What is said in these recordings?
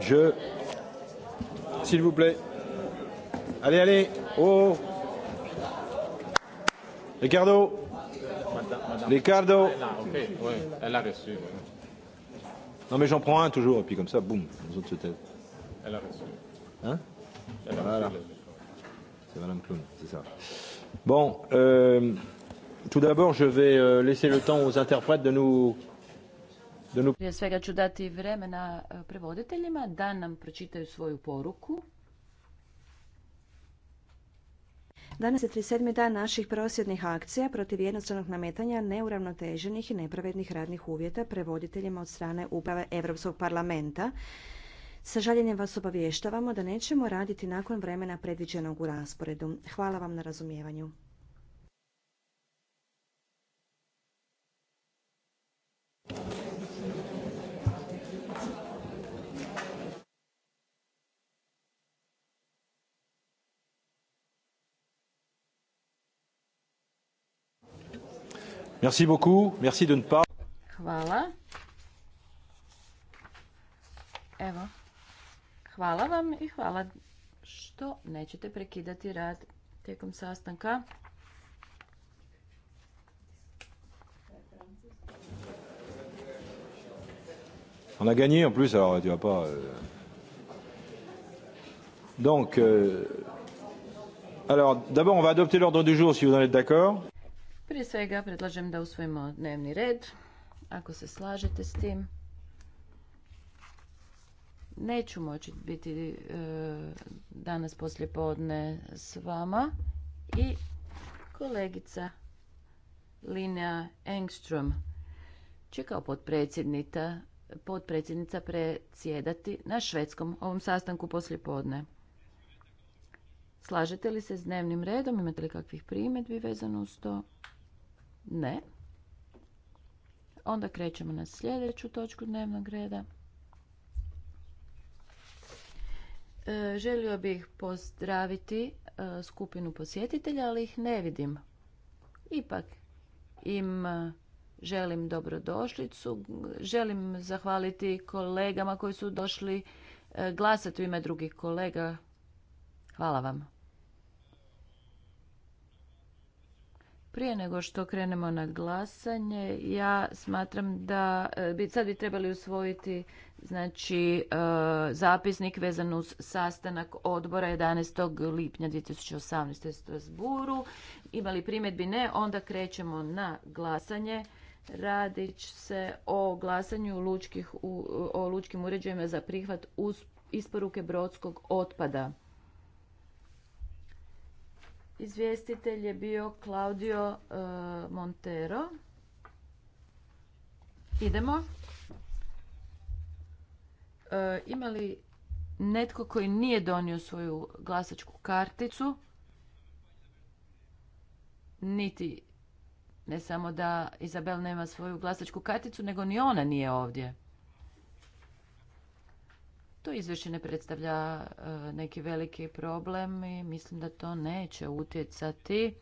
Je. S'il vous plaît. Allez, allez. Oh. Ricardo. Ricardo. Elle a reçu. Non, mais j'en prends un toujours, et puis comme ça, boum, les autres se taisent. Elle a reçu. Hein Elle a voilà. C'est Madame Clown, c'est ça. Bon, euh, tout d'abord, je vais euh, laisser le temps aux interprètes de nous prije svega ću dati vremena e, prevoditeljima da nam pročitaju svoju poruku. Danas je 37. dan naših prosjednih akcija protiv jednostavnog nametanja neuravnoteženih i nepravednih radnih uvjeta prevoditeljima od strane Uprave Europskog parlamenta. Sa žaljenjem vas obavještavamo da nećemo raditi nakon vremena predviđenog u rasporedu. Hvala vam na razumijevanju. Merci beaucoup. Merci de ne pas... Hvala. Evo. Hvala vam i hvala što nećete prekidati rad tijekom sastanka. On a gagné en plus, alors tu vas pas. Euh. Donc, euh... alors d'abord, on va adopter l'ordre du jour si vous en êtes d'accord. Prije svega predlažem da usvojimo dnevni red, ako se slažete s tim. Neću moći biti e, danas poslije podne s vama i kolegica Linja Engström će kao potpredsjednica predsjedati na švedskom ovom sastanku poslije podne. Slažete li se s dnevnim redom? Imate li kakvih primjedbi vezano uz to? Ne. Onda krećemo na sljedeću točku dnevnog reda. E, želio bih pozdraviti e, skupinu posjetitelja, ali ih ne vidim. Ipak im e, želim dobrodošlicu. Želim zahvaliti kolegama koji su došli glasati u ime drugih kolega. Hvala vam. Prije nego što krenemo na glasanje, ja smatram da e, bi sad bi trebali usvojiti znači e, zapisnik vezan uz sastanak odbora 11. lipnja 2018. u Strasburu. Imali primjedbi ne, onda krećemo na glasanje. Radić se o glasanju lučkih, o lučkim uređajima za prihvat uz isporuke brodskog otpada. Izvjestitelj je bio Claudio e, Montero. Idemo. E, ima li netko koji nije donio svoju glasačku karticu? Niti ne samo da Izabel nema svoju glasačku karticu, nego ni ona nije ovdje. To izvješće ne predstavlja e, neki veliki problem i mislim da to neće utjecati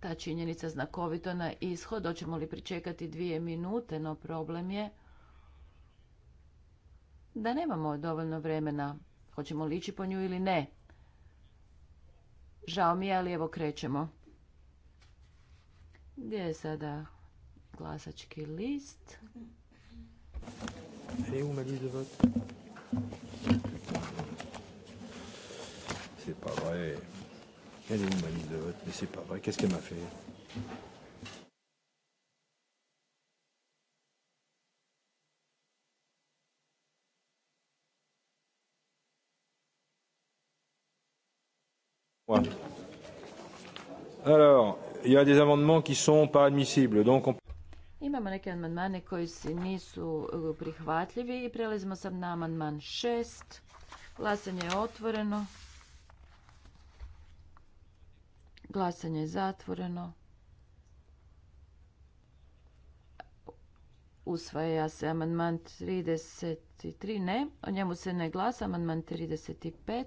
ta činjenica znakovito na ishod. Hoćemo li pričekati dvije minute, no problem je da nemamo dovoljno vremena. Hoćemo li ići po nju ili ne? Žao mi je, ali evo krećemo. Gdje je sada glasački list? Elle est où ma liste de vote C'est pas vrai. Elle est où ma liste de vote Mais c'est pas vrai. Qu'est-ce qu'elle m'a fait Alors, il y a des amendements qui sont pas admissibles, donc on Imamo neke amandmane koji se nisu e, prihvatljivi i prelazimo sad na amandman šest. Glasanje je otvoreno. Glasanje je zatvoreno. Usvaja se amandman 33. Ne, o njemu se ne glasa. Amandman 35.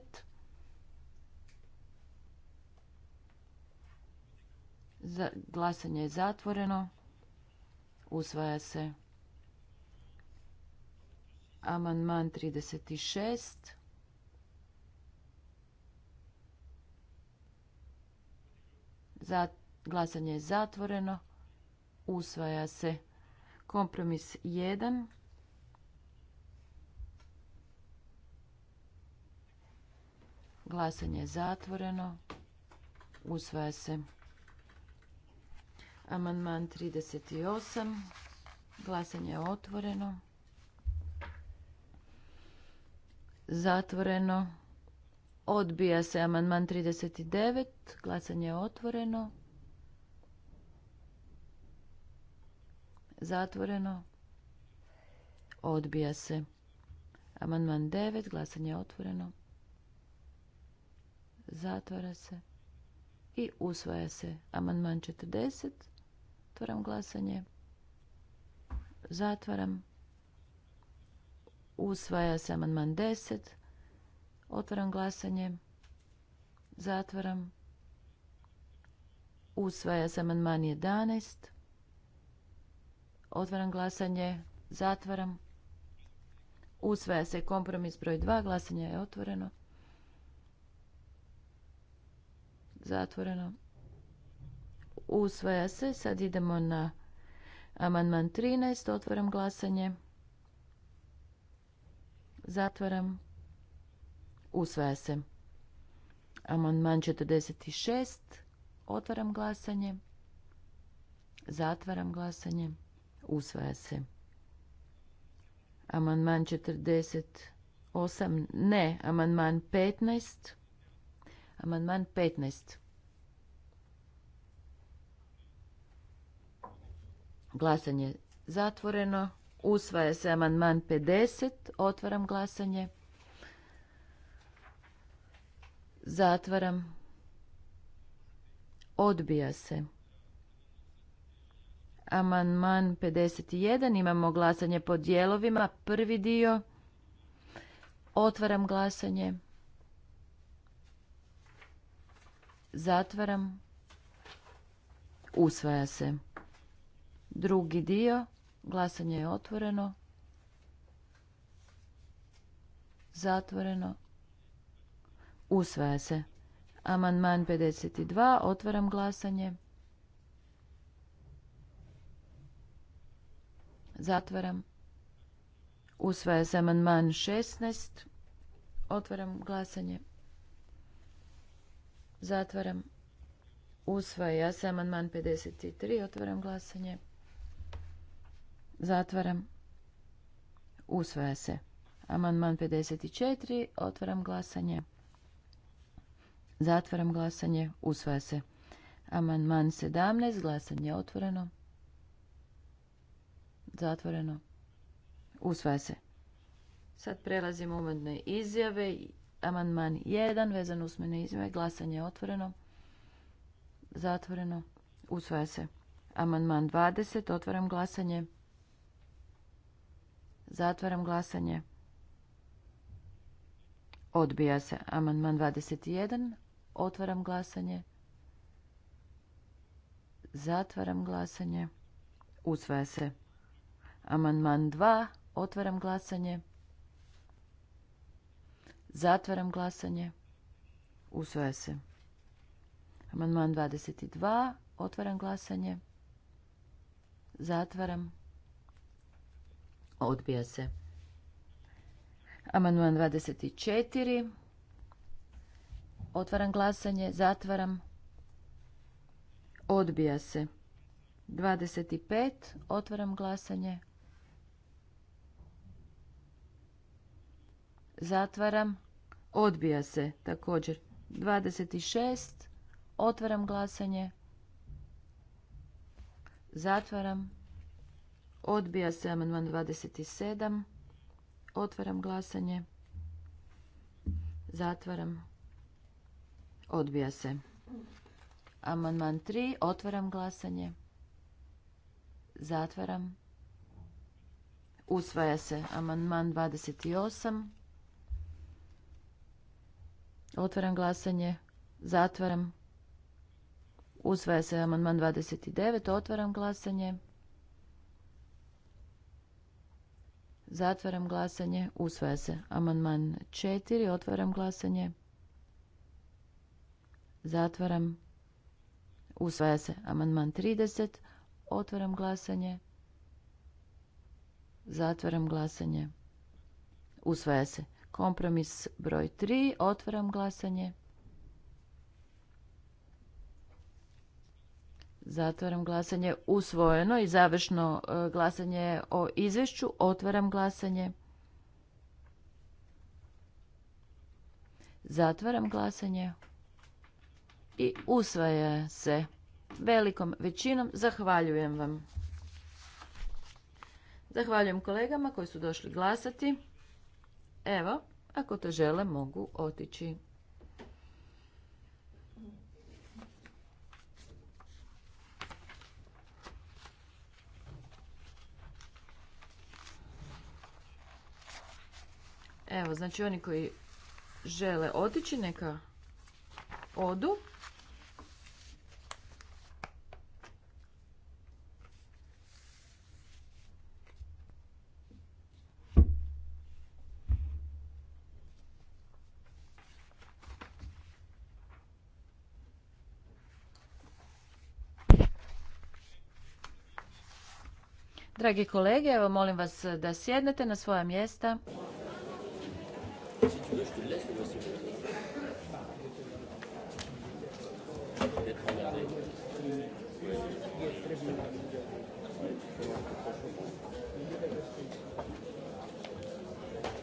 Za, glasanje je zatvoreno. Usvaja se. Amandman 36. Za, glasanje je zatvoreno. Usvaja se. Kompromis 1. Glasanje je zatvoreno. Usvaja se. Amandman 38. Glasanje je otvoreno. Zatvoreno. Odbija se amandman 39. Glasanje je otvoreno. Zatvoreno. Odbija se. Amandman 9. Glasanje je otvoreno. Zatvara se. I usvaja se amandman 40. Otvaram glasanje. Zatvaram. Usvaja se amandman 10. Otvaram glasanje. Zatvaram. Usvaja se amandman 11. Otvaram glasanje. Zatvaram. Usvaja se kompromis broj 2. Glasanje je otvoreno. Zatvoreno usvaja se. Sad idemo na amandman 13. Otvoram glasanje. Zatvaram. Usvaja se. Amandman 46. Otvaram glasanje. Zatvaram glasanje. Usvaja se. Amandman 48. Ne. Amandman 15. Amandman 15. Glasanje zatvoreno. Usvaja se amandman 50. Otvaram glasanje. Zatvaram. Odbija se. Amandman 51. Imamo glasanje po dijelovima. Prvi dio. Otvaram glasanje. Zatvaram. Usvaja se. Drugi dio. Glasanje je otvoreno. Zatvoreno. Usvaja se. Amandman 52. Otvaram glasanje. Zatvaram. Usvaja se amandman 16. Otvaram glasanje. Zatvaram. Usvaja se amandman 53. Otvaram glasanje. Zatvaram. Usvaja se. Amandman 54. Otvaram glasanje. Zatvaram glasanje. Usvaja se. Amandman 17. Glasanje otvoreno. Zatvoreno. Usvaja se. Sad prelazimo u uvodne izjave. Amandman 1 vezan usmene izjave. Glasanje otvoreno. Zatvoreno. Usvaja se. Amandman 20. Otvaram glasanje. Zatvaram glasanje. Odbija se amandman 21. Otvaram glasanje. Zatvaram glasanje. Usvaja se. Amandman 2. Otvaram glasanje. Zatvaram glasanje. Usvaja se. Amandman 22. Otvaram glasanje. Zatvaram. Odbija se. Amandman 24. Otvaram glasanje, zatvaram. Odbija se. 25. Otvaram glasanje. Zatvaram. Odbija se također. 26. Otvaram glasanje. Zatvaram. Odbija se amandman 27. Otvaram glasanje. Zatvaram. Odbija se. Amandman 3. Otvaram glasanje. Zatvaram. Usvaja se amandman 28. Otvaram glasanje. Zatvaram. Usvaja se amandman 29. Otvaram glasanje. Zatvaram glasanje. Usvaja se. Amandman 4. Otvaram glasanje. Zatvaram. Usvaja se. Amandman 30. Otvaram glasanje. Zatvaram glasanje. Usvaja se. Kompromis broj 3. Otvaram glasanje. Zatvaram glasanje. Usvojeno i završno e, glasanje o izvješću. Otvaram glasanje. Zatvaram glasanje. I usvaja se velikom većinom. Zahvaljujem vam. Zahvaljujem kolegama koji su došli glasati. Evo, ako to žele mogu otići. Evo, znači oni koji žele otići, neka odu. Dragi kolege, evo molim vas da sjednete na svoja mjesta.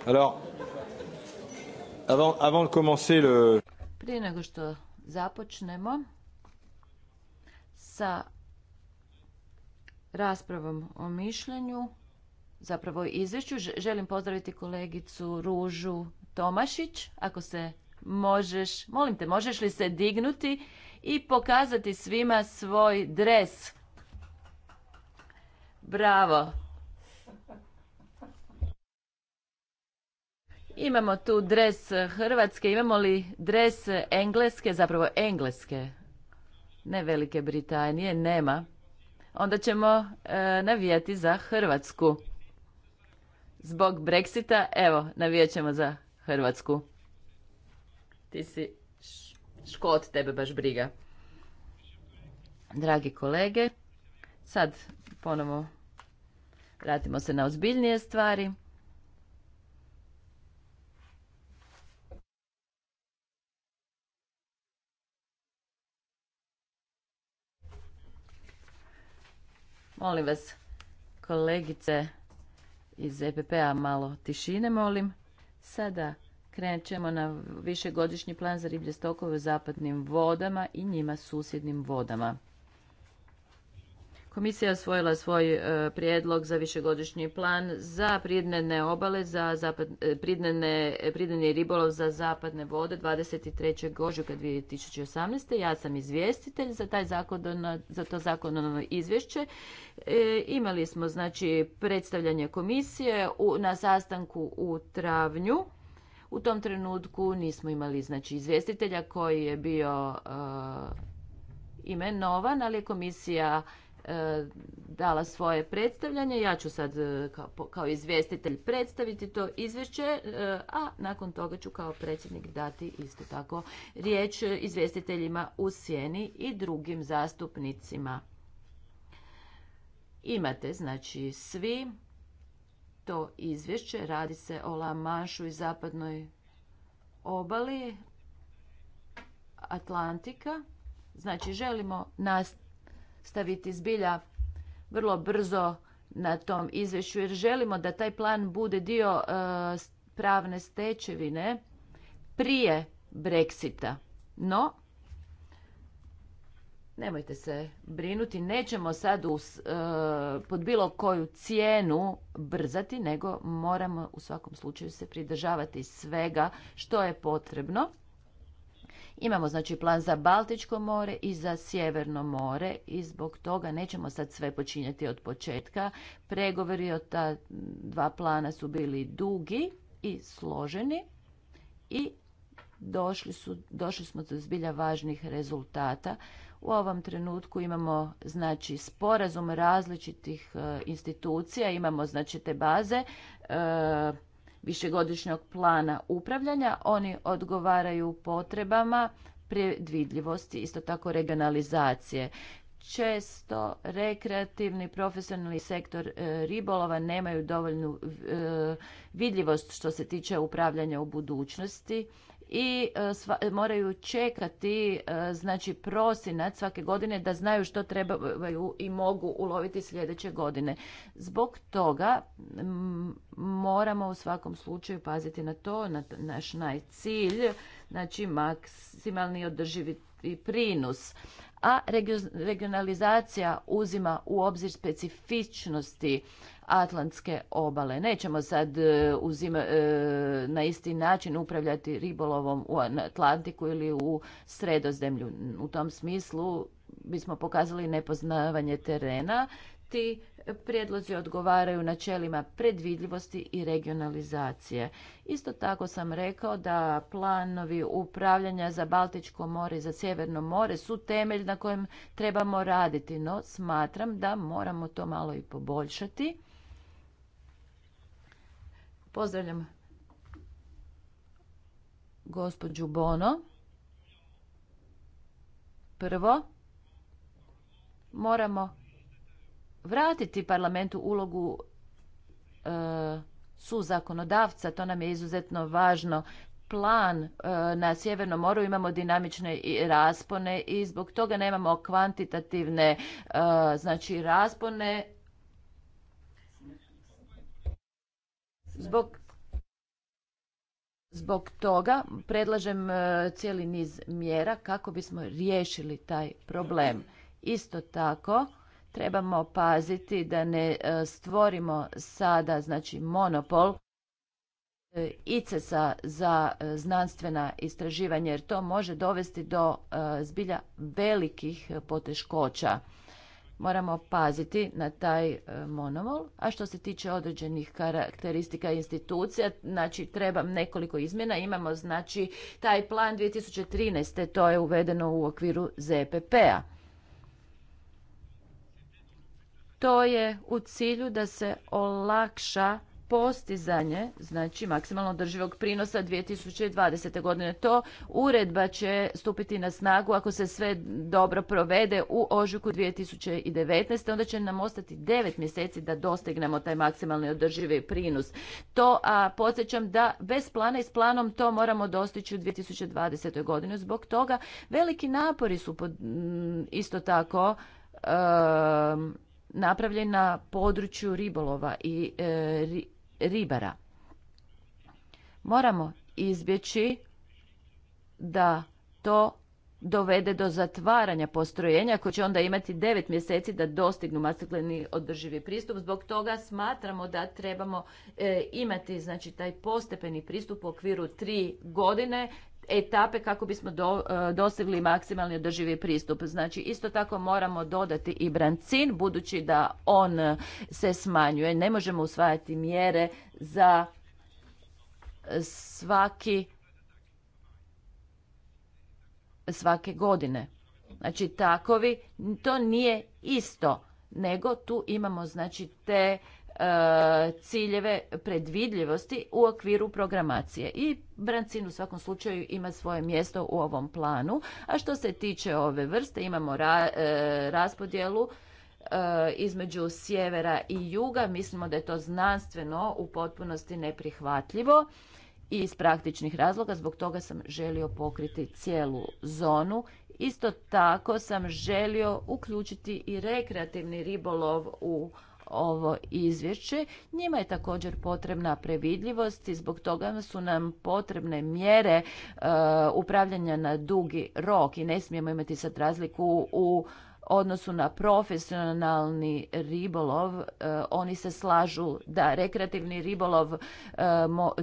Alors, avant, avant de commencer Prije nego što započnemo sa raspravom o mišljenju, zapravo izvješću, želim pozdraviti kolegicu Ružu Tomašić, ako se možeš, molim te, možeš li se dignuti i pokazati svima svoj dres. Bravo. Imamo tu dres Hrvatske, imamo li dres Engleske, zapravo Engleske, ne Velike Britanije, nema. Onda ćemo e, navijati za Hrvatsku. Zbog Brexita, evo, navijat ćemo za Hrvatsku. Ti si škot, tebe baš briga. Dragi kolege, sad ponovo vratimo se na ozbiljnije stvari. Molim vas, kolegice iz EPP-a malo tišine, molim. Sada krenut ćemo na višegodišnji plan za riblje stokove u zapadnim vodama i njima susjednim vodama. Komisija je osvojila svoj e, prijedlog za višegodišnji plan za pridnene obale, za e, pridnene, ribolov za zapadne vode 23. ožujka 2018. Ja sam izvjestitelj za, taj za to zakonodavno izvješće. E, imali smo znači predstavljanje komisije na sastanku u travnju. U tom trenutku nismo imali znači izvjestitelja koji je bio imenovan, ali je komisija E, dala svoje predstavljanje. Ja ću sad e, kao izvjestitelj predstaviti to izvješće, e, a nakon toga ću kao predsjednik dati isto tako riječ izvjestiteljima u sjeni i drugim zastupnicima. Imate znači svi to izvješće, radi se o Lamašu i zapadnoj obali Atlantika. Znači želimo nastaviti staviti zbilja vrlo brzo na tom izvješću jer želimo da taj plan bude dio e, pravne stečevine prije Brexita. No, nemojte se brinuti, nećemo sad us, e, pod bilo koju cijenu brzati, nego moramo u svakom slučaju se pridržavati svega što je potrebno. Imamo znači plan za Baltičko more i za Sjeverno more i zbog toga nećemo sad sve počinjati od početka. Pregovori o ta dva plana su bili dugi i složeni i došli, su, došli smo do zbilja važnih rezultata. U ovom trenutku imamo znači sporazum različitih e, institucija, imamo znači te baze. E, višegodišnjog plana upravljanja. Oni odgovaraju potrebama predvidljivosti, isto tako regionalizacije. Često rekreativni profesionalni sektor e, ribolova nemaju dovoljnu e, vidljivost što se tiče upravljanja u budućnosti, i e, moraju čekati e, znači prosinac svake godine da znaju što trebaju i mogu uloviti sljedeće godine. Zbog toga moramo u svakom slučaju paziti na to, na naš najcilj, znači maksimalni održivi prinos a regionalizacija uzima u obzir specifičnosti Atlantske obale. Nećemo sad e, uzima, e, na isti način upravljati ribolovom u Atlantiku ili u sredozemlju. U tom smislu bismo pokazali nepoznavanje terena ti prijedlozi odgovaraju načelima predvidljivosti i regionalizacije. Isto tako sam rekao da planovi upravljanja za Baltičko more i za Sjeverno more su temelj na kojem trebamo raditi, no smatram da moramo to malo i poboljšati. Pozdravljam gospođu Bono. Prvo, moramo vratiti parlamentu ulogu e, su zakonodavca, to nam je izuzetno važno. Plan e, na Sjevernom moru imamo dinamične i raspone i zbog toga nemamo kvantitativne e, znači raspone. Zbog Zbog toga predlažem e, cijeli niz mjera kako bismo riješili taj problem. Isto tako, trebamo paziti da ne e, stvorimo sada znači monopol e, ices za e, znanstvena istraživanja jer to može dovesti do zbilja velikih poteškoća. Moramo paziti na taj monomol. A što se tiče određenih karakteristika institucija, znači trebam nekoliko izmjena. Imamo znači taj plan 2013. To je uvedeno u okviru ZPP-a. To je u cilju da se olakša postizanje, znači maksimalno održivog prinosa 2020. godine. To uredba će stupiti na snagu ako se sve dobro provede u ožujku 2019. Onda će nam ostati 9 mjeseci da dostignemo taj maksimalni održivi prinos. To, a podsjećam da bez plana i s planom to moramo dostići u 2020. godinu. Zbog toga veliki napori su isto tako napravljen na području ribolova i e, ribara. Moramo izbjeći da to dovede do zatvaranja postrojenja koje će onda imati devet mjeseci da dostignu masakleni održivi pristup. Zbog toga smatramo da trebamo e, imati znači, taj postepeni pristup u okviru tri godine etape kako bismo do, e, maksimalni održivi pristup. Znači isto tako moramo dodati i brancin budući da on se smanjuje. Ne možemo usvajati mjere za svaki svake godine. Znači takovi, to nije isto, nego tu imamo znači te E, ciljeve predvidljivosti u okviru programacije. I Brancin u svakom slučaju ima svoje mjesto u ovom planu. A što se tiče ove vrste, imamo e, raspodjelu e, između sjevera i juga. Mislimo da je to znanstveno u potpunosti neprihvatljivo i iz praktičnih razloga. Zbog toga sam želio pokriti cijelu zonu. Isto tako sam želio uključiti i rekreativni ribolov u ovo izvješće. Njima je također potrebna previdljivost i zbog toga su nam potrebne mjere e, upravljanja na dugi rok i ne smijemo imati sad razliku u odnosu na profesionalni ribolov, e, oni se slažu da rekreativni ribolov e,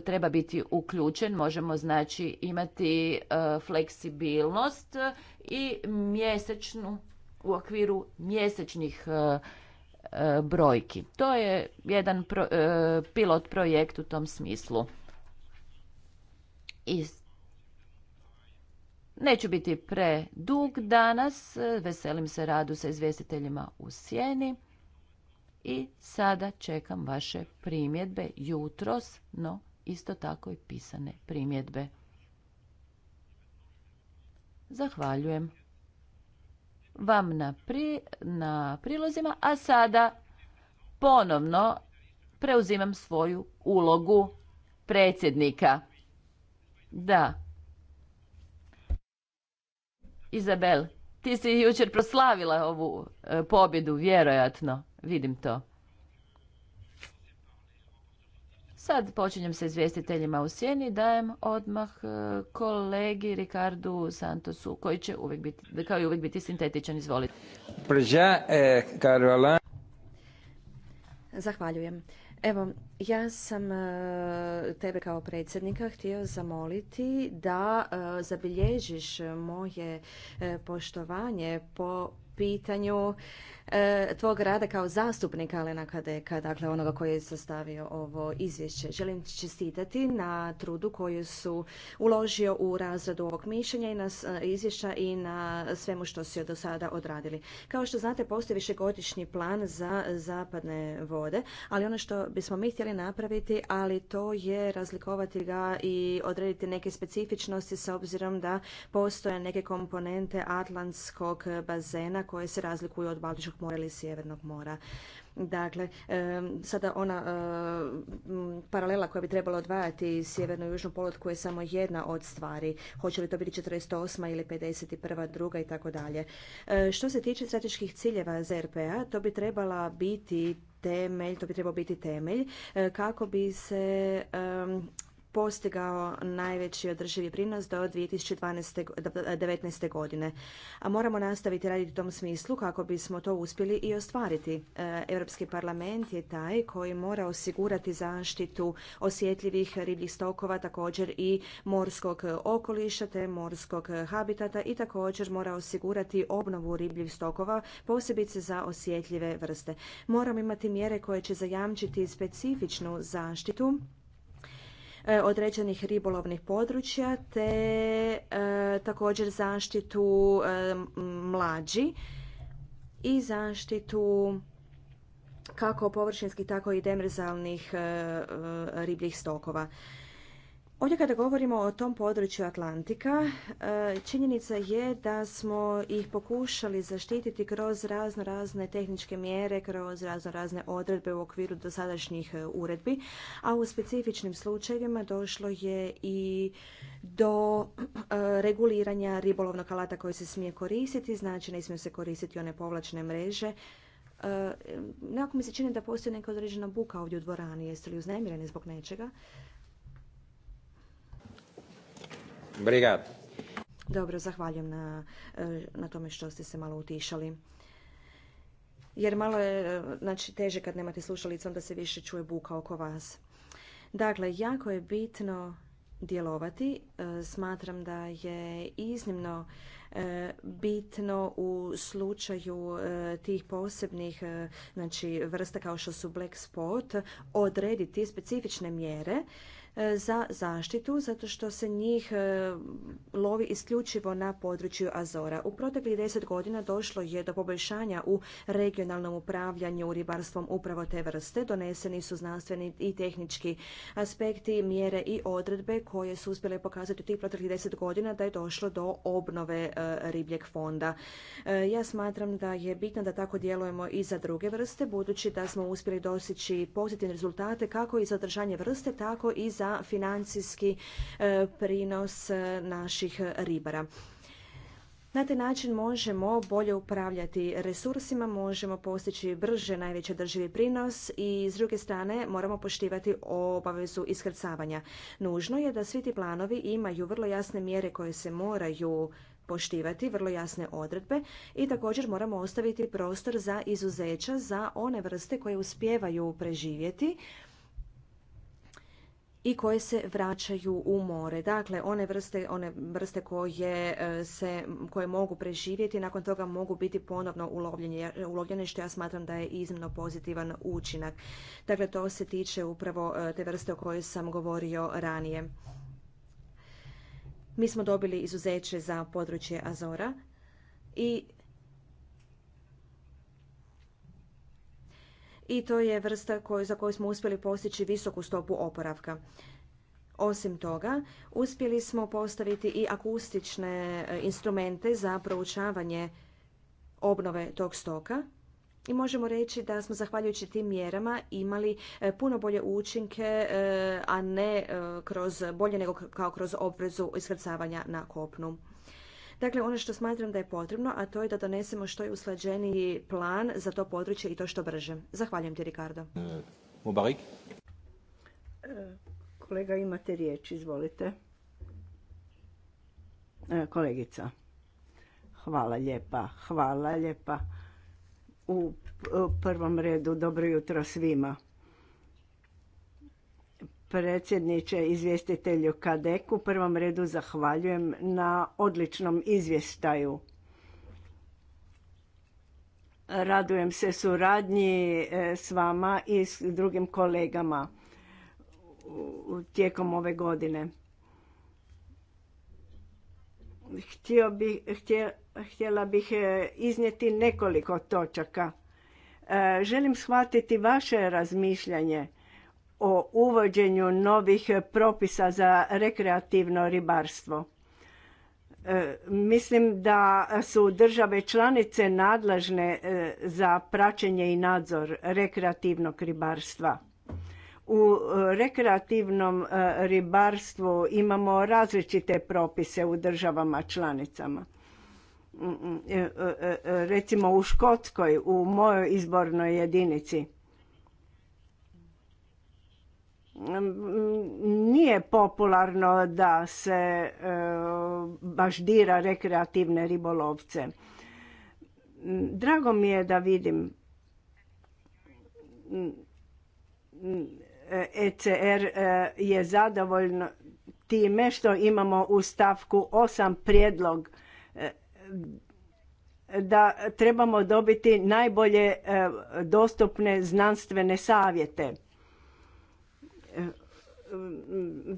treba biti uključen, možemo znači imati fleksibilnost i mjesečnu u okviru mjesečnih E, brojki. To je jedan e, pilot projekt u tom smislu. I neću biti predug danas, e, veselim se radu sa izvjestiteljima u sjeni i sada čekam vaše primjedbe jutros, no isto tako i pisane primjedbe. Zahvaljujem vam na, pri, na prilozima, a sada ponovno preuzimam svoju ulogu predsjednika. Da. Izabel, ti si jučer proslavila ovu e, pobjedu, vjerojatno. Vidim to. Sad počinjem sa izvjestiteljima u sjeni, dajem odmah e, kolegi Ricardu Santosu, koji će uvijek biti, kao i uvijek biti sintetičan, izvolite. E, Zahvaljujem. Evo, ja sam e, tebe kao predsjednika htio zamoliti da zabilježiš moje poštovanje po pitanju e, tvog rada kao zastupnika Alena Kadeka, dakle onoga koji je sastavio ovo izvješće. Želim čestitati na trudu koju su uložio u razradu ovog mišljenja i na izvješća i na svemu što su do sada odradili. Kao što znate, postoji višegodišnji plan za zapadne vode, ali ono što bismo mi htjeli napraviti, ali to je razlikovati ga i odrediti neke specifičnosti s obzirom da postoje neke komponente Atlantskog bazena koje se razlikuju od Baltičkog mora ili Sjevernog mora. Dakle, sada ona e, paralela koja bi trebala odvajati sjevernu i južnu polotku je samo jedna od stvari. Hoće li to biti 48. ili 51. druga i tako dalje. E, što se tiče strateških ciljeva zrp to bi trebala biti temelj, to bi trebao biti temelj e, kako bi se postigao najveći održivi prinos do 2019. godine. A moramo nastaviti raditi u tom smislu kako bismo to uspjeli i ostvariti. E, Europski parlament je taj koji mora osigurati zaštitu osjetljivih ribljih stokova, također i morskog okoliša te morskog habitata i također mora osigurati obnovu ribljih stokova, posebice za osjetljive vrste. Moramo imati mjere koje će zajamčiti specifičnu zaštitu E, određenih ribolovnih područja te e, također zaštitu e, mlađi i zaštitu kako površinskih tako i demerzalnih ribljih stokova. Ovdje kada govorimo o tom području Atlantika, e, činjenica je da smo ih pokušali zaštititi kroz razno razne tehničke mjere, kroz razno razne odredbe u okviru dosadašnjih e, uredbi, a u specifičnim slučajevima došlo je i do e, reguliranja ribolovnog alata koji se smije koristiti, znači ne smije se koristiti one povlačne mreže, Nekako mi se čini da postoji neka određena buka ovdje u dvorani. Jeste li uznemireni zbog nečega? Dobro, zahvaljujem na, e, na tome što ste se malo utišali. Jer malo je e, znači, teže kad nemate slušalicu, onda se više čuje buka oko vas. Dakle, jako je bitno djelovati. E, smatram da je iznimno bitno u slučaju tih posebnih znači, vrsta kao što su black spot odrediti specifične mjere E, za zaštitu zato što se njih e, lovi isključivo na području Azora. U proteklih deset godina došlo je do poboljšanja u regionalnom upravljanju ribarstvom upravo te vrste. Doneseni su znanstveni i tehnički aspekti, mjere i odredbe koje su uspjele pokazati u tih proteklih deset godina da je došlo do obnove e, ribljeg fonda. Ja smatram da je bitno da tako djelujemo i za druge vrste, budući da smo uspjeli dosići pozitivne rezultate kako i za održanje vrste, tako i za za financijski e, prinos e, naših ribara. Na taj način možemo bolje upravljati resursima, možemo postići brže najveći drživi prinos i s druge strane moramo poštivati obavezu iskrcavanja. Nužno je da svi ti planovi imaju vrlo jasne mjere koje se moraju poštivati vrlo jasne odredbe i također moramo ostaviti prostor za izuzeća za one vrste koje uspijevaju preživjeti i koje se vraćaju u more. Dakle, one vrste, one vrste koje, e, se, koje mogu preživjeti, nakon toga mogu biti ponovno ulovljene, što ja smatram da je iznimno pozitivan učinak. Dakle, to se tiče upravo e, te vrste o kojoj sam govorio ranije. Mi smo dobili izuzeće za područje Azora i i to je vrsta za koju smo uspjeli postići visoku stopu oporavka. Osim toga, uspjeli smo postaviti i akustične e, instrumente za proučavanje obnove tog stoka i možemo reći da smo zahvaljujući tim mjerama imali e, puno bolje učinke, e, a ne kroz, bolje nego kao kroz obvezu iskrcavanja na kopnu. Dakle, ono što smatram da je potrebno, a to je da donesemo što je usklađeniji plan za to područje i to što brže. Zahvaljujem ti, Ricardo. E, e, kolega, imate riječ, izvolite. E, kolegica. Hvala lijepa, hvala lijepa. U prvom redu dobro jutro svima predsjedniče izvjestitelju Kadeku. U prvom redu zahvaljujem na odličnom izvještaju. Radujem se suradnji e, s vama i s drugim kolegama tijekom ove godine. htjela bih e, iznijeti nekoliko točaka. E, želim shvatiti vaše razmišljanje o uvođenju novih propisa za rekreativno ribarstvo. E, mislim da su države članice nadležne e, za praćenje i nadzor rekreativnog ribarstva. U e, rekreativnom ribarstvu imamo različite propise u državama članicama. Mm, mm, recimo u Škotskoj, u mojoj izbornoj jedinici, nije popularno da se e, baš dira rekreativne ribolovce. Drago mi je da vidim ECR e, je zadovoljno time što imamo u stavku 8 prijedlog e, da trebamo dobiti najbolje dostupne znanstvene savjete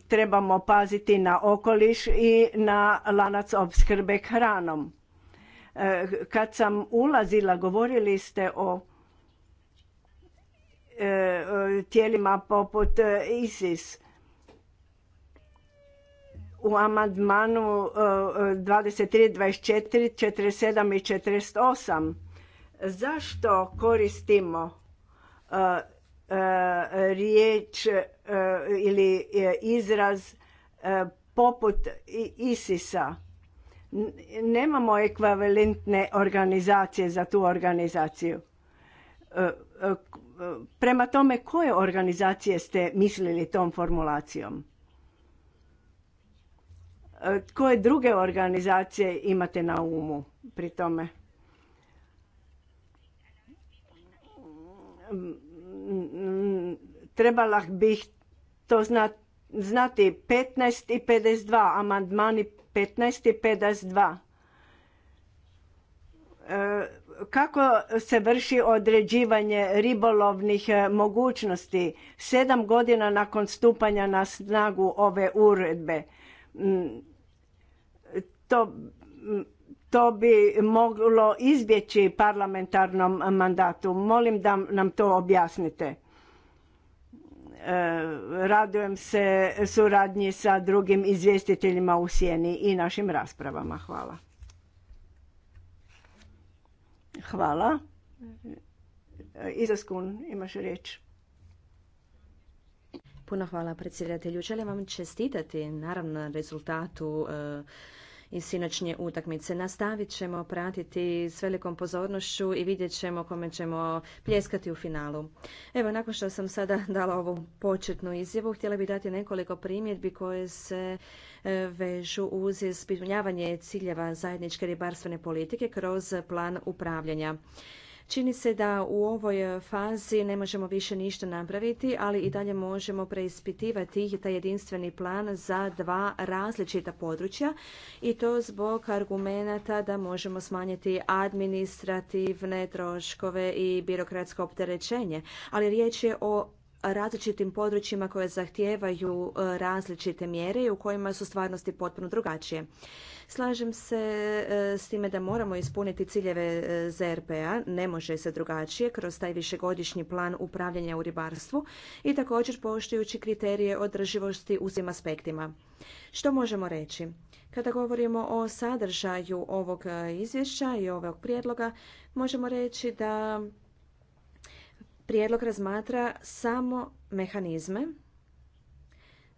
trebamo paziti na okoliš i na lanac opskrbe hranom. E, kad sam ulazila, govorili ste o e, tijelima poput e, ISIS. U amandmanu 23, 24, 47 i 48 zašto koristimo riječ Eh, ili eh, izraz eh, poput ISIS-a. Nemamo ekvivalentne organizacije za tu organizaciju. Prema tome, koje organizacije ste mislili tom formulacijom? Koje druge organizacije imate na umu pri tome? Mm, mm, trebala bih to znati 15 i 52, amandmani 15 i 52. E, kako se vrši određivanje ribolovnih e, mogućnosti sedam godina nakon stupanja na snagu ove uredbe? Mm, to, mm, to bi moglo izbjeći parlamentarnom mandatu. Molim da nam to objasnite. Eh, radujem se suradnji sa drugim izvjestiteljima u Sjeni i našim raspravama. Hvala. Hvala. Izaskun, imaš riječ. Puno hvala predsjedatelju. Želim vam čestitati naravno rezultatu eh, i sinoćnje utakmice. Nastavit ćemo pratiti s velikom pozornošću i vidjet ćemo kome ćemo pljeskati u finalu. Evo, nakon što sam sada dala ovu početnu izjavu, htjela bih dati nekoliko primjedbi koje se e, vežu uz ispunjavanje ciljeva zajedničke ribarstvene politike kroz plan upravljanja. Čini se da u ovoj fazi ne možemo više ništa napraviti, ali i dalje možemo preispitivati taj jedinstveni plan za dva različita područja i to zbog argumenata da možemo smanjiti administrativne troškove i birokratsko opterećenje. Ali riječ je o različitim područjima koje zahtijevaju e, različite mjere i u kojima su stvarnosti potpuno drugačije. Slažem se e, s time da moramo ispuniti ciljeve e, ZRP-a, ne može se drugačije, kroz taj višegodišnji plan upravljanja u ribarstvu i također poštujući kriterije održivosti u svim aspektima. Što možemo reći? Kada govorimo o sadržaju ovog izvješća i ovog prijedloga, možemo reći da prijedlog razmatra samo mehanizme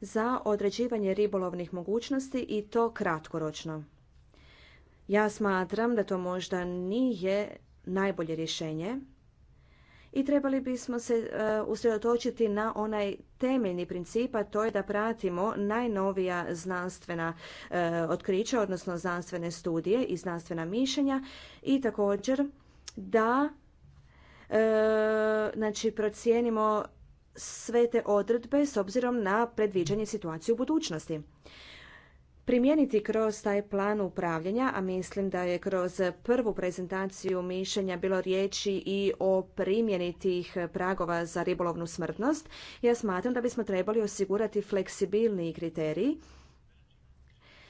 za određivanje ribolovnih mogućnosti i to kratkoročno. Ja smatram da to možda nije najbolje rješenje i trebali bismo se e, usredotočiti na onaj temeljni princip, a to je da pratimo najnovija znanstvena e, otkrića, odnosno znanstvene studije i znanstvena mišljenja i također da E, znači procijenimo sve te odredbe s obzirom na predviđanje situacije u budućnosti primijeniti kroz taj plan upravljanja, a mislim da je kroz prvu prezentaciju mišljenja bilo riječi i o primjeni tih pragova za ribolovnu smrtnost, ja smatram da bismo trebali osigurati fleksibilniji kriterij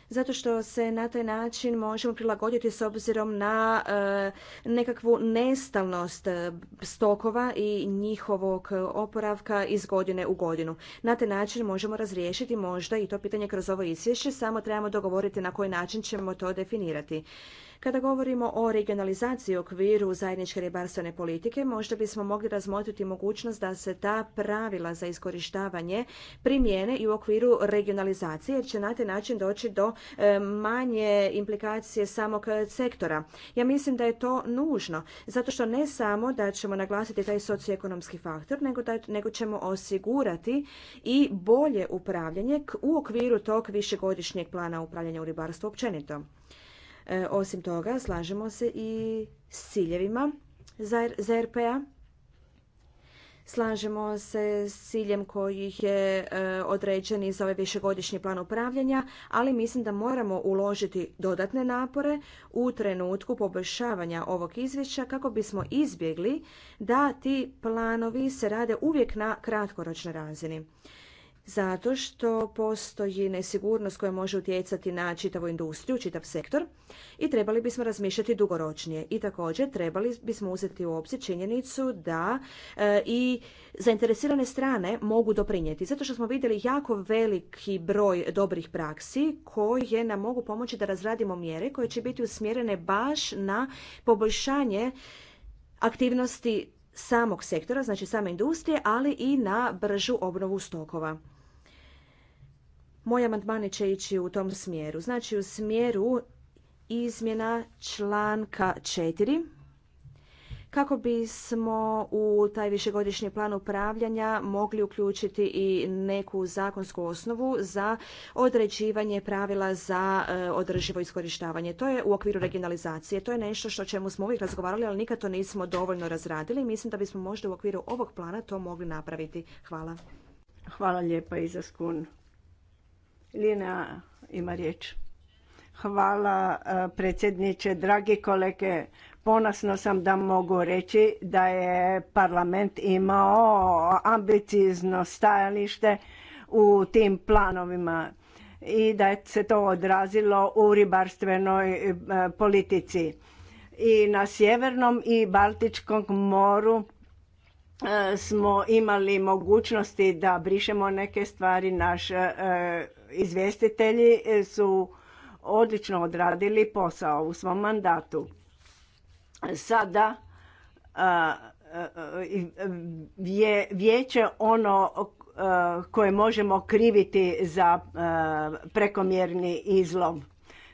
zato što se na taj način možemo prilagoditi s obzirom na e, nekakvu nestalnost e, stokova i njihovog oporavka iz godine u godinu. Na taj način možemo razriješiti možda i to pitanje kroz ovo izvješće, samo trebamo dogovoriti na koji način ćemo to definirati. Kada govorimo o regionalizaciji u okviru zajedničke ribarstvene politike, možda bismo mogli razmotriti mogućnost da se ta pravila za iskorištavanje primijene i u okviru regionalizacije, jer će na taj način doći do e, manje implikacije samog sektora. Ja mislim da je to nužno, zato što ne samo da ćemo naglasiti taj socioekonomski faktor, nego, nego ćemo osigurati i bolje upravljanje u okviru tog višegodišnjeg plana upravljanja u ribarstvu općenito. E, osim toga, slažemo se i s ciljevima za a Slažemo se s ciljem koji je e, određeni za ovaj višegodišnji plan upravljanja, ali mislim da moramo uložiti dodatne napore u trenutku poboljšavanja ovog izvješća kako bismo izbjegli da ti planovi se rade uvijek na kratkoročnoj razini zato što postoji nesigurnost koja može utjecati na čitavu industriju, čitav sektor i trebali bismo razmišljati dugoročnije. I također trebali bismo uzeti u obzir činjenicu da e, i zainteresirane strane mogu doprinijeti. Zato što smo vidjeli jako veliki broj dobrih praksi koje nam mogu pomoći da razradimo mjere koje će biti usmjerene baš na poboljšanje aktivnosti samog sektora, znači same industrije, ali i na bržu obnovu stokova. Moji amandmani će ići u tom smjeru. Znači u smjeru izmjena članka 4 kako bismo u taj višegodišnji plan upravljanja mogli uključiti i neku zakonsku osnovu za određivanje pravila za e, održivo iskorištavanje. To je u okviru regionalizacije. To je nešto što čemu smo uvijek razgovarali, ali nikad to nismo dovoljno razradili. Mislim da bismo možda u okviru ovog plana to mogli napraviti. Hvala. Hvala lijepa Izaskun. Lina ima riječ. Hvala e, predsjedniče, dragi kolege. Ponosno sam da mogu reći da je parlament imao ambicizno stajalište u tim planovima i da se to odrazilo u ribarstvenoj e, politici. I na Sjevernom i Baltičkom moru e, smo imali mogućnosti da brišemo neke stvari. Naš izvjestitelji e, su odlično odradili posao u svom mandatu. Sada je vijeće ono koje možemo kriviti za prekomjerni izlov.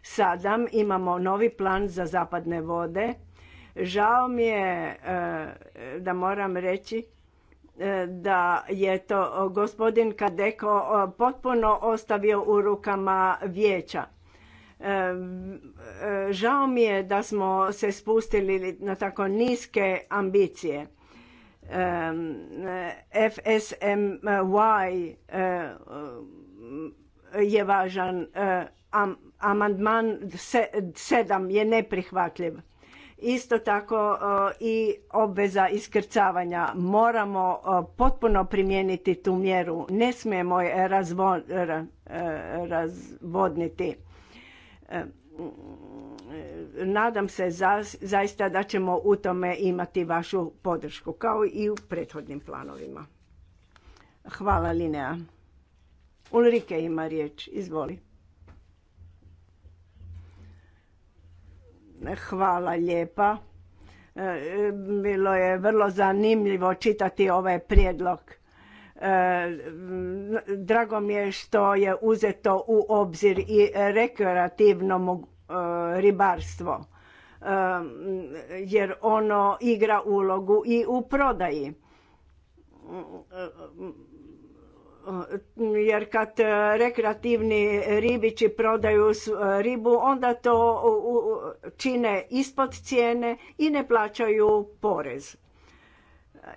Sada imamo novi plan za zapadne vode. Žao mi je e, da moram reći E, da je to e, gospodin Kadeko e, potpuno ostavio u rukama vijeća. Žao mi je da smo se spustili na tako niske ambicije. FSMY je važan, amandman 7 je neprihvatljiv isto tako e, i obveza iskrcavanja. Moramo e, potpuno primijeniti tu mjeru, ne smijemo je e, razvodniti. Nadam se zaista da ćemo u tome imati vašu podršku, kao i u prethodnim planovima. Hvala Linea. Ulrike ima riječ, izvoli. Hvala lijepa. E, bilo je vrlo zanimljivo čitati ovaj prijedlog. E, drago mi je što je uzeto u obzir i rekreativno e, ribarstvo, jer ono igra ulogu i u prodaji jer kad e, rekreativni ribiči prodaju e, ribu onda to čine ispod cijene i ne plaćaju porez. E,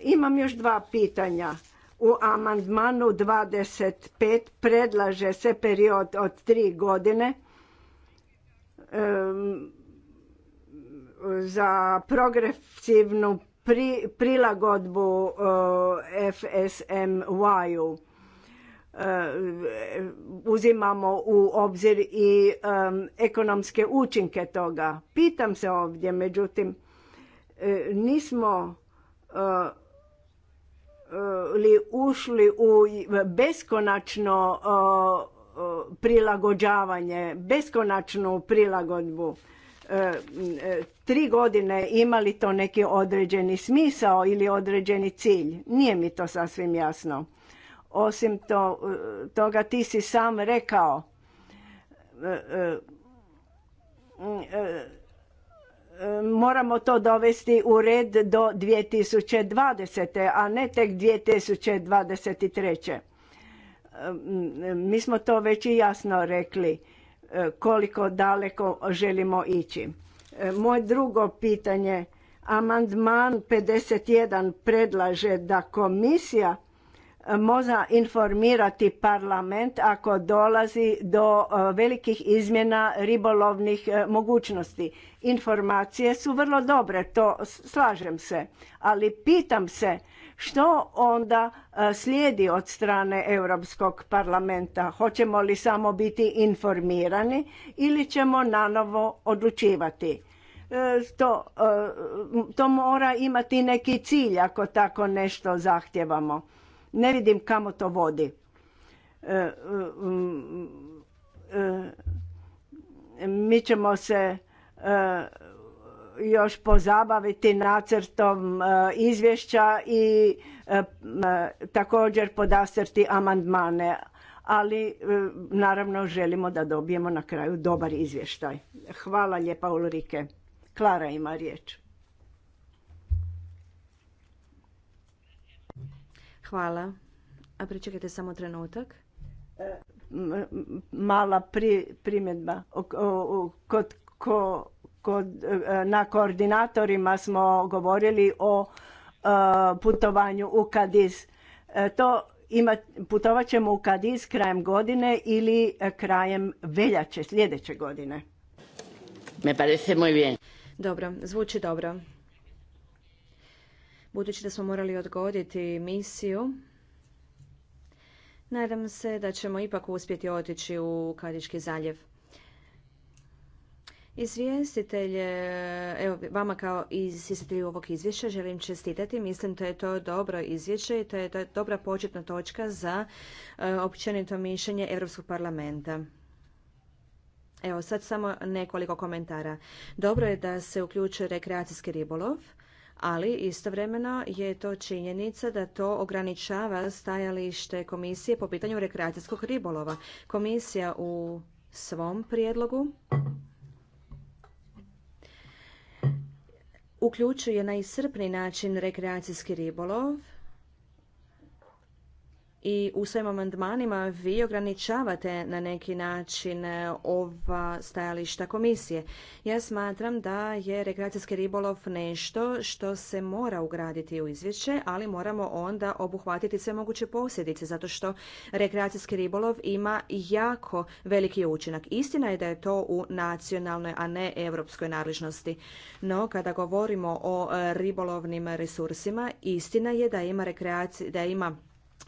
imam još dva pitanja. U amandmanu 25 predlaže se period od tri godine za progresivnu prilagodbu FSMY-u Eh, uzimamo u obzir i ekonomske učinke toga. Pitam se ovdje, međutim, eh, nismo eh, li ušli u beskonačno prilagođavanje, beskonačnu prilagodbu. Tri godine imali to neki određeni smisao ili određeni cilj? Nije mi to sasvim jasno. Osim toga ti si sam rekao e, e, e, moramo to dovesti u red do 2020. a ne tek 2023. Mi smo to već i jasno rekli koliko daleko želimo ići. Moje drugo pitanje, amandman 51 predlaže da komisija možda informirati parlament ako dolazi do e, velikih izmjena ribolovnih e, mogućnosti. Informacije su vrlo dobre, to slažem se, ali pitam se što onda e, slijedi od strane Europskog parlamenta? Hoćemo li samo biti informirani ili ćemo nanovo odlučivati? To, mora imati neki cilj ako tako nešto zahtjevamo ne vidim kamo to vodi. E, e, e, mi ćemo se još pozabaviti nacrtom izvješća i također podastrti amandmane, ali naravno želimo da dobijemo na kraju dobar izvještaj. Hvala lijepa Ulrike. Klara ima riječ. Hvala. A pričekajte samo trenutak. E, mala primjedba. Kod, kod, e, na koordinatorima smo govorili o e, putovanju u Kadiz. To ima, putovat ćemo u Kadiz krajem godine ili krajem veljače sljedeće godine. Me parece muy bien. Dobro, zvuči dobro budući da smo morali odgoditi misiju. Nadam se da ćemo ipak uspjeti otići u Kadiški zaljev. Izvjestitelj, e, evo vama kao izvjestitelju ovog izvješća želim čestitati. Mislim da je to dobro izvješće i to je dobra početna točka za e, općenito mišljenje Europskog parlamenta. Evo sad samo nekoliko komentara. Dobro je da se uključuje rekreacijski ribolov ali istovremeno je to činjenica da to ograničava stajalište komisije po pitanju rekreacijskog ribolova. Komisija u svom prijedlogu uključuje na iscrpni način rekreacijski ribolov i u svojim amandmanima vi ograničavate na neki način e, ova stajališta komisije. Ja smatram da je rekreacijski ribolov nešto što se mora ugraditi u izvješće, ali moramo onda obuhvatiti sve moguće posljedice, zato što rekreacijski ribolov ima jako veliki učinak. Istina je da je to u nacionalnoj, a ne europskoj nadležnosti. No, kada govorimo o e, ribolovnim resursima, istina je da ima rekreaci, da ima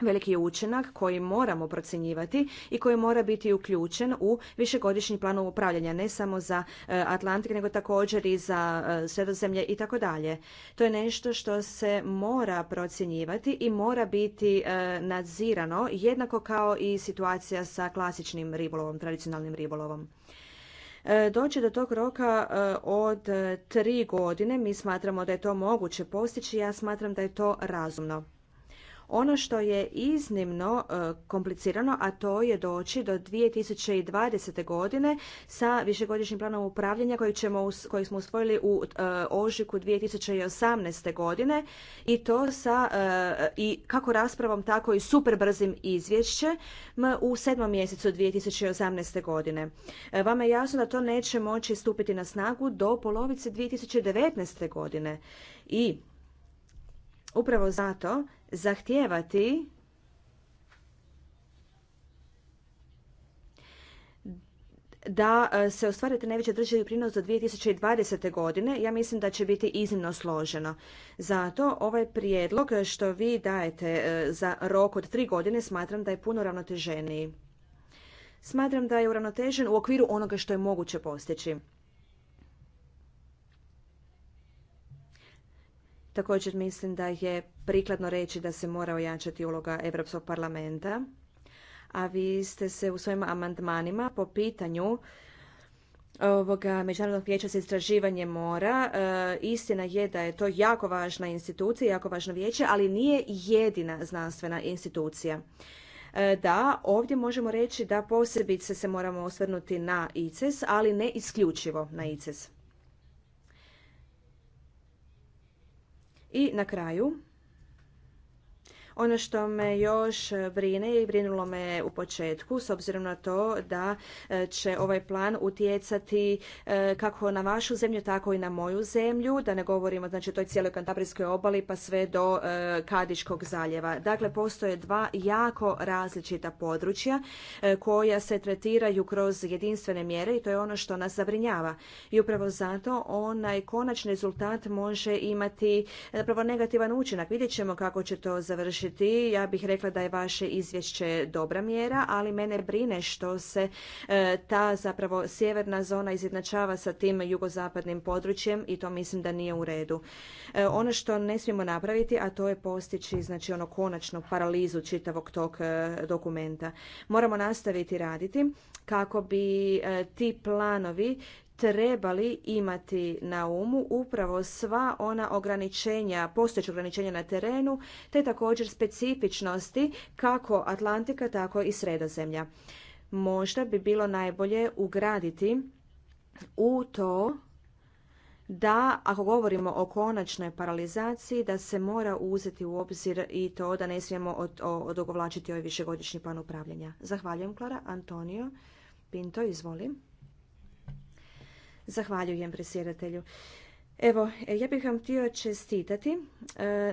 veliki učinak koji moramo procjenjivati i koji mora biti uključen u višegodišnji plan upravljanja, ne samo za eh, Atlantik, nego također i za eh, sredozemlje i tako dalje. To je nešto što se mora procjenjivati i mora biti eh, nadzirano, jednako kao i situacija sa klasičnim ribolovom, tradicionalnim ribolovom doći do tog roka od tri godine. Mi smatramo da je to moguće postići, ja smatram da je to razumno. Ono što je iznimno e, komplicirano, a to je doći do 2020. godine sa višegodišnjim planom upravljanja koji, ćemo, koji smo usvojili u e, ožiku 2018. godine i to sa e, i kako raspravom, tako i super brzim izvješćem u sedmom mjesecu 2018. godine. Vama je jasno da to neće moći stupiti na snagu do polovice 2019. godine. I upravo zato zahtijevati da e, se ostvarite najveći održivi prinos do 2020. godine, ja mislim da će biti iznimno složeno. Zato ovaj prijedlog što vi dajete e, za rok od tri godine smatram da je puno ravnoteženiji. Smatram da je uravnotežen u okviru onoga što je moguće postići. Također mislim da je prikladno reći da se mora ojačati uloga Europskog parlamenta, a vi ste se u svojim amandmanima po pitanju ovoga Međunarodnog vijeća za istraživanje mora. E, istina je da je to jako važna institucija, jako važno vijeće, ali nije jedina znanstvena institucija. E, da, ovdje možemo reći da posebice se moramo osvrnuti na ICES, ali ne isključivo na ICES. I na kraju ono što me još brine i brinulo me u početku, s obzirom na to da e, će ovaj plan utjecati e, kako na vašu zemlju, tako i na moju zemlju, da ne govorimo znači o toj cijeloj kantabrijskoj obali pa sve do e, Kadiškog zaljeva. Dakle, postoje dva jako različita područja koja se tretiraju kroz jedinstvene mjere i to je ono što nas zabrinjava. I upravo zato onaj konačni rezultat može imati zapravo negativan učinak. Vidjet ćemo kako će to završiti zaključiti. Ja bih rekla da je vaše izvješće dobra mjera, ali mene brine što se e, ta zapravo sjeverna zona izjednačava sa tim jugozapadnim područjem i to mislim da nije u redu. E, ono što ne smijemo napraviti, a to je postići znači ono konačnu paralizu čitavog tog e, dokumenta. Moramo nastaviti raditi kako bi ti planovi trebali imati na umu upravo sva ona ograničenja, postojeća ograničenja na terenu, te također specifičnosti kako Atlantika, tako i Sredozemlja. Možda bi bilo najbolje ugraditi u to da ako govorimo o konačnoj paralizaciji da se mora uzeti u obzir i to da ne smijemo odugovlačiti ovaj višegodišnji plan upravljanja. Zahvaljujem Klara. Antonio Pinto, izvoli. Zahvaljujem predsjedatelju. Evo, ja bih vam htio čestitati e,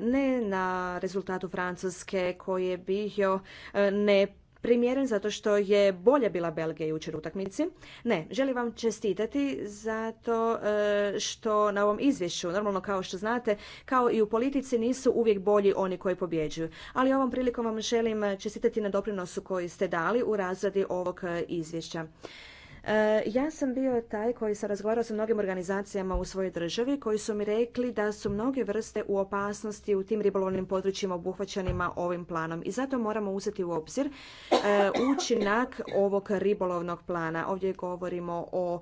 ne na rezultatu Francuske koji je bio e, ne primjeren zato što je bolje bila Belgija jučer u utakmici. Ne, želim vam čestitati zato e, što na ovom izvješću, normalno kao što znate, kao i u politici nisu uvijek bolji oni koji pobjeđuju. Ali ovom prilikom vam želim čestitati na doprinosu koji ste dali u razradi ovog izvješća. E, ja sam bio taj koji sam razgovarao sa mnogim organizacijama u svojoj državi koji su mi rekli da su mnoge vrste u opasnosti u tim ribolovnim područjima obuhvaćenima ovim planom i zato moramo uzeti u obzir e, učinak ovog ribolovnog plana. Ovdje govorimo o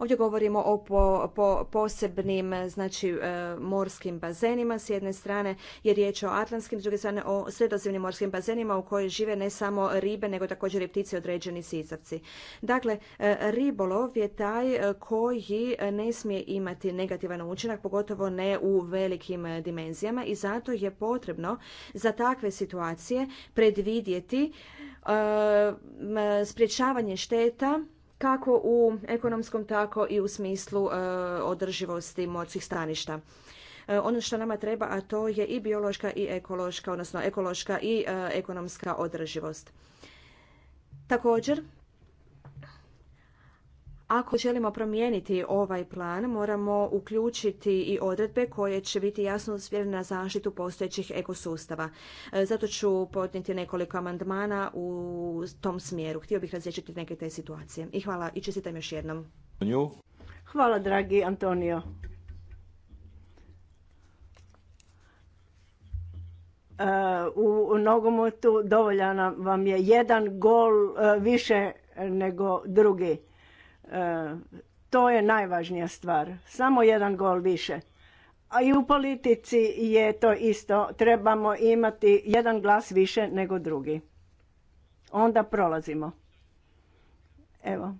Ovdje govorimo o po, posebnim znači, e, morskim bazenima. S jedne strane je riječ o atlantskim, s druge strane o sredozemnim morskim bazenima u kojoj žive ne samo ribe, nego također i ptici određeni sisavci. Dakle, e, ribolov je taj e, koji ne smije imati negativan učinak, pogotovo ne u velikim dimenzijama i zato je potrebno za takve situacije predvidjeti sprječavanje šteta kako u ekonomskom, tako i u smislu e, održivosti morskih staništa. E, ono što nama treba, a to je i biološka i ekološka, odnosno ekološka i e, ekonomska održivost. Također, ako želimo promijeniti ovaj plan, moramo uključiti i odredbe koje će biti jasno usmjerene na zaštitu postojećih ekosustava. E, zato ću podnijeti nekoliko amandmana u tom smjeru. Htio bih razriješiti neke te situacije. I hvala i čestitam još jednom. Hvala, dragi Antonio. E, u nogometu dovoljan vam je jedan gol e, više nego drugi. To je najvažnija stvar. Samo jedan gol više. A i u politici je to isto. Trebamo imati jedan glas više nego drugi. Onda prolazimo. Evo.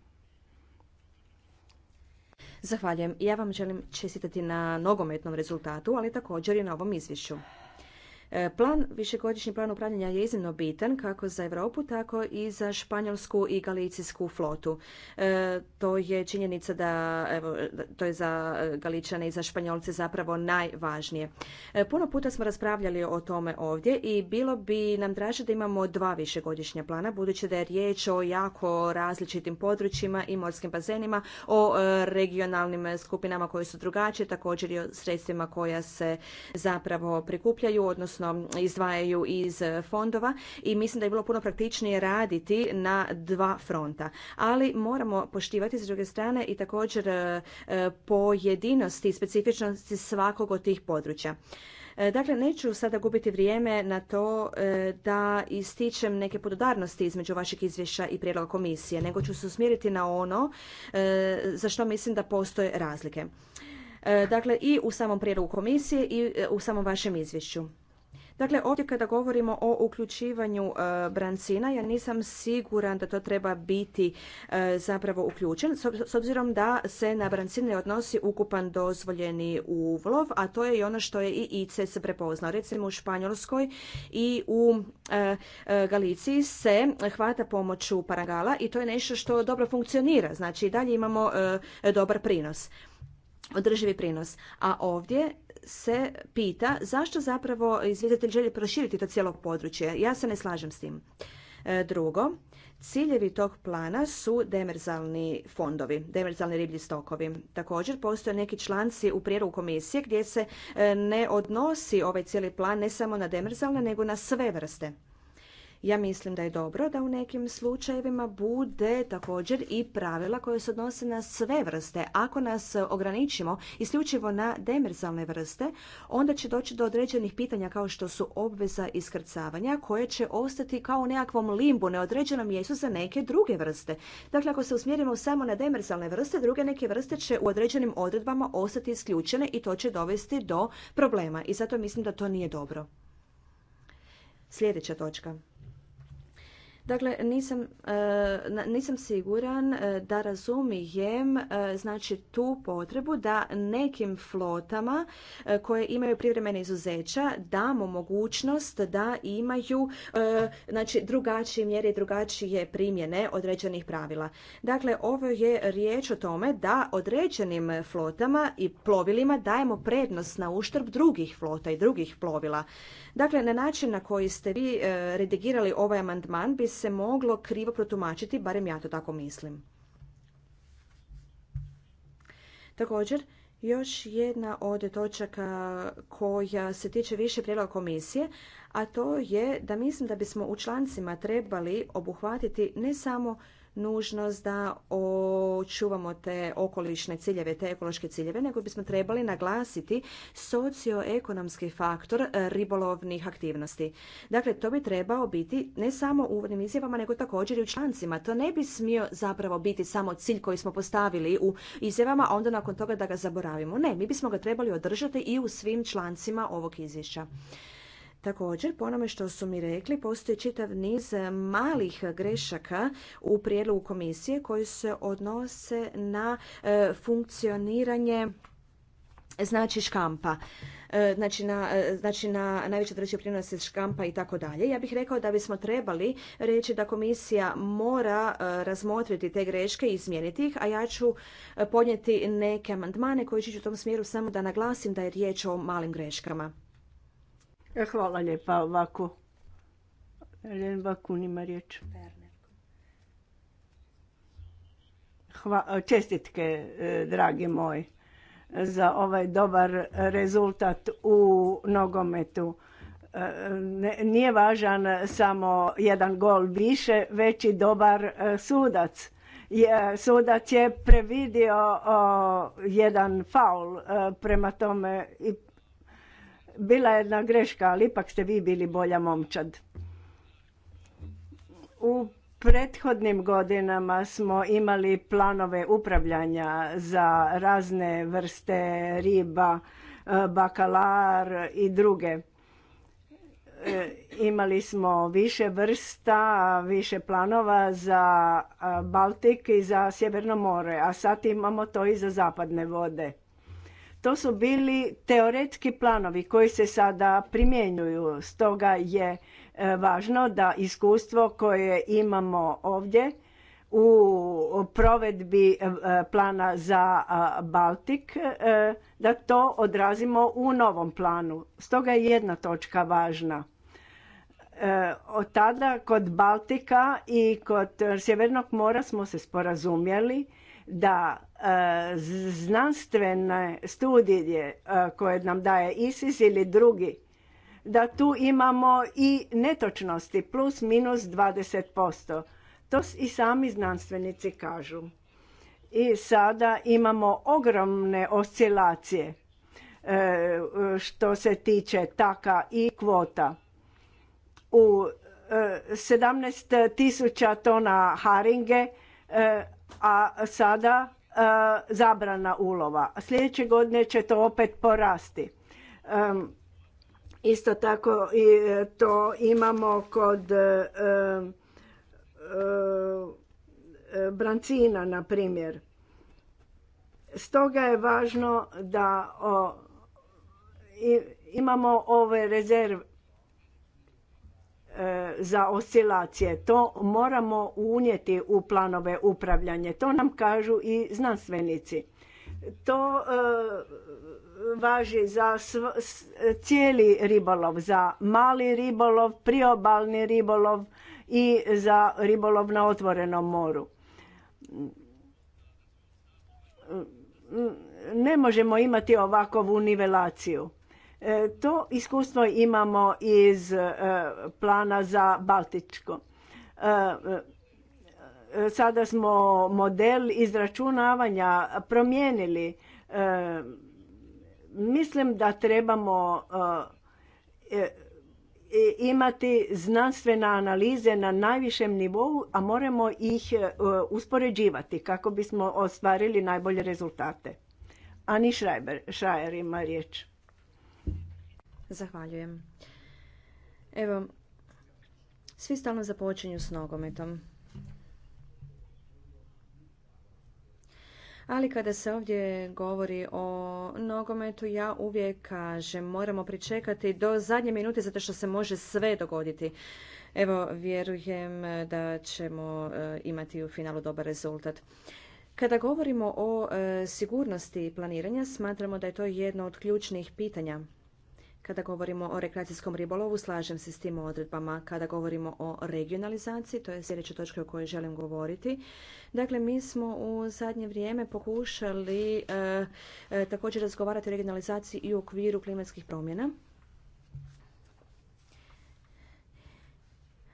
Zahvaljujem. Ja vam želim čestitati na nogometnom rezultatu, ali također i na ovom izvješću. E, plan, višegodišnji plan upravljanja je iznimno bitan kako za Europu, tako i za španjolsku i galicijsku flotu. E, to je činjenica da, evo, to je za e, galičane i za španjolce zapravo najvažnije. puno puta smo raspravljali o tome ovdje i bilo bi nam draže da imamo dva višegodišnja plana, budući da je riječ o jako različitim područjima i morskim bazenima, o regionalnim skupinama koje su drugačije, također i o sredstvima koja se zapravo prikupljaju, odnosno odnosno izdvajaju iz e, fondova i mislim da je bilo puno praktičnije raditi na dva fronta. Ali moramo poštivati s druge strane i također e, e, pojedinosti i specifičnosti svakog od tih područja. Dakle, neću sada gubiti vrijeme na to da ističem neke podudarnosti između vašeg izvješća i prijedloga komisije, nego ću se usmjeriti na ono za što mislim da postoje razlike. Dakle, i u samom prijedlogu komisije i u samom vašem izvješću. Dakle, ovdje kada govorimo o uključivanju e, brancina, ja nisam siguran da to treba biti e, zapravo uključen, s obzirom da se na brancine odnosi ukupan dozvoljeni ulov, a to je i ono što je i ICES prepoznao. Recimo u Španjolskoj i u e, Galiciji se hvata pomoću paragala i to je nešto što dobro funkcionira. Znači i dalje imamo dobar prinos održivi prinos. A ovdje se pita zašto zapravo izvjetitelj želi proširiti to cijelo područje. Ja se ne slažem s tim. E, drugo, ciljevi tog plana su demerzalni fondovi, demerzalni riblji stokovi. Također postoje neki članci u prijedlogu komisije gdje se e, ne odnosi ovaj cijeli plan ne samo na demerzalne nego na sve vrste. Ja mislim da je dobro da u nekim slučajevima bude također i pravila koje se odnose na sve vrste. Ako nas ograničimo isključivo na demerzalne vrste, onda će doći do određenih pitanja kao što su obveza iskrcavanja koje će ostati kao u nekakvom limbu, neodređenom mjestu za neke druge vrste. Dakle, ako se usmjerimo samo na demerzalne vrste, druge neke vrste će u određenim odredbama ostati isključene i to će dovesti do problema. I zato mislim da to nije dobro. Sljedeća točka. Dakle, nisam, e, nisam siguran e, da razumijem e, znači tu potrebu da nekim flotama koje imaju privremena izuzeća damo mogućnost da imaju znači drugačije mjere i drugačije primjene određenih pravila. Dakle, ovo je riječ o tome da određenim flotama i plovilima dajemo prednost na uštrb drugih flota i drugih plovila. Dakle, na način na koji ste vi redigirali ovaj amandman bi se moglo krivo protumačiti, barem ja to tako mislim. Također, još jedna od točaka koja se tiče više prijedloga komisije, a to je da mislim da bismo u člancima trebali obuhvatiti ne samo nužnost da očuvamo te okolišne ciljeve, te ekološke ciljeve, nego bismo trebali naglasiti socioekonomski faktor e, ribolovnih aktivnosti. Dakle, to bi trebao biti ne samo u uvodnim izjavama, nego također i u člancima. To ne bi smio zapravo biti samo cilj koji smo postavili u izjavama, a onda nakon toga da ga zaboravimo. Ne, mi bismo ga trebali održati i u svim člancima ovog izvješća. Također, po onome što su mi rekli, postoji čitav niz malih grešaka u prijedlogu komisije koji se odnose na e, funkcioniranje znači škampa e, znači na, e, znači na najveće treće prinose škampa i tako dalje. Ja bih rekao da bismo trebali reći da komisija mora razmotriti te greške i izmijeniti ih, a ja ću podnijeti neke amandmane koji će u tom smjeru samo da naglasim da je riječ o malim greškama. E, hvala lijepa ovako. Jelen Bakun riječ. čestitke, e, dragi moj, za ovaj dobar rezultat u nogometu. E, nije važan samo jedan gol više, već i dobar sudac. Sudac je previdio jedan faul, prema tome i bila je jedna greška, ali ipak ste vi bili bolja momčad. U prethodnim godinama smo imali planove upravljanja za razne vrste riba, e, bakalar i druge. E, imali smo više vrsta, više planova za e, Baltik i za Sjeverno more, a sad imamo to i za zapadne vode. To su bili teoretski planovi koji se sada primjenjuju. Stoga je e, važno da iskustvo koje imamo ovdje u provedbi e, plana za Baltik, e, da to odrazimo u novom planu. Stoga je jedna točka važna. Od tada kod Baltika i kod Sjevernog mora smo se sporazumjeli da e, znanstvene studije e, koje nam daje ISIS ili drugi, da tu imamo i netočnosti plus minus 20%. To i sami znanstvenici kažu. I sada imamo ogromne oscilacije e, što se tiče taka i kvota. U 17 tisuća tona haringe a sada e, zabrana ulova. Sljedeće godine će to opet porasti. Isto tako i e, to imamo kod e, brancina, na primjer. Stoga je važno da imamo ove rezerve, E, za oscilacije. To moramo unijeti u planove upravljanja. To nam kažu i znanstvenici. To e, važi za cijeli ribolov, za mali ribolov, priobalni ribolov i za ribolov na otvorenom moru. Ne možemo imati ovakvu nivelaciju E, to iskustvo imamo iz e, plana za Baltičko. E, sada smo model izračunavanja promijenili. Mislim da trebamo imati znanstvene analize na najvišem nivou, a moramo ih uspoređivati kako bismo ostvarili najbolje rezultate. Ani Šrajer ima riječ. Zahvaljujem. Evo, svi stalno započinju s nogometom. Ali kada se ovdje govori o nogometu, ja uvijek kažem moramo pričekati do zadnje minute zato što se može sve dogoditi. Evo, vjerujem da ćemo e, imati u finalu dobar rezultat. Kada govorimo o e, sigurnosti planiranja, smatramo da je to jedno od ključnih pitanja kada govorimo o rekreacijskom ribolovu, slažem se s tim odredbama. Kada govorimo o regionalizaciji, to je sljedeća točka o kojoj želim govoriti. Dakle, mi smo u zadnje vrijeme pokušali eh, eh, također razgovarati o regionalizaciji i u okviru klimatskih promjena.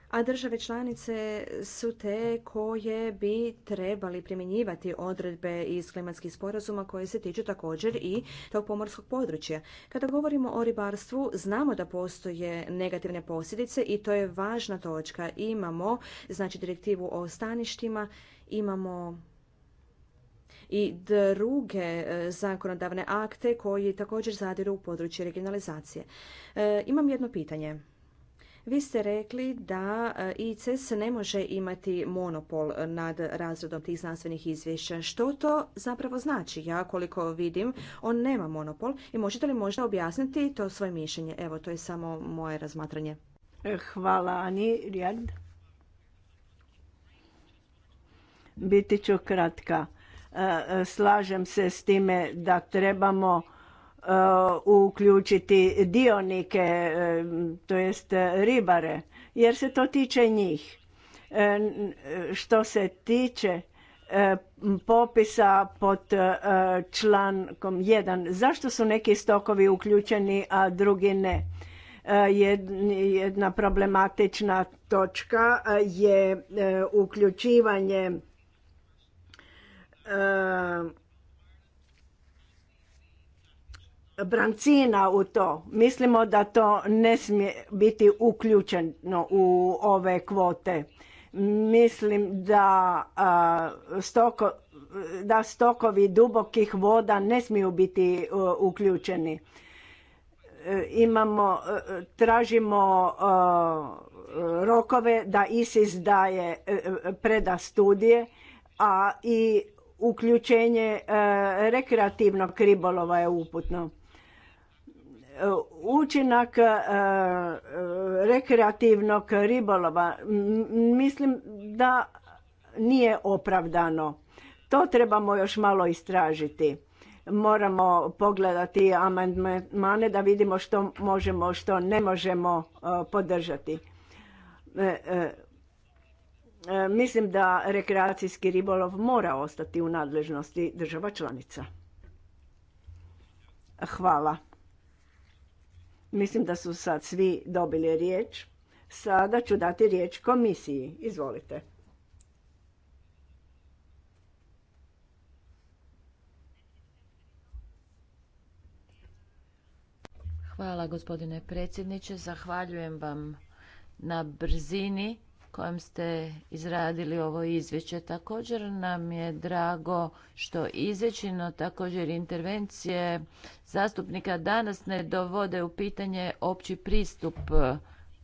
a države članice su te koje bi trebali primjenjivati odredbe iz klimatskih sporazuma koje se tiču također i tog pomorskog područja. Kada govorimo o ribarstvu, znamo da postoje negativne posljedice i to je važna točka. Imamo znači direktivu o staništima, imamo i druge e, zakonodavne akte koji također zadiru u područje regionalizacije. E, imam jedno pitanje. Vi ste rekli da e, ICS ne može imati monopol nad razredom tih znanstvenih izvješća. Što to zapravo znači? Ja koliko vidim, on nema monopol i možete li možda objasniti to svoje mišljenje? Evo, to je samo moje razmatranje. E, hvala, Ani. Biti ću kratka. E, slažem se s time da trebamo Uh, uključiti dionike, um, to jest uh, ribare, jer se to tiče njih. Um, što se tiče um, popisa pod uh, člankom 1, zašto su neki stokovi uključeni, a drugi ne? Jedna problematična točka je uključivanje brancina u to. Mislimo da to ne smije biti uključeno u ove kvote. Mislim da, stoko, da stokovi dubokih voda ne smiju biti uključeni. E, imamo, e, tražimo rokove da ISIS daje, e, preda studije, a i uključenje rekreativnog ribolova je uputno učinak e, e, rekreativnog ribolova mislim da nije opravdano. To trebamo još malo istražiti. Moramo pogledati amandmane da vidimo što možemo, što ne možemo e, podržati. Mislim da rekreacijski ribolov mora ostati u nadležnosti država članica. Hvala. Mislim da su sad svi dobili riječ. Sada ću dati riječ komisiji. Izvolite. Hvala gospodine predsjedniče. Zahvaljujem vam na brzini kojem ste izradili ovo izvješće. Također nam je drago što izvećino također intervencije zastupnika danas ne dovode u pitanje opći pristup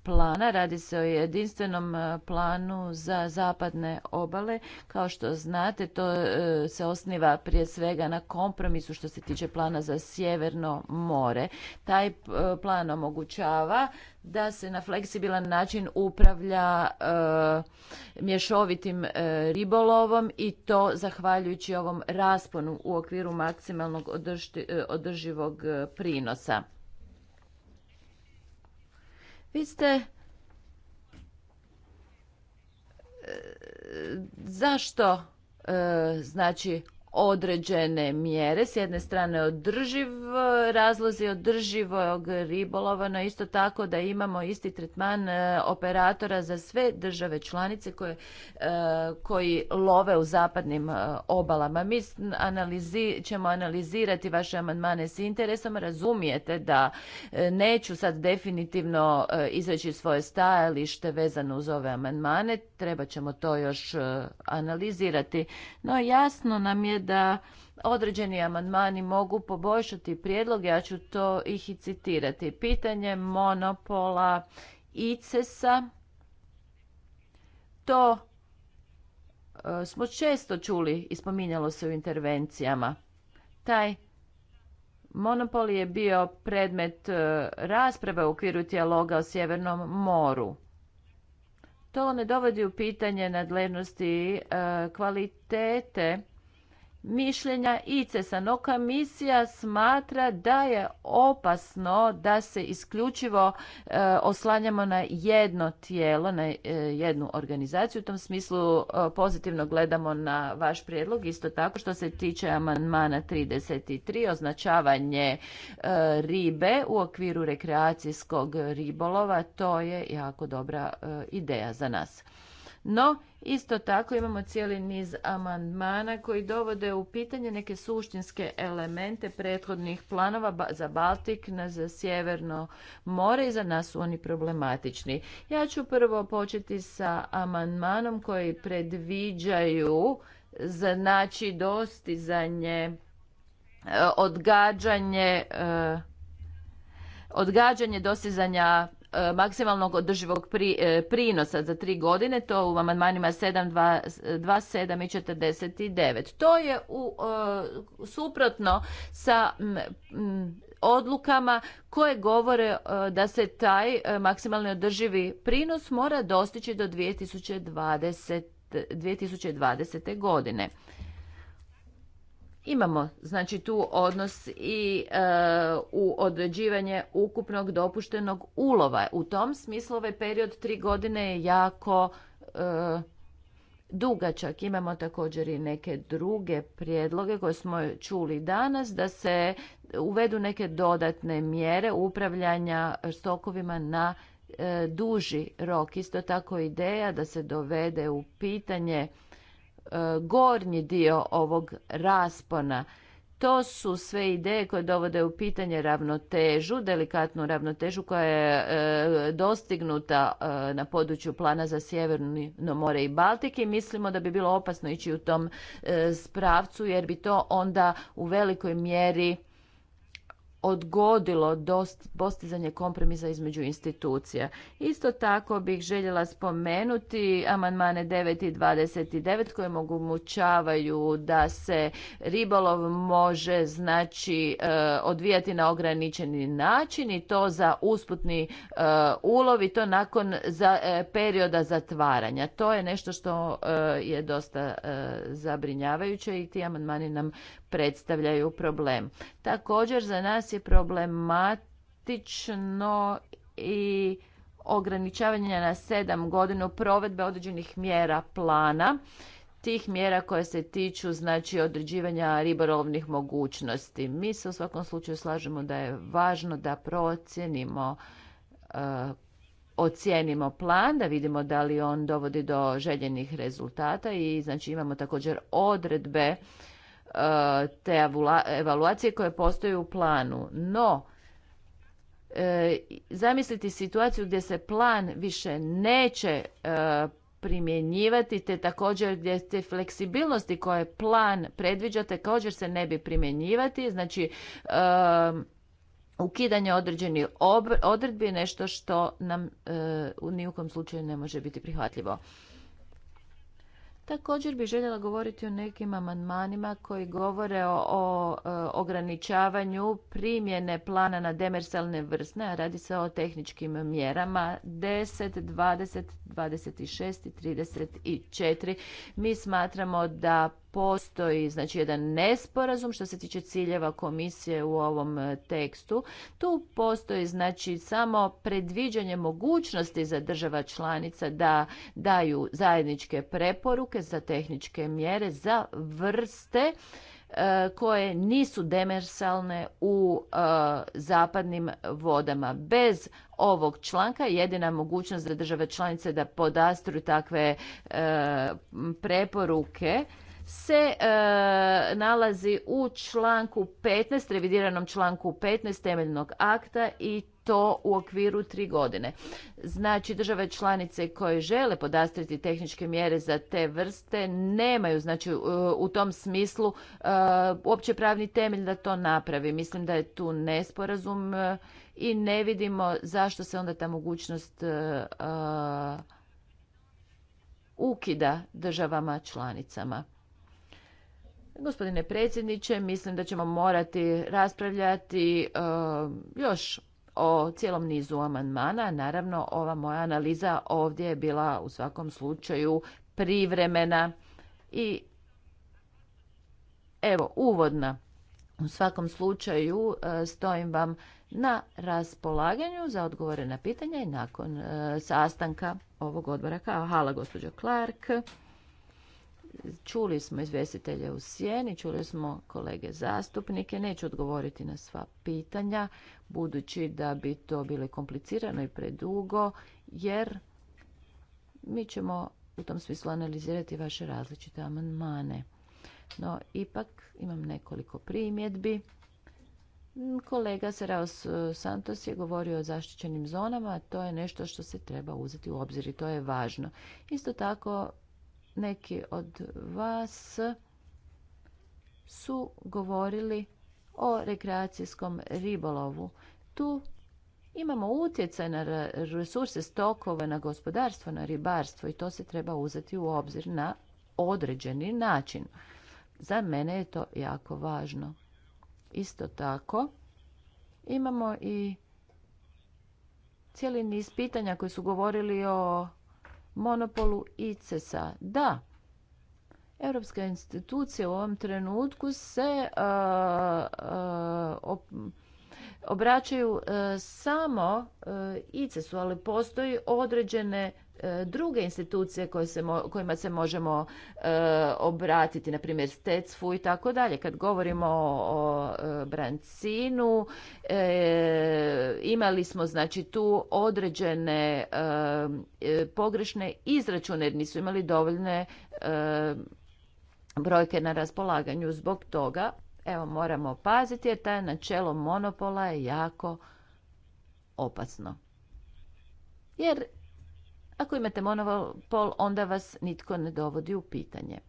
plana. Radi se o jedinstvenom e, planu za zapadne obale. Kao što znate, to e, se osniva prije svega na kompromisu što se tiče plana za sjeverno more. Taj e, plan omogućava da se na fleksibilan način upravlja mješovitim ribolovom i to zahvaljujući ovom rasponu u okviru maksimalnog održivog prinosa. Vi ste e, zašto e, znači određene mjere. S jedne strane održiv razlozi održivog ribolova, no isto tako da imamo isti tretman e, operatora za sve države članice koje, e, koji love u zapadnim e, obalama. Mi ćemo analizirati vaše amandmane s interesom. Razumijete da neću sad definitivno izreći svoje stajalište vezano uz ove amandmane. Treba ćemo to još analizirati. No jasno nam je da određeni amandmani mogu poboljšati prijedlog, ja ću to ih i citirati. Pitanje monopola ICES-a, to e, smo često čuli i spominjalo se u intervencijama. Taj monopol je bio predmet e, rasprave u okviru dijaloga o Sjevernom moru. To ne dovodi u pitanje nadležnosti e, kvalitete mišljenja i cesanoka no komisija smatra da je opasno da se isključivo e, oslanjamo na jedno tijelo, na e, jednu organizaciju. U tom smislu e, pozitivno gledamo na vaš prijedlog. Isto tako što se tiče amandmana 33, označavanje ribe u okviru rekreacijskog ribolova, to je jako dobra ideja za nas. No, Isto tako imamo cijeli niz amandmana koji dovode u pitanje neke suštinske elemente prethodnih planova za Baltik, za Sjeverno more i za nas su oni problematični. Ja ću prvo početi sa amandmanom koji predviđaju znači dostizanje, e, odgađanje e, odgađanje dostizanja E, maksimalnog održivog e, prinosa za tri godine, to u amandmanima 7, 2, sedam i 49. To je e, suprotno sa odlukama koje govore da se taj maksimalni održivi prinos mora dostići do 2020, 2020. godine. Imamo znači tu odnos i e, u određivanje ukupnog dopuštenog ulova. U tom smislu ovaj period tri godine je jako e, dugačak. Imamo također i neke druge prijedloge koje smo čuli danas da se uvedu neke dodatne mjere upravljanja stokovima na e, duži rok. Isto tako ideja da se dovede u pitanje E, gornji dio ovog raspona. To su sve ideje koje dovode u pitanje ravnotežu, delikatnu ravnotežu koja je e, dostignuta e, na području plana za Sjeverno more i Baltik i mislimo da bi bilo opasno ići u tom spravcu jer bi to onda u velikoj mjeri odgodilo dost, postizanje kompromisa između institucija. Isto tako bih željela spomenuti amandmane 9 i 29 koje mogu omogućavaju da se ribolov može znači e, odvijati na ograničeni način i to za usputni e, ulov i to nakon za e, perioda zatvaranja. To je nešto što je dosta zabrinjavajuće i ti amandmani nam predstavljaju problem. Također za nas je problematično i ograničavanje na sedam godinu provedbe određenih mjera plana tih mjera koje se tiču znači određivanja ribolovnih mogućnosti. Mi se u svakom slučaju slažemo da je važno da procijenimo uh, ocijenimo plan, da vidimo da li on dovodi do željenih rezultata i znači imamo također odredbe te evaluacije koje postoje u planu. No, e, zamisliti situaciju gdje se plan više neće e, primjenjivati, te također gdje ste fleksibilnosti koje plan predviđa također se ne bi primjenjivati, znači e, ukidanje određenih odredbi je nešto što nam u kom slučaju ne može biti prihvatljivo. Također bih željela govoriti o nekim amandmanima koji govore o, e, ograničavanju primjene plana na demersalne vrste, a radi se o tehničkim mjerama 10, 20, 26 i 34. Mi smatramo da postoji znači jedan nesporazum što se tiče ciljeva komisije u ovom e, tekstu. Tu postoji znači samo predviđanje mogućnosti za država članica da daju zajedničke preporuke za tehničke mjere za vrste e, koje nisu demersalne u e, zapadnim vodama. Bez ovog članka jedina mogućnost za države članice da podastru takve preporuke se e, nalazi u članku 15, revidiranom članku 15 temeljnog akta i to u okviru tri godine. Znači, države članice koje žele podastriti tehničke mjere za te vrste nemaju, znači, u tom smislu opće uopće pravni temelj da to napravi. Mislim da je tu nesporazum e, i ne vidimo zašto se onda ta mogućnost e, ukida državama članicama. Gospodine predsjedniče, mislim da ćemo morati raspravljati e, još o cijelom nizu amandmana. Naravno, ova moja analiza ovdje je bila u svakom slučaju privremena i evo, uvodna. U svakom slučaju e, stojim vam na raspolaganju za odgovore na pitanja i nakon e, sastanka ovog odbora. Hvala gospođo Clark. Čuli smo izvjestitelje u sjeni, čuli smo kolege zastupnike. Neću odgovoriti na sva pitanja, budući da bi to bilo komplicirano i predugo, jer mi ćemo u tom smislu analizirati vaše različite amandmane. No, ipak imam nekoliko primjedbi. Kolega Seraos Santos je govorio o zaštićenim zonama, to je nešto što se treba uzeti u obzir i to je važno. Isto tako neki od vas su govorili o rekreacijskom ribolovu. Tu imamo utjecaj na resurse stokove, na gospodarstvo, na ribarstvo i to se treba uzeti u obzir na određeni način. Za mene je to jako važno. Isto tako imamo i cijeli niz pitanja koji su govorili o monopolu ICES-a. Da, europska institucija u ovom trenutku se uh, uh, obraćaju e, samo e, ICES-u, ali postoji određene e, druge institucije koje se, kojima se možemo obratiti, na primjer Stecfu i tako dalje. Kad govorimo o Brancinu, imali smo znači tu određene pogrešne izračune jer nisu imali dovoljne brojke na raspolaganju. Zbog toga Evo, moramo paziti jer taj načelo monopola je jako opasno. Jer ako imate monopol, onda vas nitko ne dovodi u pitanje.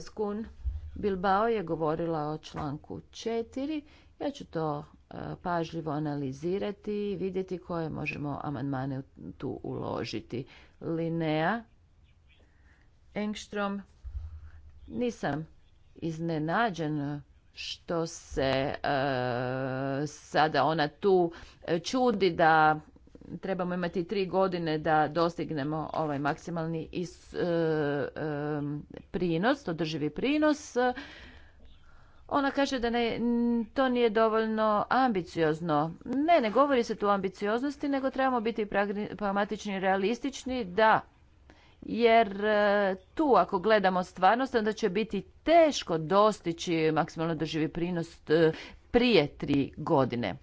Skun Bilbao je govorila o članku 4. Ja ću to e, pažljivo analizirati i vidjeti koje možemo amandmane tu uložiti. Linea, Engstrom, nisam iznenađena što se e, sada ona tu čudi da trebamo imati tri godine da dostignemo ovaj maksimalni is, e, e, prinos, održivi prinos. Ona kaže da ne, to nije dovoljno ambiciozno. Ne, ne govori se tu o ambicioznosti, nego trebamo biti pragmatični i realistični da jer e, tu ako gledamo stvarnost onda će biti teško dostići maksimalno drživi prinos e, prije tri godine.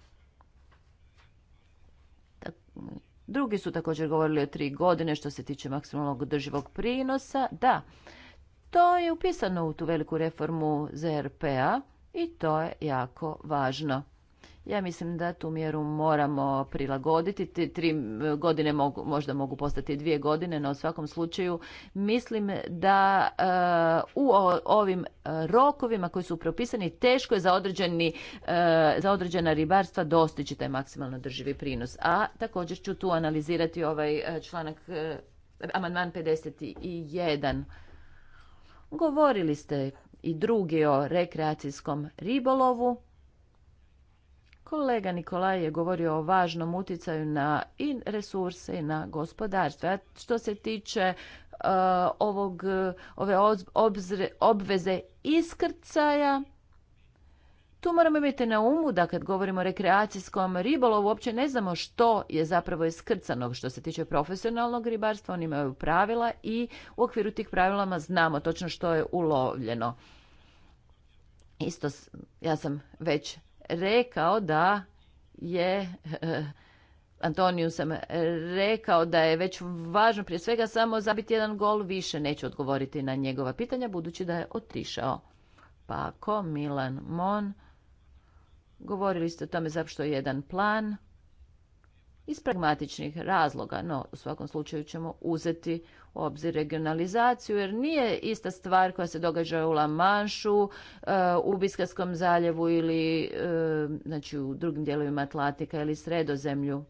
Drugi su također govorili o tri godine što se tiče maksimalnog održivog prinosa. Da, to je upisano u tu veliku reformu ZRP-a i to je jako važno. Ja mislim da tu mjeru moramo prilagoditi. Te tri godine mogu, možda mogu postati dvije godine, no u svakom slučaju mislim da e, u ovim e, rokovima koji su propisani teško je za, određeni, e, za određena ribarstva dostići taj maksimalno drživi prinos. A također ću tu analizirati ovaj članak e, amandman 51. Govorili ste i drugi o rekreacijskom ribolovu. Kolega Nikolaj je govorio o važnom uticaju na i resurse i na gospodarstvo. A što se tiče e, ovog, ove obzre, obveze iskrcaja, tu moramo imati na umu da kad govorimo o rekreacijskom ribolovu uopće ne znamo što je zapravo iskrcano što se tiče profesionalnog ribarstva, oni imaju pravila i u okviru tih pravilama znamo točno što je ulovljeno. Isto ja sam već rekao da je eh, Antoniju sam rekao da je već važno prije svega samo zabiti jedan gol više. Neću odgovoriti na njegova pitanja budući da je otišao. Pako, Milan, Mon. Govorili ste o tome zašto je jedan plan. Iz pragmatičnih razloga, no u svakom slučaju ćemo uzeti u obzir regionalizaciju, jer nije ista stvar koja se događa u Lamanšu, e, u Biskarskom zaljevu ili e, znači, u drugim dijelovima Atlantika ili sredozemlju.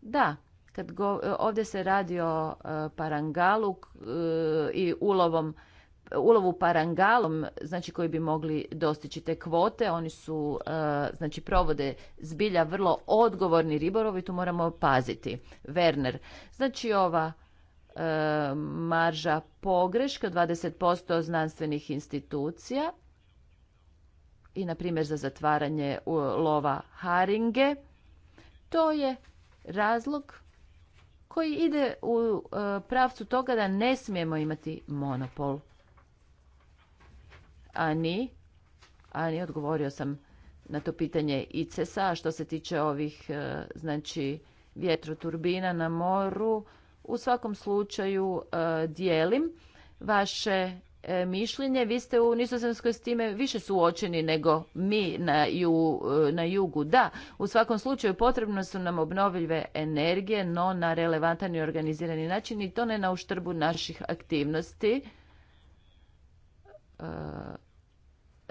Da, kad ovdje se radi o e, parangalu i ulovom ulovu parangalom, znači koji bi mogli dostići te kvote, oni su, e, znači provode zbilja vrlo odgovorni riborovi, tu moramo paziti. Werner, znači ova e, marža pogreška 20% znanstvenih institucija i na primjer za zatvaranje lova haringe. To je razlog koji ide u e, pravcu toga da ne smijemo imati monopol a ni, odgovorio sam na to pitanje ICES-a, što se tiče ovih, e, znači, vjetroturbina na moru, u svakom slučaju e, dijelim vaše e, mišljenje. Vi ste u nisozemskoj s time više suočeni nego mi na, jugu. Da, u svakom slučaju potrebno su nam obnovljive energije, no na relevantan i organizirani način i to ne na uštrbu naših aktivnosti.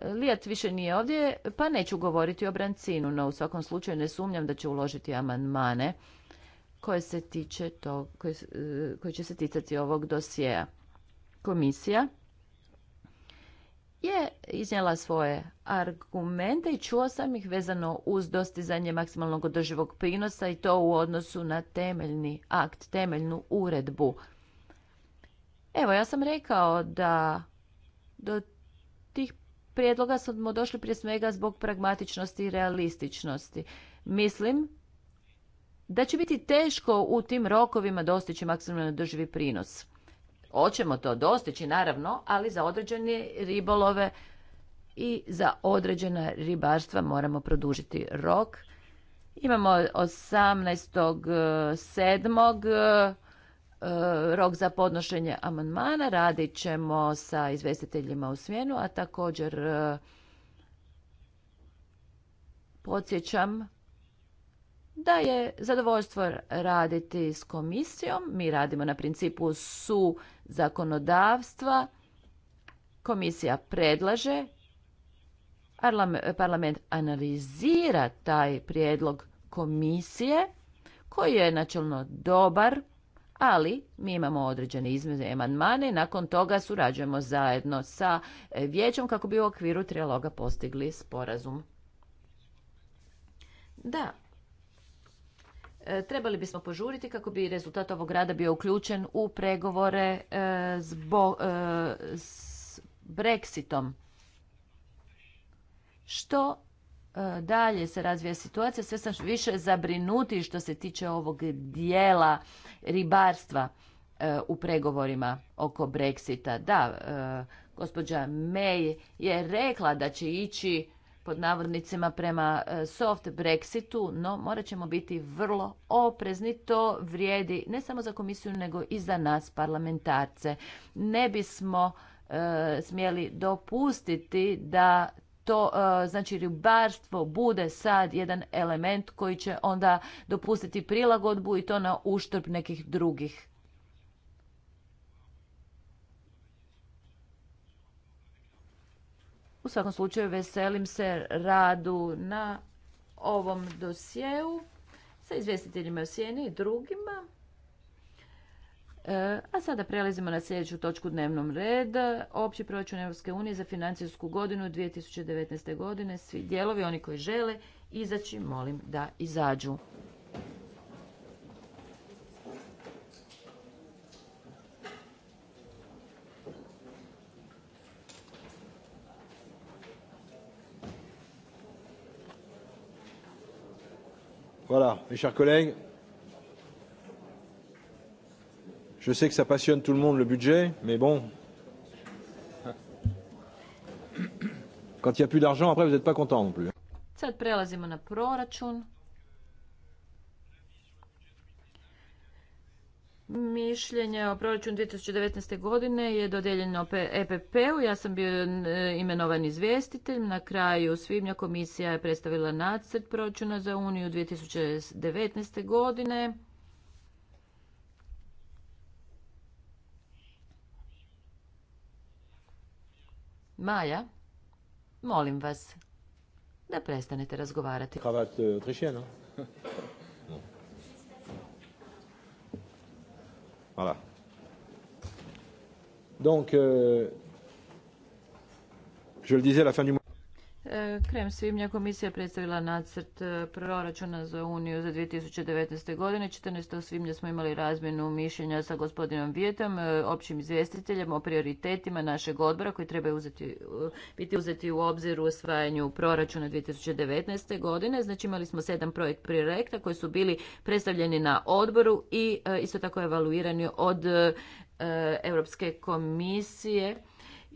Lijat više nije ovdje, pa neću govoriti o Brancinu, no u svakom slučaju ne sumnjam da će uložiti amandmane koje, se tiče to, koje, e, će se ticati ovog dosjeja. Komisija je iznijela svoje argumente i čuo sam ih vezano uz dostizanje maksimalnog održivog prinosa i to u odnosu na temeljni akt, temeljnu uredbu. Evo, ja sam rekao da do tih prijedloga smo došli prije svega zbog pragmatičnosti i realističnosti. Mislim da će biti teško u tim rokovima dostići maksimalno održivi prinos. Hoćemo to dostići, naravno, ali za određene ribolove i za određena ribarstva moramo produžiti rok. Imamo 18.7. E, rok za podnošenje amandmana. Radit ćemo sa izvestiteljima u smjenu, a također e, podsjećam da je zadovoljstvo raditi s komisijom. Mi radimo na principu su zakonodavstva. Komisija predlaže, parlament analizira taj prijedlog komisije koji je načelno dobar ali mi imamo određene izmjene emanmane i nakon toga surađujemo zajedno sa e, Vijećom kako bi u okviru trijaloga postigli sporazum. Da, e, trebali bismo požuriti kako bi rezultat ovog rada bio uključen u pregovore e, s Brexitom. Što dalje se razvija situacija, sve sam više zabrinuti što se tiče ovog dijela ribarstva e, u pregovorima oko Brexita. Da, e, gospođa May je rekla da će ići pod navodnicima prema e, soft Brexitu, no morat ćemo biti vrlo oprezni. To vrijedi ne samo za komisiju, nego i za nas parlamentarce. Ne bismo smjeli dopustiti da to e, znači ribarstvo bude sad jedan element koji će onda dopustiti prilagodbu i to na uštrb nekih drugih U svakom slučaju veselim se radu na ovom dosjeu sa izvjestiteljima u sjeni i drugima. E, a sada prelazimo na sljedeću točku dnevnom reda. Opći proračun Europske unije za financijsku godinu 2019. godine. Svi dijelovi, oni koji žele izaći, molim da izađu. Voilà, mes chers collègues, Je sais que ça passionne tout le monde le budget, mais bon. quand il n'y a plus d'argent, après vous n'êtes pas content non plus. Sad prelazimo na proračun. Mišljenje o proračunu 2019. godine je dodeljeno EPP-u. Ja sam bio e, imenovan izvjestitelj. Na kraju svibnja komisija je predstavila nacrt proračuna za Uniju 2019. godine. Maja, molim vas da prestanete razgovarati. Kravat e, trišeno. Voilà. Donc, e, je le disais à la fin du mois. E, krem svibnja komisija predstavila nacrt e, proračuna za Uniju za 2019. godine. 14. svibnja smo imali razmjenu mišljenja sa gospodinom Vijetom, e, općim izvjestiteljem o prioritetima našeg odbora koji treba uzeti, biti uzeti u obzir u osvajanju proračuna 2019. godine. Znači imali smo sedam projekt projekta koji su bili predstavljeni na odboru i isto tako evaluirani od Europske komisije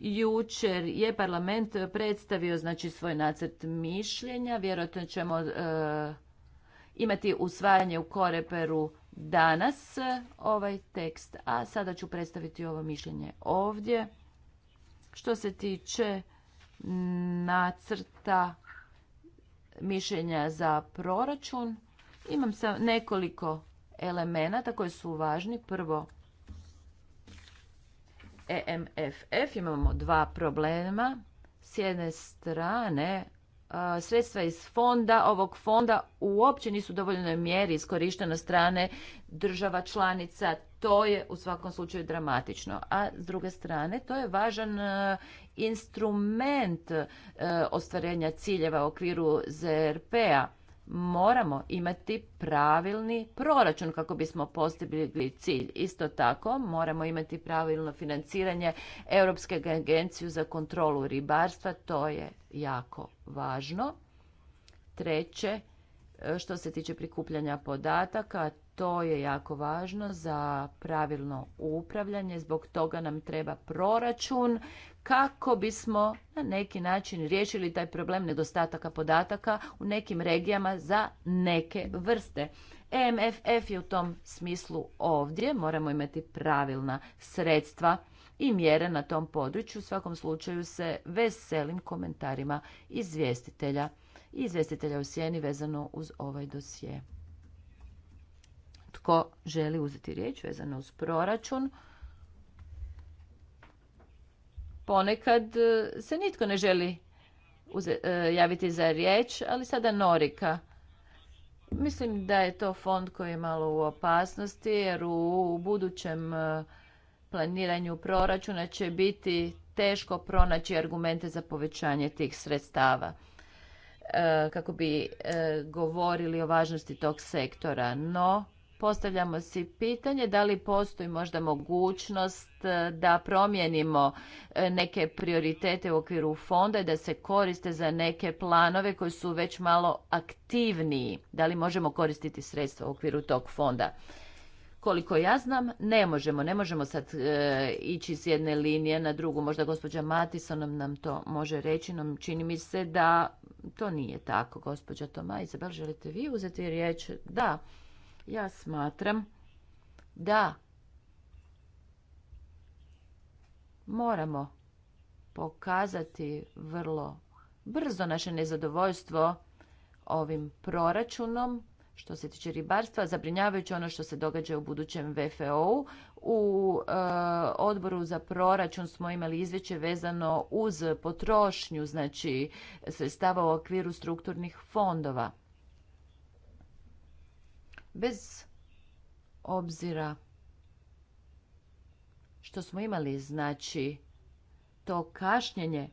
Jučer je parlament predstavio znači svoj nacrt mišljenja. Vjerojatno ćemo e, imati usvajanje u koreperu danas e, ovaj tekst. A sada ću predstaviti ovo mišljenje ovdje. Što se tiče nacrta mišljenja za proračun, imam sam nekoliko elemenata koji su važni. Prvo, EMFF imamo dva problema. S jedne strane, sredstva iz fonda, ovog fonda uopće nisu u dovoljnoj mjeri iskorištena strane država članica. To je u svakom slučaju dramatično. A s druge strane, to je važan instrument ostvarenja ciljeva u okviru ZRP-a moramo imati pravilni proračun kako bismo postigli cilj. Isto tako moramo imati pravilno financiranje Europske agencije za kontrolu ribarstva, to je jako važno. Treće, što se tiče prikupljanja podataka, to je jako važno za pravilno upravljanje. Zbog toga nam treba proračun kako bismo na neki način riješili taj problem nedostataka podataka u nekim regijama za neke vrste. E MFF je u tom smislu ovdje, moramo imati pravilna sredstva i mjere na tom području. U svakom slučaju se veselim komentarima izvjestitelja i izvjestitelja u sjeni vezano uz ovaj dosje. Tko želi uzeti riječ vezano uz proračun? ponekad e, se nitko ne želi e, javiti za riječ, ali sada Norika. Mislim da je to fond koji je malo u opasnosti jer u budućem e, planiranju proračuna će biti teško pronaći argumente za povećanje tih sredstava kako bi govorili o važnosti tog sektora. No, Postavljamo si pitanje da li postoji možda mogućnost e, da promijenimo e, neke prioritete u okviru fonda i da se koriste za neke planove koji su već malo aktivniji. Da li možemo koristiti sredstva u okviru tog fonda? Koliko ja znam, ne možemo. Ne možemo sad e, ići s jedne linije na drugu. Možda gospođa Matison nam to može reći, no čini mi se da to nije tako. Gospođa Toma, Izabel, želite vi uzeti riječ? Da. Ja smatram da moramo pokazati vrlo brzo naše nezadovoljstvo ovim proračunom što se tiče ribarstva, zabrinjavajući ono što se događa u budućem VFO-u. U e, odboru za proračun smo imali izveće vezano uz potrošnju, znači sredstava u okviru strukturnih fondova. Bez obzira što smo imali, znači, to kašnjenje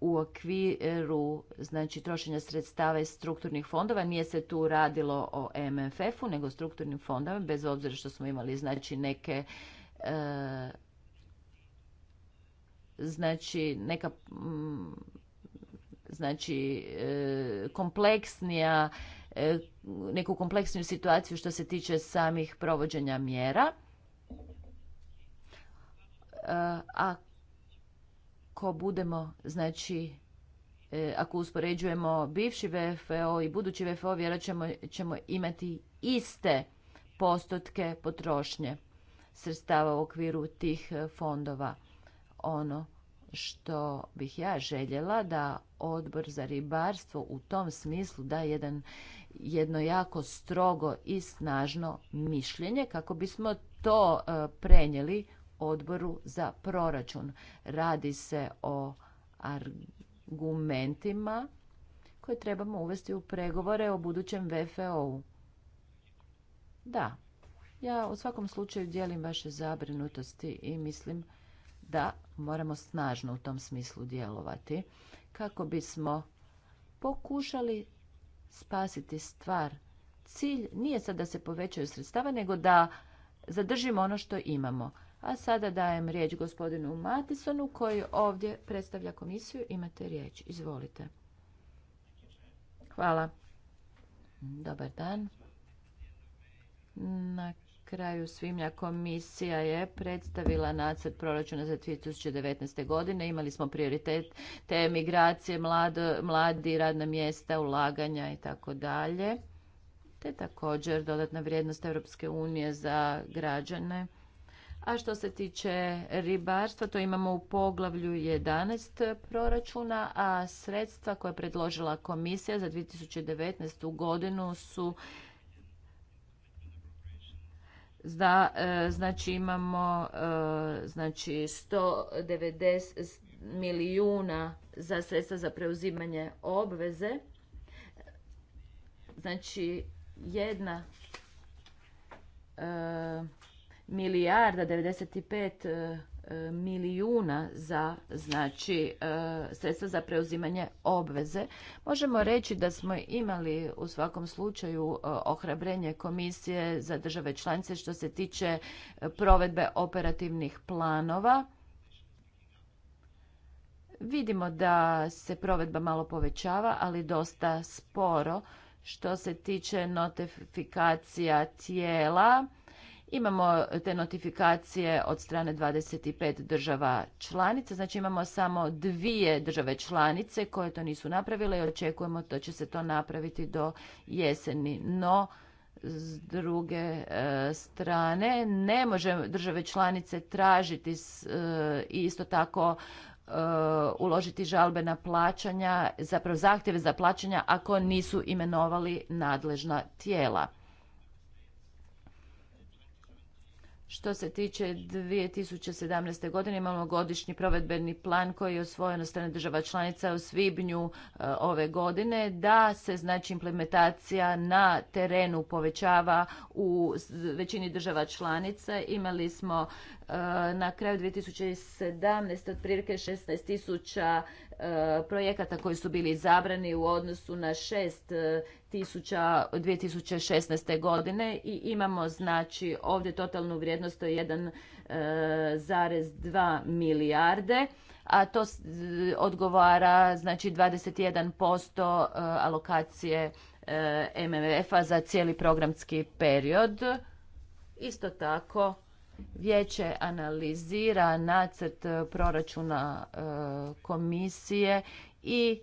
u okviru znači trošenja sredstava iz strukturnih fondova nije se tu radilo o MFF-u nego strukturnim fondovima bez obzira što smo imali znači neke e, znači neka znači e, kompleksnija e, neku kompleksniju situaciju što se tiče samih provođenja mjera. E, ako budemo, znači, e, ako uspoređujemo bivši VFO i budući VFO, vjerat ćemo, ćemo imati iste postotke potrošnje sredstava u okviru tih fondova. Ono što bih ja željela da odbor za ribarstvo u tom smislu da jedan, jedno jako strogo i snažno mišljenje kako bismo to e, prenijeli odboru za proračun. Radi se o argumentima koje trebamo uvesti u pregovore o budućem VFO-u. Da, ja u svakom slučaju dijelim vaše zabrinutosti i mislim da moramo snažno u tom smislu djelovati kako bismo pokušali spasiti stvar. Cilj nije sad da se povećaju sredstava, nego da zadržimo ono što imamo. A sada dajem riječ gospodinu Matisonu koji ovdje predstavlja komisiju. Imate riječ. Izvolite. Hvala. Dobar dan. Na kraju svibnja komisija je predstavila nacrt proračuna za 2019. godine. Imali smo prioritet te migracije, mladi, radna mjesta, ulaganja i tako dalje. Te također dodatna vrijednost Europske unije za građane. A što se tiče ribarstva, to imamo u poglavlju 11 proračuna, a sredstva koje je predložila komisija za 2019. godinu su da e, znači imamo e, znači 190 milijuna za sredstva za preuzimanje obveze. Znači jedna e, milijarda 95 milijuna za znači e, sredstva za preuzimanje obveze. Možemo reći da smo imali u svakom slučaju e, ohrabrenje komisije za države članice što se tiče e, provedbe operativnih planova. Vidimo da se provedba malo povećava, ali dosta sporo što se tiče notifikacija tijela Imamo te notifikacije od strane 25 država članica, znači imamo samo dvije države članice koje to nisu napravile i očekujemo da će se to napraviti do jeseni. No, s druge e, strane, ne može države članice tražiti e, i isto tako e, uložiti žalbe na plaćanja, zapravo zahtjeve za plaćanja ako nisu imenovali nadležna tijela. Što se tiče 2017. godine imamo godišnji provedbeni plan koji je osvojen od strane država članica u svibnju e, ove godine da se znači implementacija na terenu povećava u većini država članica. Imali smo e, na kraju 2017. otprilike 16 tisuća e, projekata koji su bili zabrani u odnosu na šest 2016. godine i imamo znači ovdje totalnu vrijednost to je 1,2 e, milijarde a to odgovara znači 21% e, alokacije e, MMF-a za cijeli programski period. Isto tako Vijeće analizira nacrt proračuna komisije i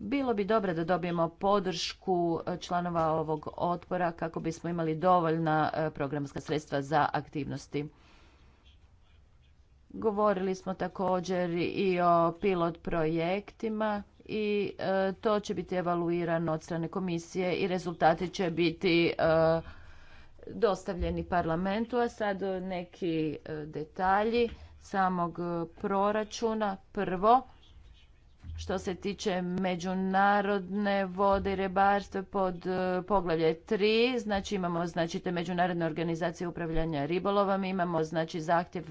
bilo bi dobro da dobijemo podršku e, članova ovog otpora kako bismo imali dovoljna e, programska sredstva za aktivnosti. Govorili smo također i o pilot projektima i e, to će biti evaluirano od strane komisije i rezultati će biti dostavljeni parlamentu, a sad neki detalji samog proračuna. Prvo, što se tiče međunarodne vode i ribarstva pod e, poglavlje 3, znači imamo znači te međunarodne organizacije upravljanja ribolovom, imamo znači zahtjev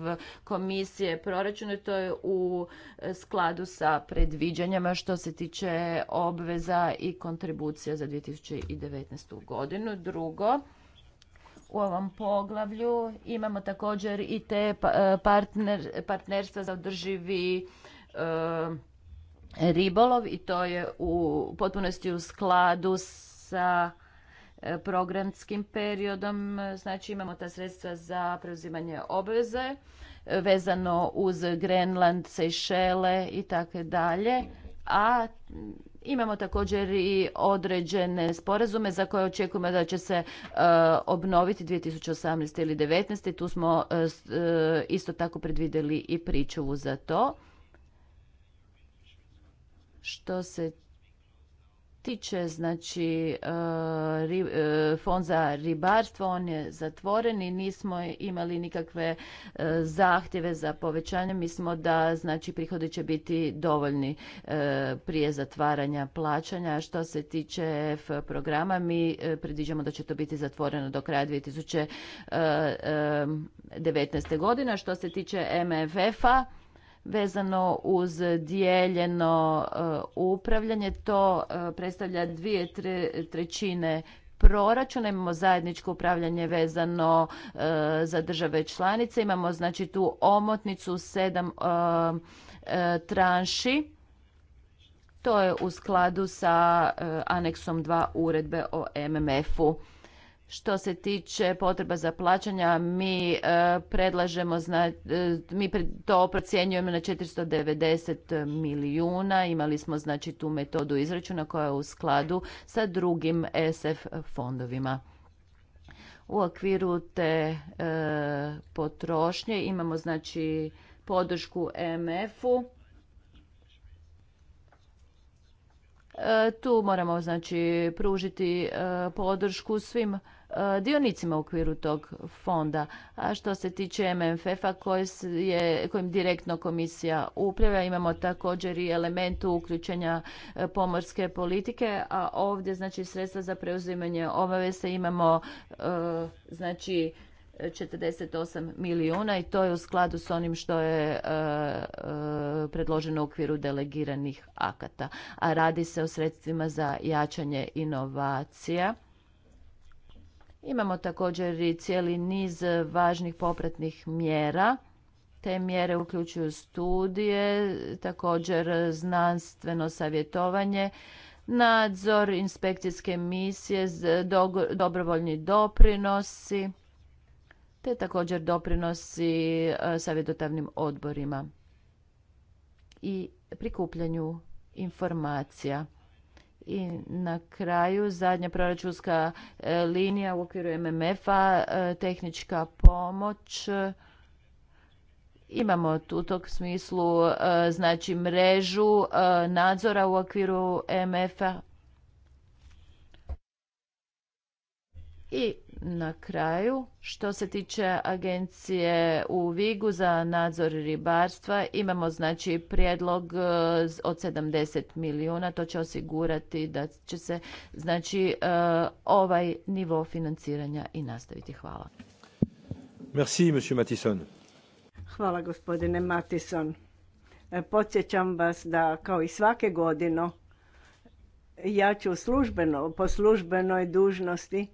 komisije proračuna, to je u e, skladu sa predviđanjama što se tiče obveza i kontribucija za 2019. godinu. Drugo, u ovom poglavlju imamo također i te pa, e, partner, partnerstva za održivi ribolov i to je u potpunosti u skladu sa e, programskim periodom. Znači imamo ta sredstva za preuzimanje obveze e, vezano uz Grenland, Sejšele i tako dalje. A mm, imamo također i određene sporazume za koje očekujemo da će se e, obnoviti 2018. ili 2019. Tu smo isto tako predvidjeli i pričuvu za to. Što se tiče, znači, e, e, fond za ribarstvo, on je zatvoren i nismo imali nikakve e, zahtjeve za povećanje. Mislimo da, znači, prihodi će biti dovoljni prije zatvaranja plaćanja. Što se tiče F programa, mi predviđamo da će to biti zatvoreno do kraja 2019. godine Što se tiče MFF-a, vezano uz dijeljeno e, upravljanje. To e, predstavlja dvije trećine proračuna, imamo zajedničko upravljanje vezano e, za države članice, imamo znači tu omotnicu sedam tranši. To je u skladu sa aneksom 2 uredbe o MMF-u. Što se tiče potreba za plaćanja, mi e, predlažemo, e, mi to procjenjujemo na 490 milijuna. Imali smo znači tu metodu izračuna koja je u skladu sa drugim e SF fondovima. U okviru te potrošnje imamo znači podršku mf u Tu moramo znači pružiti podršku svim E, dionicima u okviru tog fonda. A što se tiče MMF-a kojim direktno komisija upravlja, imamo također i elementu uključenja e, pomorske politike, a ovdje znači sredstva za preuzimanje obaveze imamo e, znači 48 milijuna i to je u skladu s onim što je predloženo u okviru delegiranih akata. A radi se o sredstvima za jačanje inovacija Imamo također i cijeli niz važnih popratnih mjera. Te mjere uključuju studije, također znanstveno savjetovanje, nadzor, inspekcijske misije, dobrovoljni doprinosi, te također doprinosi e, savjetodavnim odborima i prikupljanju informacija. I na kraju zadnja proračunska e, linija u okviru MMF-a, e, tehnička pomoć. Imamo u tog smislu e, znači mrežu nadzora u okviru MMF-a. I na kraju. Što se tiče agencije u Vigu za nadzor ribarstva, imamo znači prijedlog e, od 70 milijuna. To će osigurati da će se znači e, ovaj nivo financiranja i nastaviti. Hvala. Merci, monsieur Hvala gospodine Matison. E, podsjećam vas da kao i svake godine ja ću službeno, po službenoj dužnosti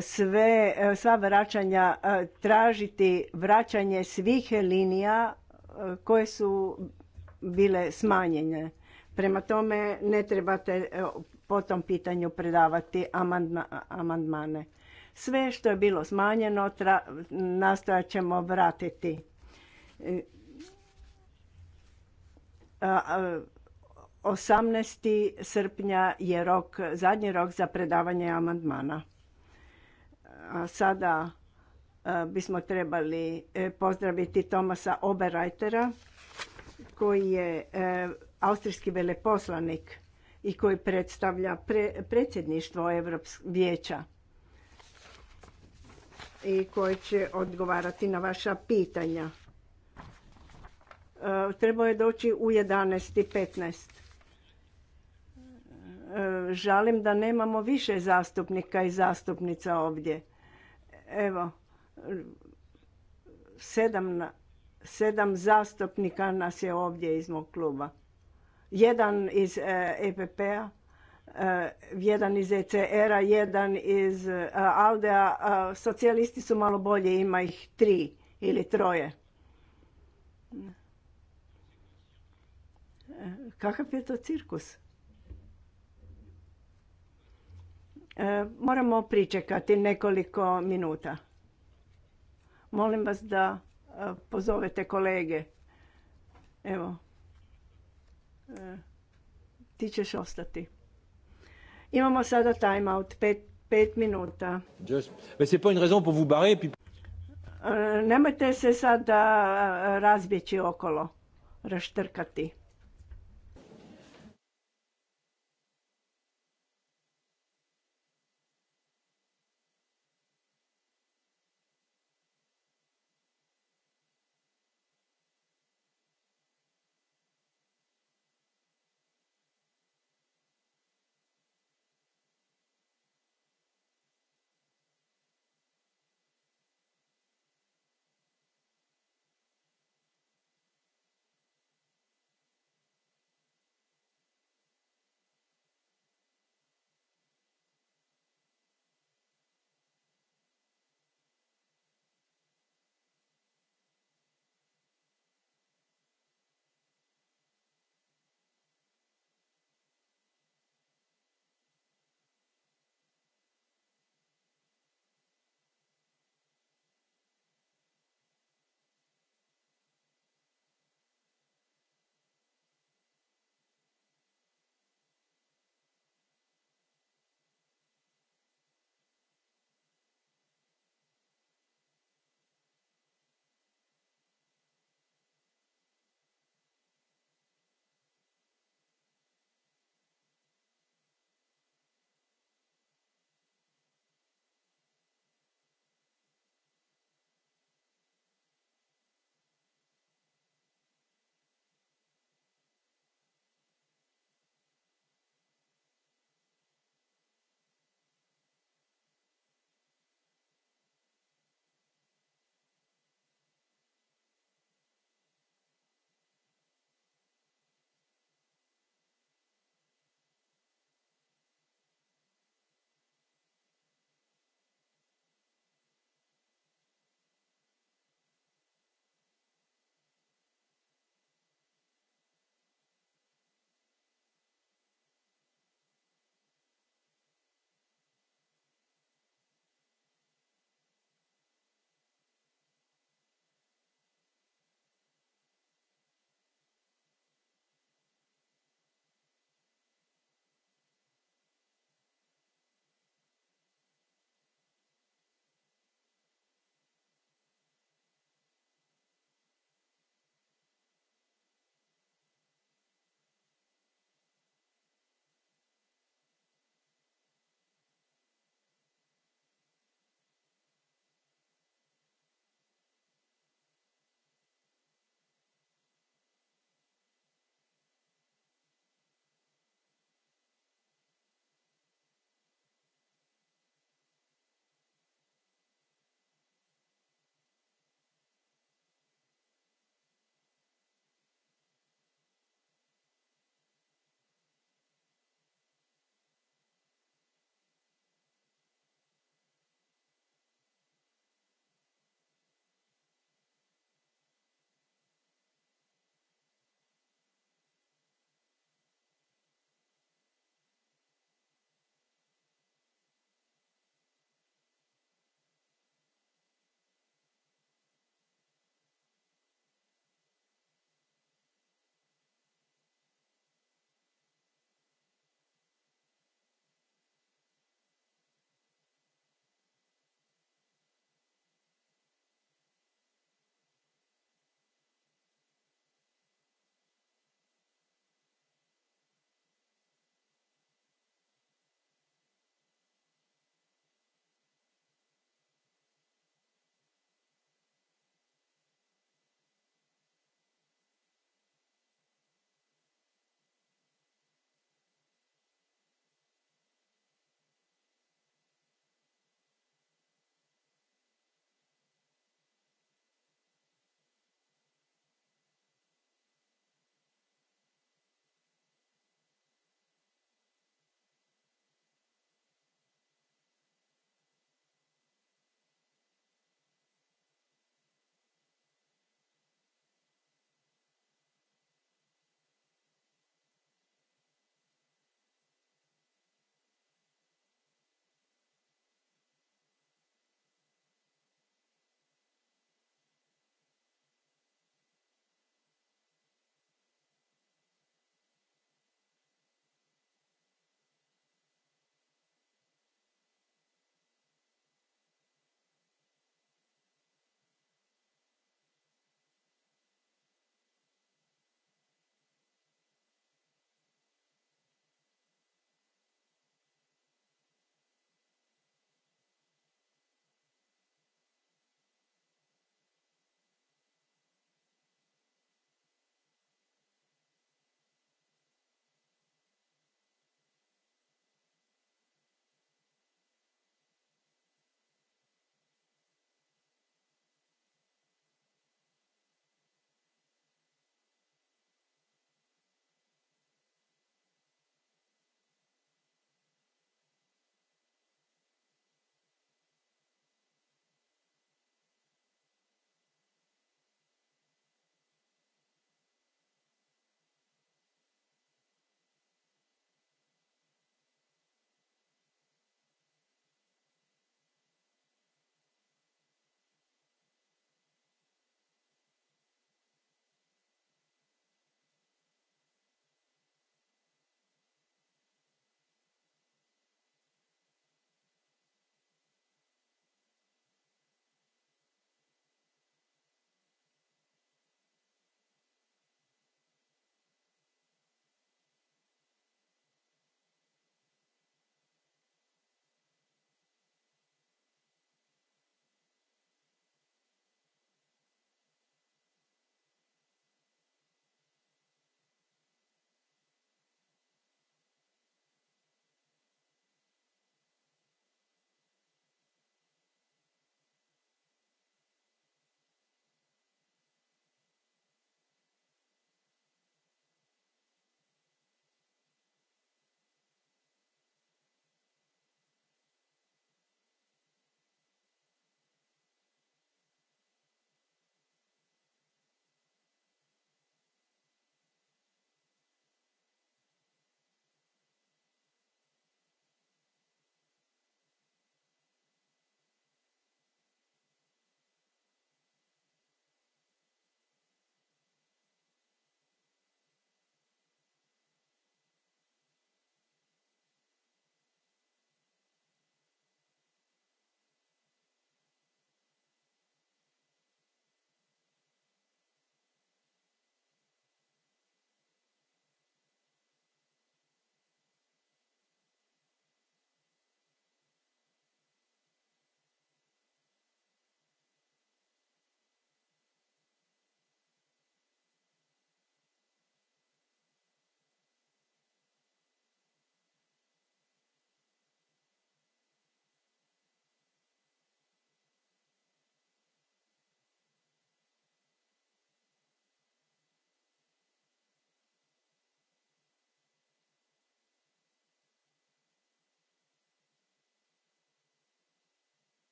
sve, sva vraćanja, e, tražiti vraćanje svih linija e, koje su bile smanjene. Prema tome ne trebate e, po tom pitanju predavati amandmane. Sve što je bilo smanjeno nastojat ćemo vratiti. Osamnaest 18. srpnja je rok, zadnji rok za predavanje amandmana. A sada e, bismo trebali e, pozdraviti Tomasa Oberreitera koji je e, austrijski veleposlanik i koji predstavlja predsjedništvo Europskog vijeća i koji će odgovarati na vaša pitanja. Treba trebao je doći u 11.15. žalim da nemamo više zastupnika i zastupnica ovdje. Evo, sedam, zastupnika nas je ovdje iz mog kluba. Jedan iz EPP-a, e e, jedan iz ECR-a, jedan iz e, ALDE-a. Socijalisti su malo bolje, ima ih tri ili troje. Kakav je to cirkus? E, moramo pričekati nekoliko minuta. Molim vas da e, pozovete kolege. Evo, e, ti ćeš ostati. Imamo sada time out, pet, pet minuta. Nemojte se sada razbjeći okolo, raštrkati.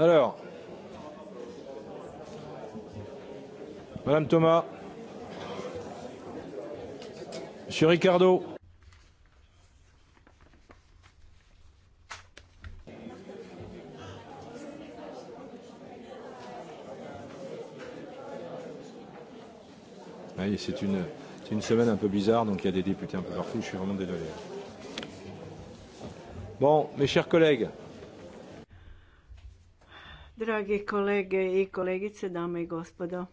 Alors. Madame Thomas. Monsieur Ricardo. Oui, c'est une, une semaine un peu bizarre, donc il y a des députés un peu partout, je suis vraiment désolé. Bon, mes chers collègues. Dragi kolege i kolegice, dame i gospodo.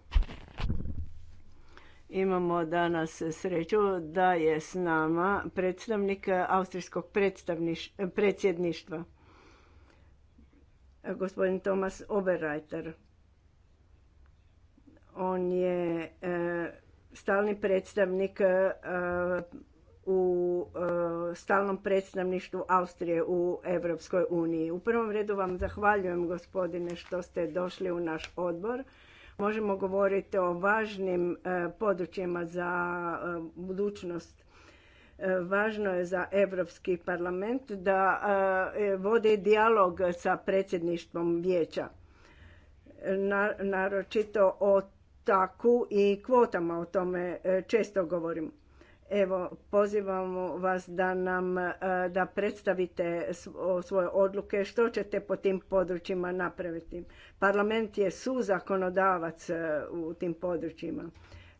Imamo danas sreću da je s nama predstavnik austrijskog predsjedništva, gospodin Tomas Oberreiter. On je e, stalni predstavnik e, u e, stalnom predstavništvu Austrije u Europskoj uniji. U prvom redu vam zahvaljujem gospodine što ste došli u naš odbor. Možemo govoriti o važnim e, područjima za e, budućnost. Važno je za Europski parlament da vode dijalog sa predsjedništvom vijeća. naročito o taku i kvotama o tome često govorimo. Evo, pozivamo vas da nam e, da predstavite svoje odluke, što ćete po tim područjima napraviti. Parlament je suzakonodavac e, u tim područjima.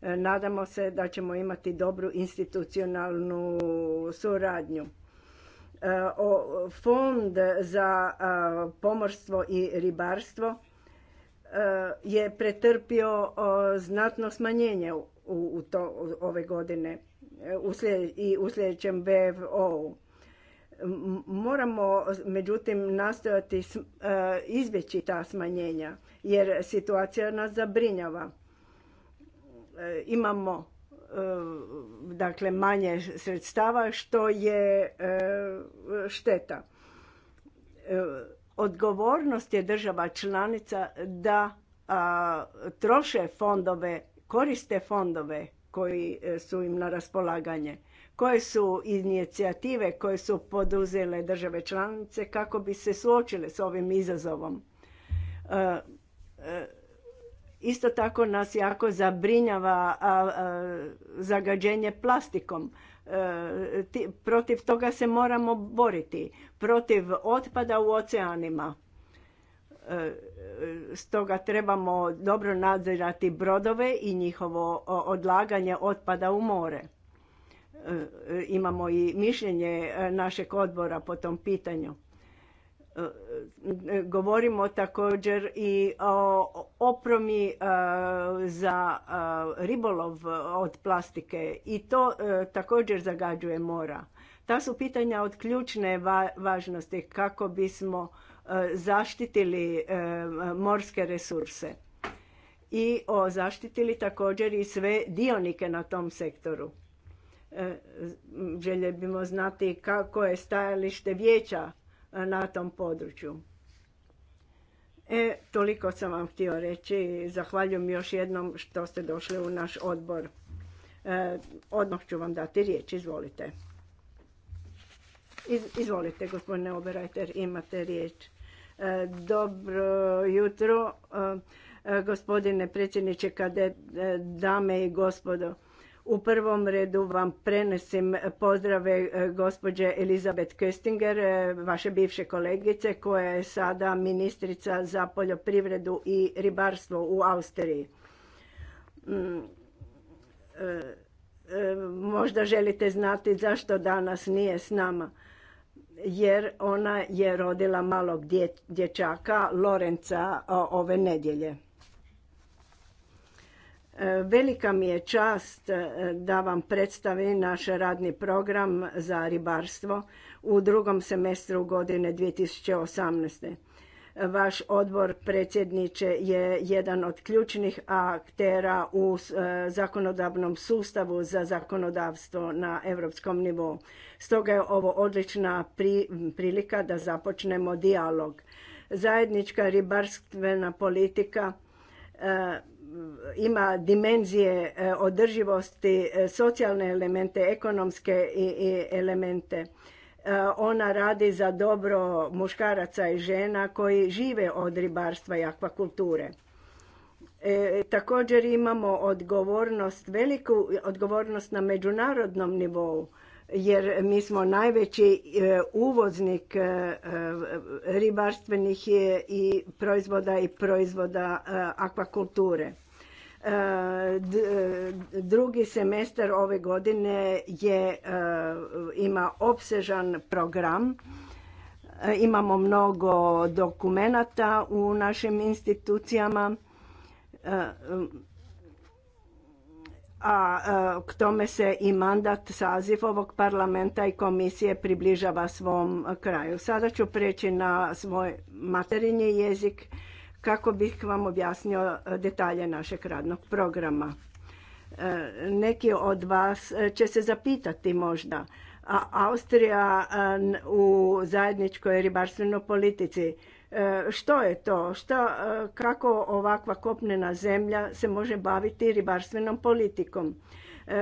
E, nadamo se da ćemo imati dobru institucionalnu suradnju. Fond za pomorstvo i ribarstvo je pretrpio znatno smanjenje u to ove godine i u sljedećem bfo Moramo, međutim, nastojati e, izbjeći ta smanjenja, jer situacija nas zabrinjava. E, imamo e, dakle manje sredstava što je šteta. Odgovornost je država članica da troše fondove, koriste fondove koji e, su im na raspolaganje. Koje su inicijative koje su poduzele države članice kako bi se suočile s ovim izazovom? E, e, isto tako nas jako zabrinjava zagađenje plastikom. Protiv toga se moramo boriti. Protiv otpada u oceanima E, stoga trebamo dobro nadzirati brodove i njihovo odlaganje otpada u more. E, imamo i mišljenje e, našeg odbora po tom pitanju. Govorimo također i o opromi za ribolov od plastike i to također zagađuje mora. Ta su pitanja od ključne važnosti kako bismo zaštitili e, morske resurse i o zaštitili također i sve dionike na tom sektoru. E, Želje bimo znati kako je stajalište vijeća e, na tom području. E, toliko sam vam htio reći. Zahvaljujem još jednom što ste došli u naš odbor. E, odmah ću vam dati riječ, izvolite. Iz, izvolite, gospodine Oberajter, imate riječ. Dobro jutro, e, gospodine predsjedniče, kade, e, dame i gospodo. U prvom redu vam prenesim pozdrave e, gospođe Elizabeth Köstinger, vaše bivše kolegice, koja je sada ministrica za poljoprivredu i ribarstvo u Austriji. Mm, možda želite znati zašto danas nije s nama jer ona je rodila malog dječaka Lorenca ove nedjelje. E, velika mi je čast e, da vam predstavi naš radni program za ribarstvo u drugom semestru godine 2018. Vaš odbor, predsjedniče, je jedan od ključnih aktera u e, zakonodavnom sustavu za zakonodavstvo na europskom nivou. Stoga je ovo odlična prilika da započnemo dijalog. Zajednička ribarstvena politika e, ima dimenzije e, održivosti, socijalne elemente, ekonomske i elemente E, ona radi za dobro muškaraca i žena koji žive od ribarstva i akvakulture. E, također imamo odgovornost, veliku odgovornost na međunarodnom nivou, jer mi smo najveći e, uvoznik e, ribarstvenih i proizvoda i proizvoda akvakulture. E, e, drugi semestar ove godine je, e, ima opsežan program. Imamo mnogo dokumenata u našim institucijama a k tome se i mandat saziv ovog parlamenta i komisije približava svom kraju. Sada ću preći na svoj materinji jezik kako bih vam objasnio e, detalje našeg radnog programa. E, neki od vas e, će se zapitati možda, a Austrija u zajedničkoj ribarstvenoj politici, što je to? kako ovakva kopnena zemlja se može baviti ribarstvenom politikom?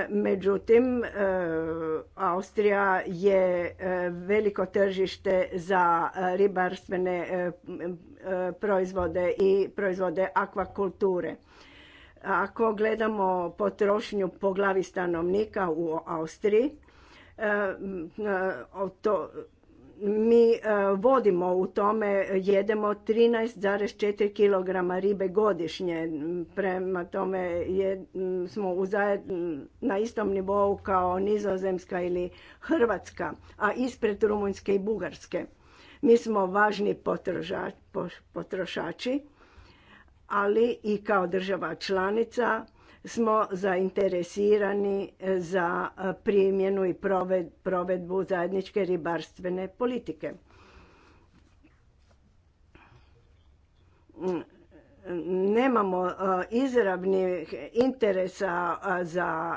Međutim, Austrija je veliko tržište za ribarstvene E, proizvode i proizvode akvakulture. Ako gledamo potrošnju po glavi stanovnika u Austriji, e, e, mi vodimo u tome, jedemo 13,4 kg ribe godišnje. Prema tome je, smo u zajed, na istom nivou kao Nizozemska ili Hrvatska, a ispred Rumunjske i Bugarske. Mi smo važni potrošači, ali i kao država članica smo zainteresirani e, za e, primjenu i provedbu zajedničke ribarstvene politike mm nemamo e, izravnih interesa za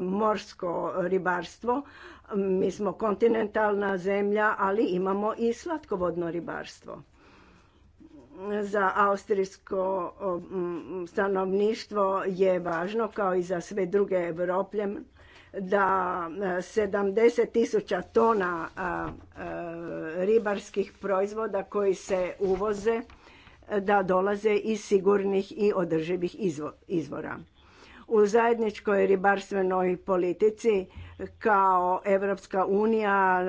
morsko ribarstvo. Mi smo kontinentalna zemlja, ali imamo i slatkovodno ribarstvo. Za austrijsko stanovništvo je važno, kao i za sve druge Evroplje, da 70 e, tisuća tona e, ribarskih proizvoda koji se uvoze da dolaze iz sigurnih i održivih izvora. U zajedničkoj ribarstvenoj politici kao Evropska unija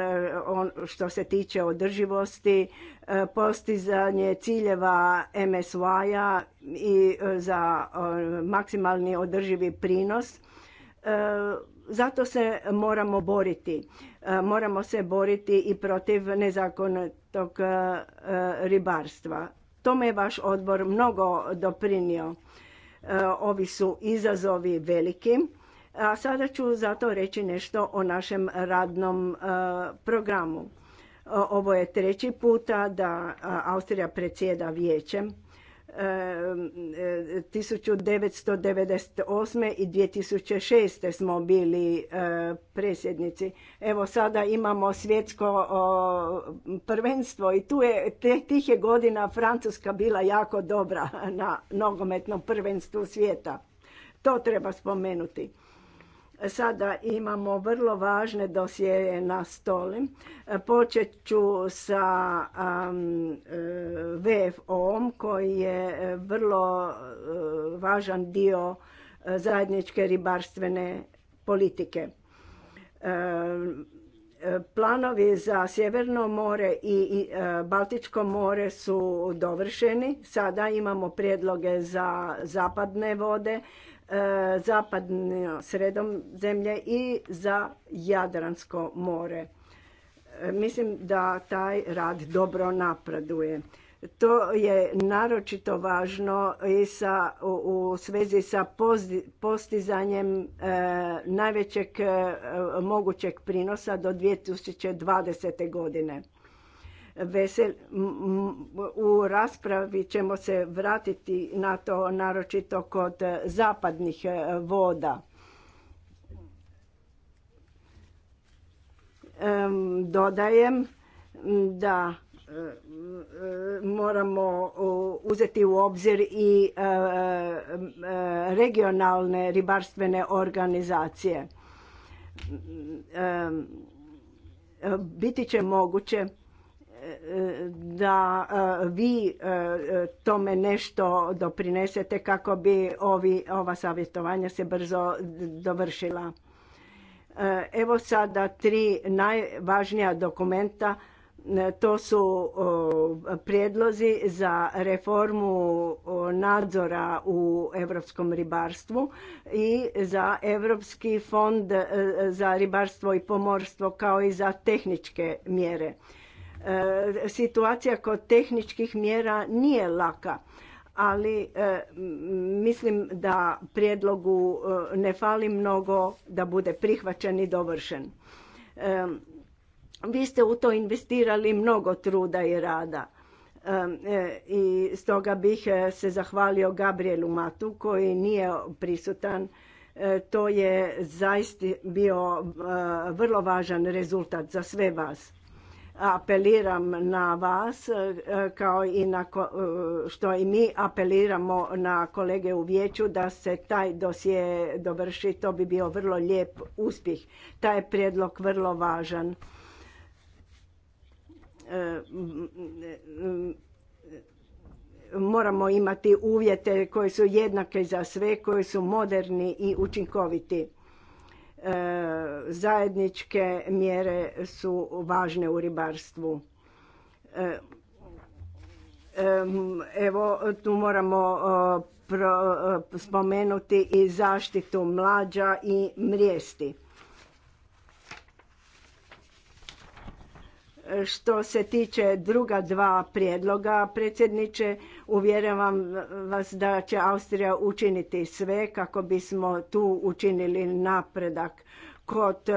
što se tiče održivosti, e, postizanje ciljeva MSY-a i e, za e, maksimalni održivi prinos, zato se moramo boriti. Moramo se boriti i protiv nezakonitog ribarstva Tome je vaš odbor mnogo doprinio. E, ovi su izazovi veliki. A sada ću zato reći nešto o našem radnom e, programu. Ovo je treći puta da Austrija predsjeda vijećem 1998. i 2006. smo bili e, predsjednici. Evo sada imamo svjetsko prvenstvo i tu je, tih je godina Francuska bila jako dobra na nogometnom prvenstvu svijeta. To treba spomenuti. Sada imamo vrlo važne dosjeje na stoli. Počet ću sa e, VFO-om koji je e, vrlo e, važan dio zajedničke ribarstvene politike. Planovi za Sjeverno more i Baltičko more su dovršeni. Sada imamo prijedloge za zapadne vode, E, zapadne sredom zemlje i za Jadransko more. E, mislim da taj rad dobro napreduje. To je naročito važno i sa, u, u svezi sa postizanjem e, najvećeg mogućeg prinosa do 2020. godine. Vesel, u raspravi ćemo se vratiti na to, naročito kod e, zapadnih e, voda. Dodajem da e, moramo uzeti u obzir i regionalne ribarstvene organizacije. Biti će moguće da e, vi e, tome nešto doprinesete kako bi ovi, ova savjetovanja se brzo dovršila. E, evo sada tri najvažnija dokumenta. To su prijedlozi za reformu nadzora u europskom ribarstvu i za Europski fond za ribarstvo i pomorstvo kao i za tehničke mjere. E, situacija kod tehničkih mjera nije laka, ali e, mislim da prijedlogu e, ne fali mnogo da bude prihvaćen i dovršen. Vi ste u to investirali mnogo truda i rada i stoga bih se zahvalio Gabrielu Matu koji nije prisutan. To je zaista bio vrlo važan rezultat za sve vas. Apeliram na vas e, kao i na e, što i mi apeliramo na kolege u vijeću da se taj dosje dovrši. To bi bio vrlo lijep uspjeh. Taj je prijedlog vrlo važan e, moramo imati uvjete koji su jednake za sve, koji su moderni i učinkoviti. E, zajedničke mjere su važne u ribarstvu. E, evo, tu moramo spomenuti i zaštitu mlađa i mrijesti. Što se tiče druga dva prijedloga, predsjedniče, uvjeravam vas da će Austrija učiniti sve kako bismo tu učinili napredak kod e,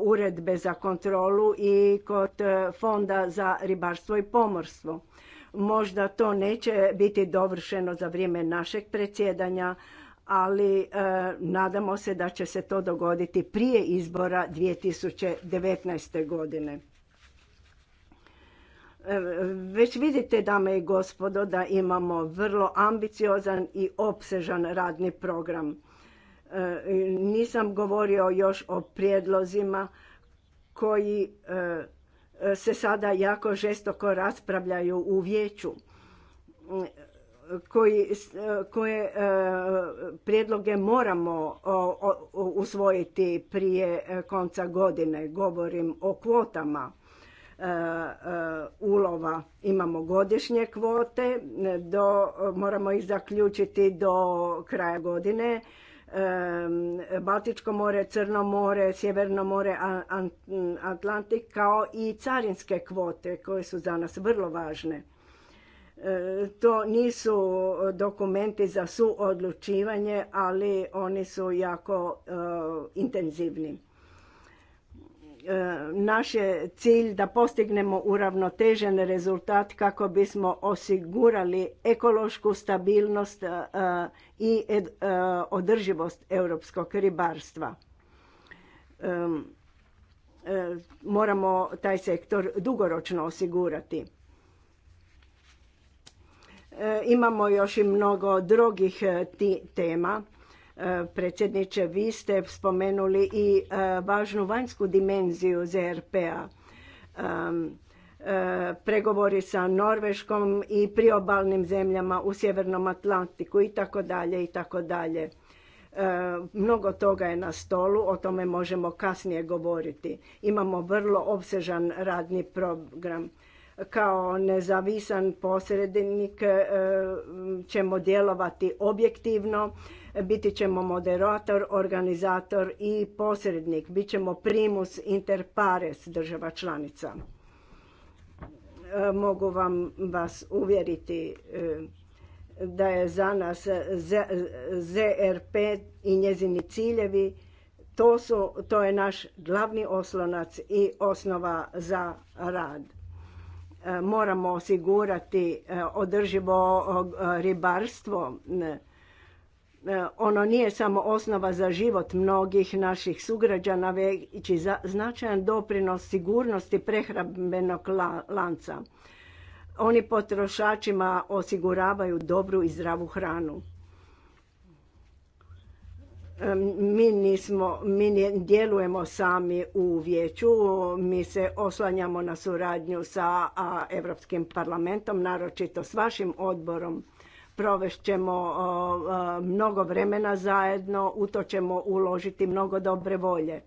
uredbe za kontrolu i kod e, fonda za ribarstvo i pomorstvo. Možda to neće biti dovršeno za vrijeme našeg predsjedanja, ali e, nadamo se da će se to dogoditi prije izbora 2019. godine. Već vidite, dame i gospodo, da imamo vrlo ambiciozan i opsežan radni program. E, nisam govorio još o prijedlozima koji e, se sada jako žestoko raspravljaju u vijeću. Koji, koje e, prijedloge moramo usvojiti prije konca godine. Govorim o kvotama E, e, ulova. Imamo godišnje kvote, e, do, moramo ih zaključiti do kraja godine. Baltičko more, Crno more, Sjeverno more, Atlantik kao i carinske kvote koje su za nas vrlo važne. To nisu dokumenti za suodlučivanje, ali oni su jako intenzivni. E, naš je cilj da postignemo uravnotežen rezultat kako bismo osigurali ekološku stabilnost e, i e, održivost europskog ribarstva. Moramo taj sektor dugoročno osigurati. Imamo još i mnogo drugih tema E, predsjedniče, vi ste spomenuli i e, važnu vanjsku dimenziju ZRP-a. E, pregovori sa Norveškom i priobalnim zemljama u Sjevernom Atlantiku i tako dalje i tako dalje. Mnogo toga je na stolu, o tome možemo kasnije govoriti. Imamo vrlo obsežan radni program. Kao nezavisan posrednik ćemo djelovati objektivno, biti ćemo moderator, organizator i posrednik. Bićemo primus inter pares država članica. E, mogu vam vas uvjeriti e, da je za nas ZRP i njezini ciljevi to, su, to je naš glavni oslonac i osnova za rad. E, moramo osigurati održivo ribarstvo, E, ono nije samo osnova za život mnogih naših sugrađana, već i značajan doprinos sigurnosti prehrambenog lanca. Oni potrošačima osiguravaju dobru i zdravu hranu. E, mi nismo, mi djelujemo sami u vijeću, mi se oslanjamo na suradnju sa Europskim parlamentom, naročito s vašim odborom ćemo mnogo vremena zajedno, u to ćemo uložiti mnogo dobre volje.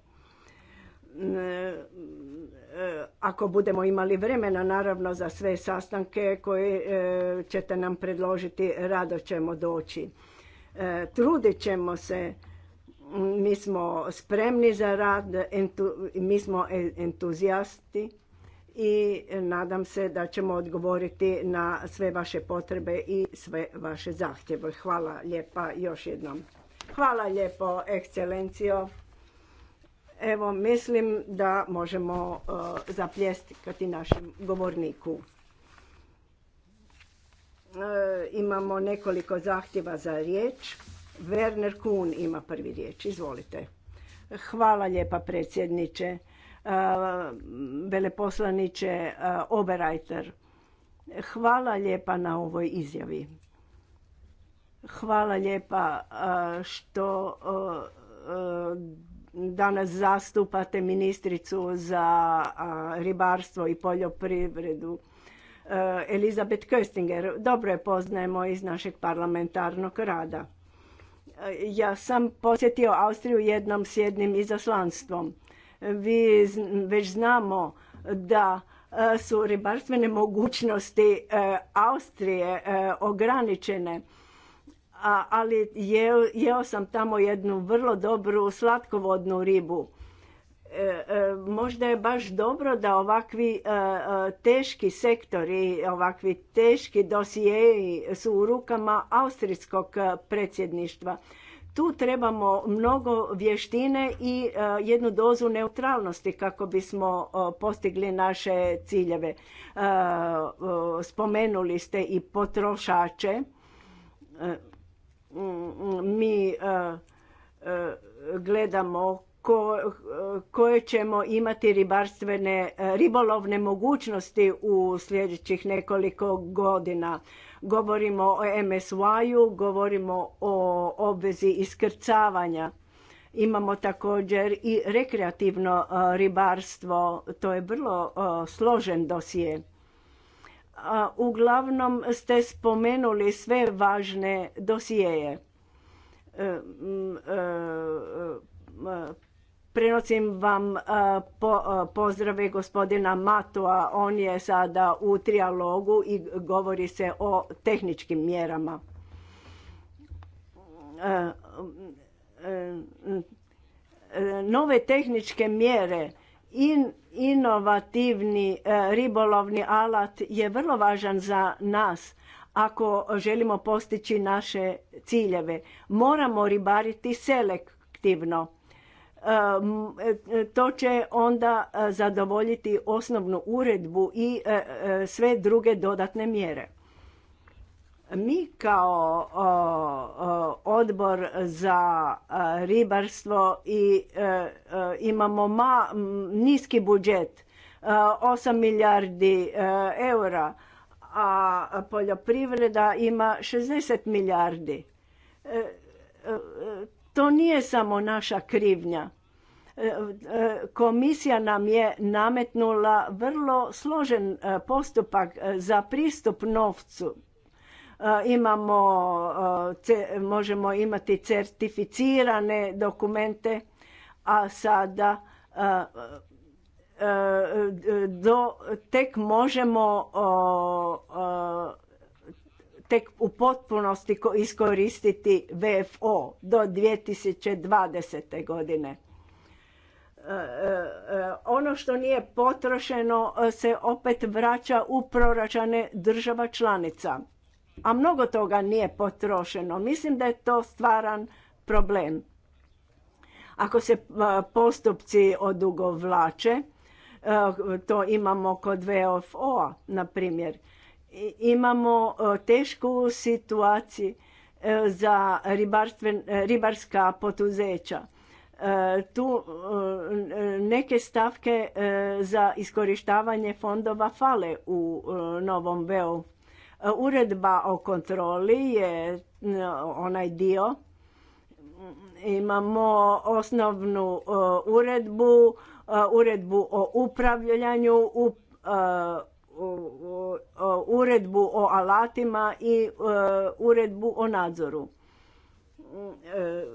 Mm, e, ako budemo imali vremena, naravno, za sve sastanke koje e, ćete nam predložiti, rado ćemo doći. E, trudit ćemo se, mi smo spremni za rad, mi smo entuzijasti i nadam se da ćemo odgovoriti na sve vaše potrebe i sve vaše zahtjeve. Hvala lijepa još jednom. Hvala lijepo, ekscelencijo. Evo, mislim da možemo e, zapljestikati našem govorniku. E, imamo nekoliko zahtjeva za riječ. Werner Kuhn ima prvi riječ. Izvolite. Hvala lijepa, predsjedniče veleposlaniče Oberajter. Hvala lijepa na ovoj izjavi. Hvala lijepa što danas zastupate ministricu za ribarstvo i poljoprivredu. Elizabeth Köstinger, dobro je poznajemo iz našeg parlamentarnog rada. Ja sam posjetio Austriju jednom s jednim izaslanstvom vi već znamo da e, su ribarstvene mogućnosti e, Austrije e, ograničene, ali jeo sam tamo jednu vrlo dobru slatkovodnu ribu. Možda je baš dobro da ovakvi teški sektori, ovakvi teški dosijeji su u rukama austrijskog predsjedništva tu trebamo mnogo vještine i e, jednu dozu neutralnosti kako bismo postigli naše ciljeve. E, spomenuli ste i potrošače. E, mi gledamo koje ćemo imati ribarstvene ribolovne mogućnosti u sljedećih nekoliko godina Govorimo o MSY-u, govorimo o obvezi iskrcavanja. Imamo također i rekreativno e, ribarstvo, to je vrlo e, složen dosije. E, uglavnom ste spomenuli sve važne dosijeje Prenosim vam eh, eh, pozdrave gospodina Matua, on je sada u trialogu i govori se o tehničkim mjerama. Eh, mm, nove tehničke mjere i inovativni ribolovni alat je vrlo važan za nas ako želimo postići naše ciljeve. Moramo ribariti selektivno E, to će onda e, zadovoljiti osnovnu uredbu i e, sve druge dodatne mjere. Mi kao odbor za ribarstvo i imamo niski budžet, 8 milijardi eura, a poljoprivreda ima 60 milijardi to nije samo naša krivnja. E, e, komisija nam je nametnula vrlo složen e, postupak za pristup novcu. Imamo, možemo imati certificirane dokumente, a sada do, tek možemo tek u potpunosti iskoristiti VFO do 2020. godine. E, e, e, ono što nije potrošeno se opet vraća u proračane država članica. A mnogo toga nije potrošeno. Mislim da je to stvaran problem. Ako se postupci odugovlače, to imamo kod VFO-a, na primjer, imamo e, tešku situaciju e, za e, ribarska potuzeća. Tu neke stavke za iskorištavanje fondova fale u novom VEU. Uredba o kontroli je onaj dio. Imamo osnovnu uredbu, uredbu o upravljanju, uredbu o alatima i e, uredbu o nadzoru. E,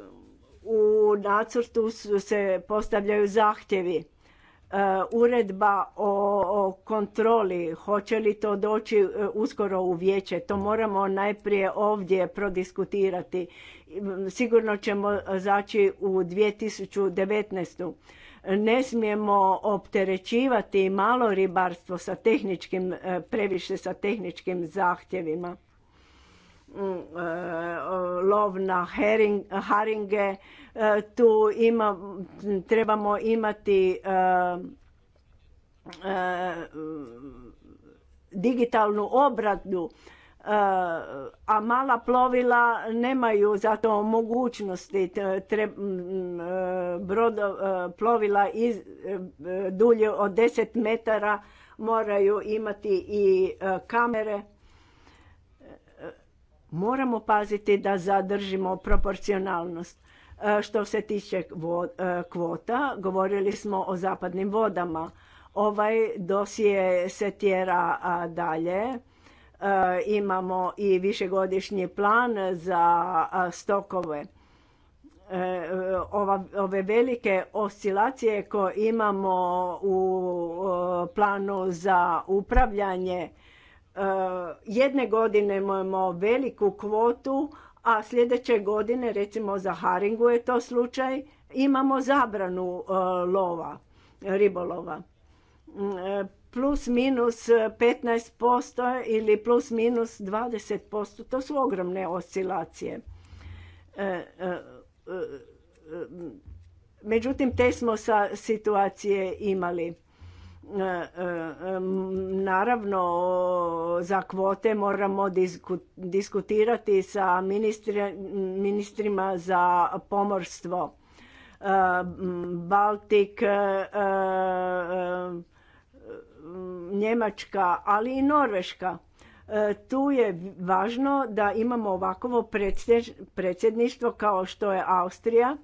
u nacrtu se postavljaju zahtjevi. E, uredba o kontroli, hoće li to doći uskoro u vijeće, to moramo najprije ovdje prodiskutirati. Sigurno ćemo zaći u 2019. Ne smijemo opterećivati malo ribarstvo sa tehničkim, e, previše sa tehničkim zahtjevima. Mm, e, lov na haringe, e, tu ima, trebamo imati digitalnu obradu a mala plovila nemaju zato mogućnosti Brodova e, plovila e, dulje od 10 metara moraju imati i e, kamere moramo paziti da zadržimo proporcionalnost što se tiče kvota govorili smo o zapadnim vodama ovaj dosije se tjera dalje E, imamo i višegodišnji plan za stokove. E, e, ove velike oscilacije koje imamo u planu za upravljanje jedne godine imamo veliku kvotu, a sljedeće godine, recimo za Haringu je to slučaj, imamo zabranu lova, ribolova. Mm, plus minus 15% ili plus minus 20%, to su ogromne oscilacije. E, e, e, međutim, te smo sa situacije imali. Naravno, za kvote moramo diskutirati sa ministrima za pomorstvo. Baltik, Njemačka, ali i Norveška. E, tu je važno da imamo ovakvo predsjedništvo kao što je Austrija,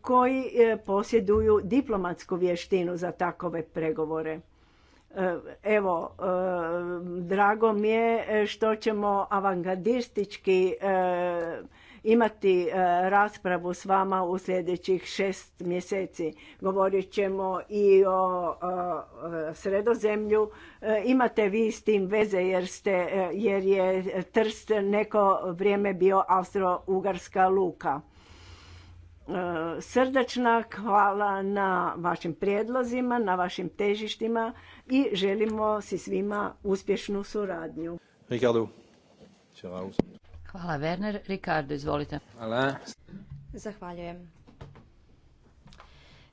koji e, posjeduju diplomatsku vještinu za takove pregovore. E, evo, drago mi je što ćemo avangardistički imati e, raspravu s vama u sljedećih šest mjeseci. Govorit ćemo i o sredozemlju. E, imate vi s tim veze jer, ste, e, jer je Trst neko vrijeme bio Austro-Ugarska luka. Srdačna hvala na vašim prijedlozima, na vašim težištima i želimo si svima uspješnu suradnju. Ricardo. Hvala Werner. Ricardo, izvolite. Hvala. Zahvaljujem.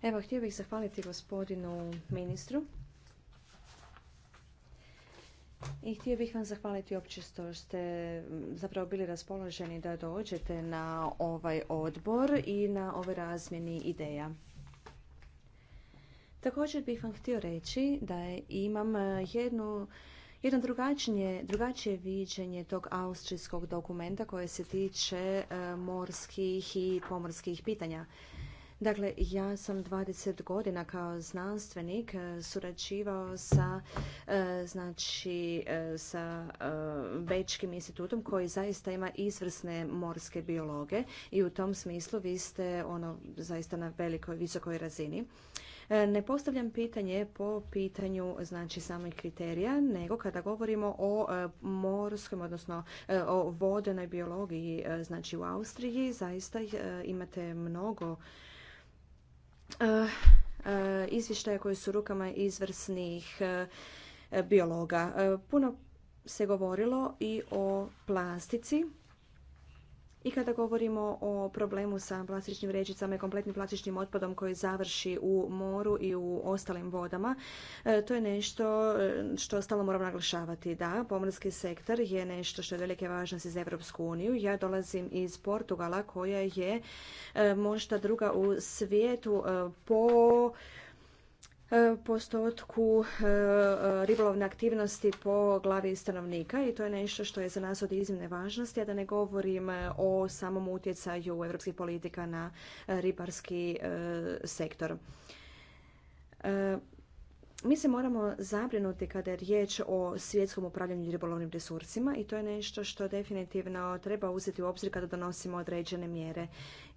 Evo, htio bih zahvaliti gospodinu ministru. I htio bih vam zahvaliti opće što ste zapravo bili raspoloženi da dođete na ovaj odbor i na ovoj razmjeni ideja. Također bih vam htio reći da imam eh, jednu jedno drugačije, drugačije viđenje tog austrijskog dokumenta koje se tiče e, morskih i pomorskih pitanja. Dakle, ja sam 20 godina kao znanstvenik e, surađivao sa e, znači e, sa Bečkim institutom koji zaista ima izvrsne morske biologe i u tom smislu vi ste ono zaista na velikoj visokoj razini. Ne postavljam pitanje po pitanju znači samih kriterija, nego kada govorimo o morskom, odnosno o vodenoj biologiji, znači u Austriji, zaista imate mnogo Eh, eh, izvještaja koji su rukama izvrsnih eh, biologa. Puno se govorilo i o plastici i kada govorimo o problemu sa plastičnim vrećicama i kompletnim plastičnim otpadom koji završi u moru i u ostalim vodama, e, to je nešto e, što stalno moram naglašavati. Da, pomorski sektor je nešto što je velike važnosti za Europsku uniju. Ja dolazim iz Portugala koja je e, možda druga u svijetu po E, postotku e, e, ribolovne aktivnosti po glavi stanovnika i to je nešto što je za nas od iznimne važnosti, a da ne govorim o samom utjecaju evropskih politika na ribarski sektor mi se moramo zabrinuti kada je riječ o svjetskom upravljanju ribolovnim resursima i to je nešto što definitivno treba uzeti u obzir kada donosimo određene mjere.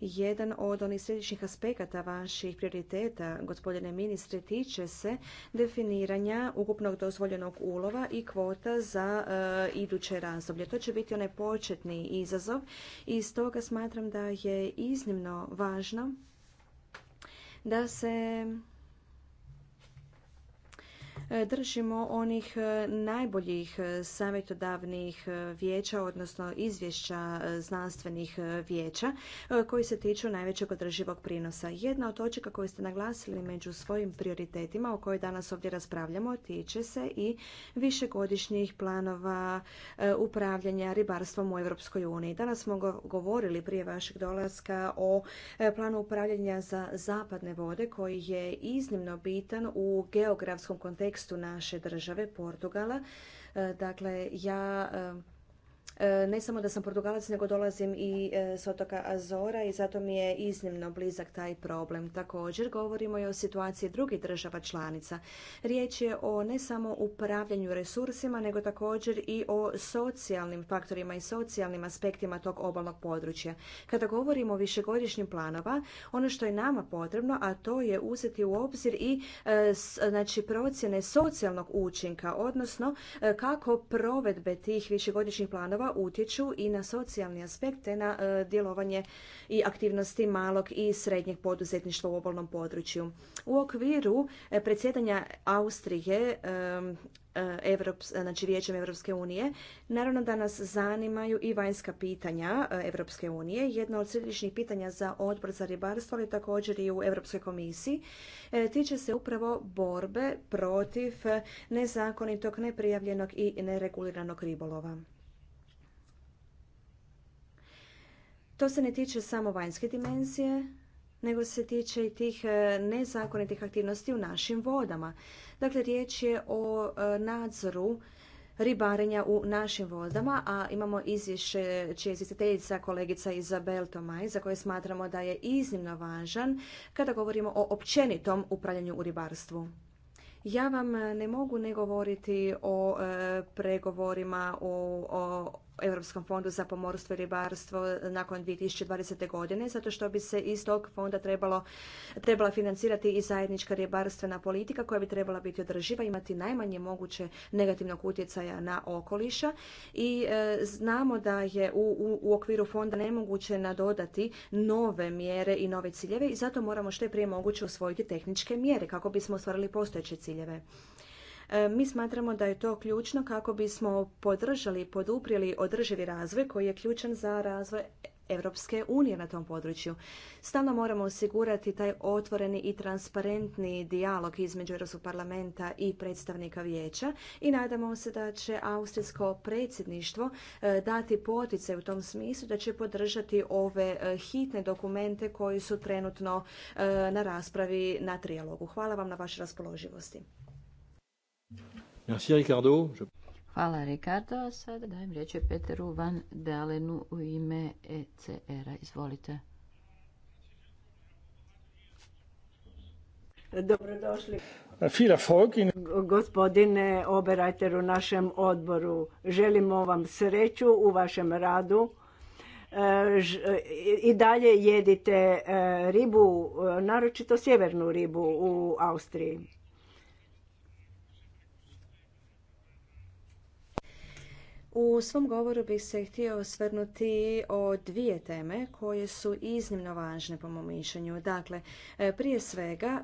Jedan od onih središnjih aspekata vaših prioriteta, gospodine ministre, tiče se definiranja ukupnog dozvoljenog ulova i kvota za e, iduće razdoblje. To će biti onaj početni izazov i stoga smatram da je iznimno važno da se E, držimo onih e, najboljih e, savjetodavnih vijeća, odnosno izvješća znanstvenih vijeća koji se tiču najvećeg održivog prinosa. Jedna od točaka koju ste naglasili među svojim prioritetima o kojoj danas ovdje raspravljamo tiče se i višegodišnjih planova upravljanja ribarstvom u Europskoj uniji. Danas smo govorili prije vašeg dolaska o planu upravljanja za zapadne vode koji je iznimno bitan u geografskom kontekstu kontekstu naše države Portugala. E, dakle, ja E, ne samo da sam Portugalac, nego dolazim i e, s otoka Azora i zato mi je iznimno blizak taj problem. Također govorimo i o situaciji drugih država članica. Riječ je o ne samo upravljanju resursima, nego također i o socijalnim faktorima i socijalnim aspektima tog obalnog područja. Kada govorimo o višegodišnjim planova, ono što je nama potrebno, a to je uzeti u obzir i e, znači, procjene socijalnog učinka, odnosno kako provedbe tih višegodišnjih planova prava utječu i na socijalni aspekte, na e, djelovanje i aktivnosti malog i srednjeg poduzetništva u obalnom području. U okviru e, predsjedanja Austrije e, znači Vijećem Evropske unije. Naravno da nas zanimaju i vanjska pitanja Evropske unije. Jedno od središnjih pitanja za odbor za ribarstvo, ali također i u Europskoj komisiji, tiče se upravo borbe protiv nezakonitog, neprijavljenog i nereguliranog ribolova. To se ne tiče samo vanjske dimenzije, nego se tiče i tih e, nezakonitih aktivnosti u našim vodama. Dakle, riječ je o e, nadzoru ribarenja u našim vodama, a imamo izvješće čija izvjestiteljica kolegica Izabel Tomaj, za koje smatramo da je iznimno važan kada govorimo o općenitom upravljanju u ribarstvu. Ja vam e, ne mogu ne govoriti o pregovorima o Europskom fondu za pomorstvo i ribarstvo nakon 2020. godine, zato što bi se iz tog fonda trebalo, trebala financirati i zajednička ribarstvena politika koja bi trebala biti održiva, imati najmanje moguće negativnog utjecaja na okoliša i e, znamo da je u, okviru fonda nemoguće nadodati nove mjere i nove ciljeve i zato moramo što je prije moguće usvojiti tehničke mjere kako bismo ostvarili postojeće ciljeve. E, mi smatramo da je to ključno kako bismo podržali i održivi razvoj koji je ključan za razvoj Europske unije na tom području. Stalno moramo osigurati taj otvoreni i transparentni dijalog između Europskog parlamenta i predstavnika vijeća i nadamo se da će austrijsko predsjedništvo e, dati potice u tom smislu da će podržati ove e, hitne dokumente koji su trenutno na raspravi na trijalogu. Hvala vam na vašoj raspoloživosti. Merci Ricardo. Hvala Ricardo. Sada dajem riječ Peteru Van Dalenu u ime ECR-a. Izvolite. Dobrodošli. Gospodine Oberajter u našem odboru, želimo vam sreću u vašem radu. E, I dalje jedite e, ribu, e, naročito sjevernu ribu u Austriji U svom govoru bih se htio osvrnuti o dvije teme koje su iznimno važne po mom mišljenju. Dakle, e, prije svega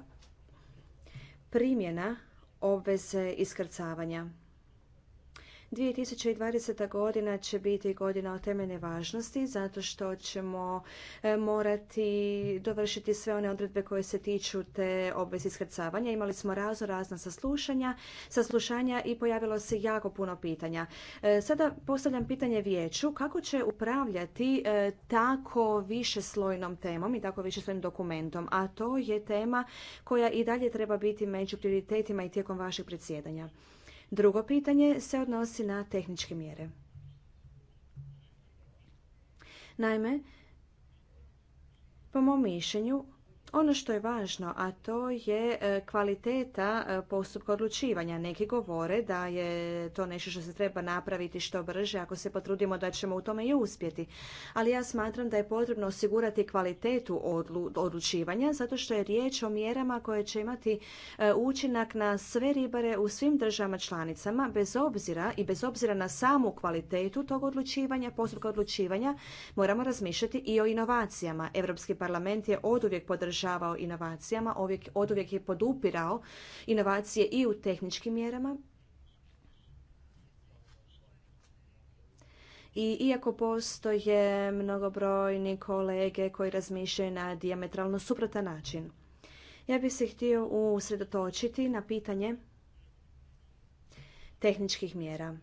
primjena obveze iskrcavanja. 2020. godina će biti godina od temeljne važnosti zato što ćemo e, morati dovršiti sve one odredbe koje se tiču te obveze iskrcavanja. Imali smo razno razna saslušanja, saslušanja i pojavilo se jako puno pitanja. E, sada postavljam pitanje vijeću kako će upravljati e, tako višeslojnom slojnom temom i tako više dokumentom, a to je tema koja i dalje treba biti među prioritetima i tijekom vašeg predsjedanja. Drugo pitanje se odnosi na tehničke mjere. Naime, po mom mišljenju, ono što je važno, a to je e, kvaliteta e, postupka odlučivanja. Neki govore da je to nešto što se treba napraviti što brže, ako se potrudimo da ćemo u tome i uspjeti. Ali ja smatram da je potrebno osigurati kvalitetu odlučivanja, zato što je riječ o mjerama koje će imati e, učinak na sve ribare u svim državama članicama, bez obzira i bez obzira na samu kvalitetu tog odlučivanja, postupka odlučivanja, moramo razmišljati i o inovacijama. Europski parlament je oduvijek podržao inovacijama, od uvijek je podupirao inovacije i u tehničkim mjerama. I iako postoje mnogobrojni kolege koji razmišljaju na diametralno suprotan način. Ja bih se htio usredotočiti na pitanje tehničkih mjera.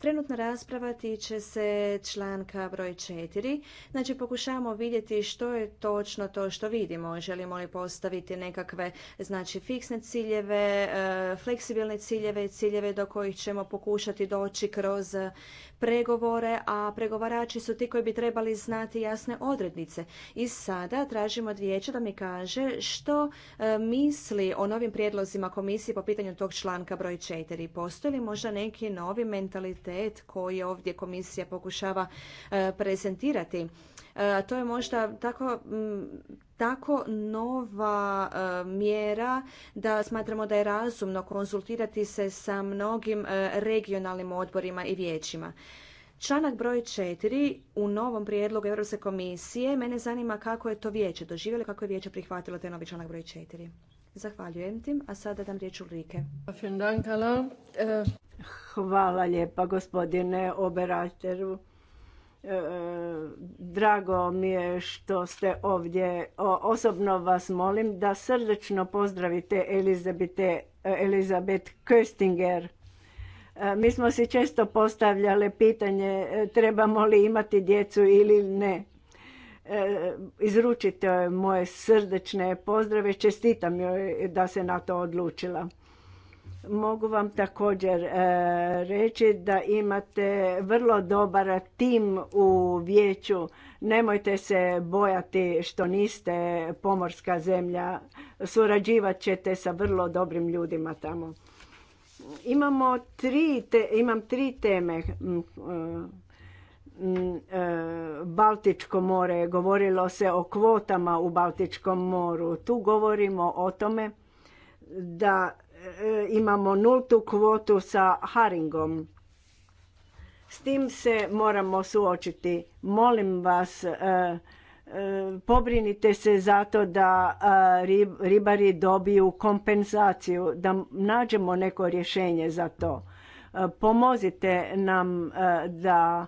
Trenutna rasprava tiče se članka broj 4. Znači pokušavamo vidjeti što je točno to što vidimo. Želimo li postaviti nekakve znači fiksne ciljeve, e, fleksibilne ciljeve, ciljeve do kojih ćemo pokušati doći kroz pregovore, a pregovarači su ti koji bi trebali znati jasne odrednice. I sada tražimo od vijeća da mi kaže što e, misli o novim prijedlozima komisije po pitanju tog članka broj 4. Postoji li možda neki novi mentalitet koji ovdje komisija pokušava e, prezentirati? E, a to je možda tako, tako nova e, mjera da smatramo da je razumno konzultirati se sa mnogim e, regionalnim odborima i vijećima. Članak broj četiri u novom prijedlogu Europske komisije. Mene zanima kako je to vijeće doživjelo, kako je vijeće prihvatilo taj novi članak broj četiri. Zahvaljujem tim, a sada dam riječ Ulrike. Hvala lijepa gospodine Oberateru. E, e, drago mi je što ste ovdje. Osobno vas molim da srdečno pozdravite Elizabete, e, Elizabeth Köstinger. Mi smo si često postavljali pitanje trebamo li imati djecu ili ne. Izručite moje srdečne pozdrave, čestitam joj da se na to odlučila. Mogu vam također e, reći da imate vrlo dobar tim u vijeću. Nemojte se bojati što niste pomorska zemlja. Surađivat ćete sa vrlo dobrim ljudima tamo. Imamo tri imam tri teme. E, Baltičko more, govorilo se o kvotama u Baltičkom moru. Tu govorimo o tome da E, imamo nultu kvotu sa haringom. S tim se moramo suočiti. Molim vas, e, e, pobrinite se za to da ribari dobiju kompenzaciju, da nađemo neko rješenje za to. Pomozite nam da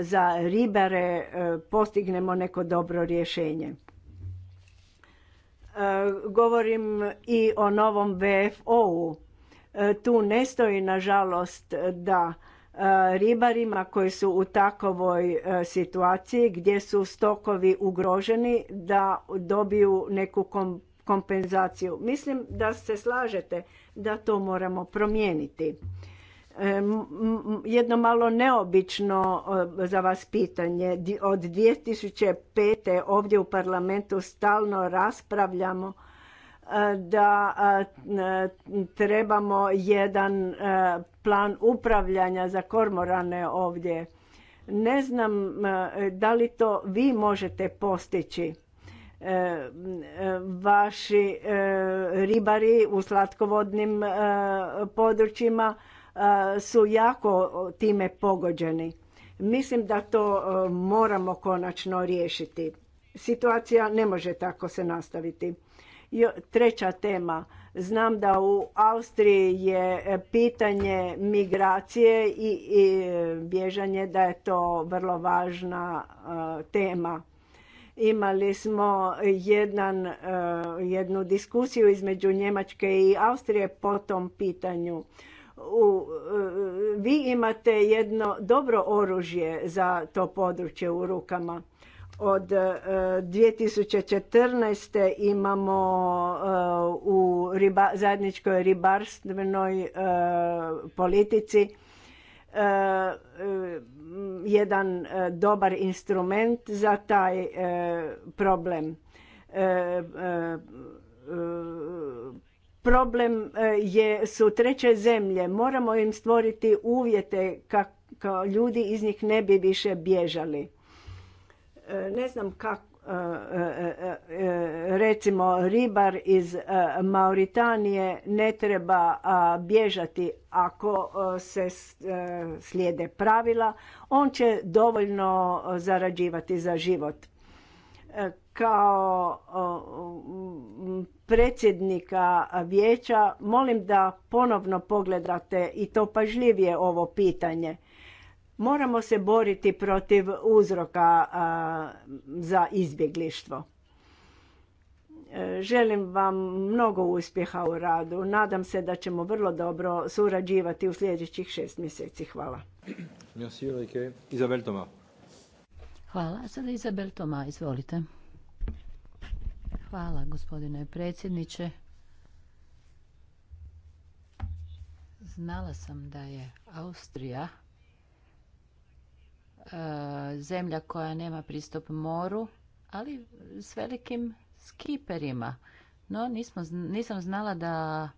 za ribare postignemo neko dobro rješenje. E, govorim i o novom VFO-u. E, tu ne stoji, nažalost, da e, ribarima koji su u takovoj situaciji gdje su stokovi ugroženi da dobiju neku kompenzaciju. Mislim da se slažete da to moramo promijeniti jedno malo neobično e, za vas pitanje. Od 2005. ovdje u parlamentu stalno raspravljamo e, da e, trebamo jedan plan upravljanja za kormorane ovdje. Ne znam da li to vi možete postići. Vaši ribari u slatkovodnim područjima su jako time pogođeni. Mislim da to moramo konačno riješiti. Situacija ne može tako se nastaviti. Treća tema. Znam da u Austriji je pitanje migracije i, i bježanje da je to vrlo važna tema. Imali smo jednu diskusiju između Njemačke i Austrije po tom pitanju u, e, vi imate jedno dobro oružje za to područje u rukama. Od 2014. E, imamo e, u riba, zajedničkoj ribarstvenoj politici jedan dobar instrument za taj problem problem e, je, su treće zemlje. Moramo im stvoriti uvjete kako ljudi iz njih ne bi više bježali. E, ne znam kako, e, recimo ribar iz Mauritanije ne treba bježati ako se slijede pravila. On će dovoljno zarađivati za život kao predsjednika vijeća molim da ponovno pogledate i to pažljivije ovo pitanje. Moramo se boriti protiv uzroka za izbjeglištvo. E, želim vam mnogo uspjeha u radu. Nadam se da ćemo vrlo dobro surađivati u sljedećih šest mjeseci. Hvala. Hvala. Sada Izabel Toma, izvolite. Hvala gospodine predsjedniče. Znala sam da je Austrija e, zemlja koja nema pristup moru, ali s velikim skiperima. No, nisam znala da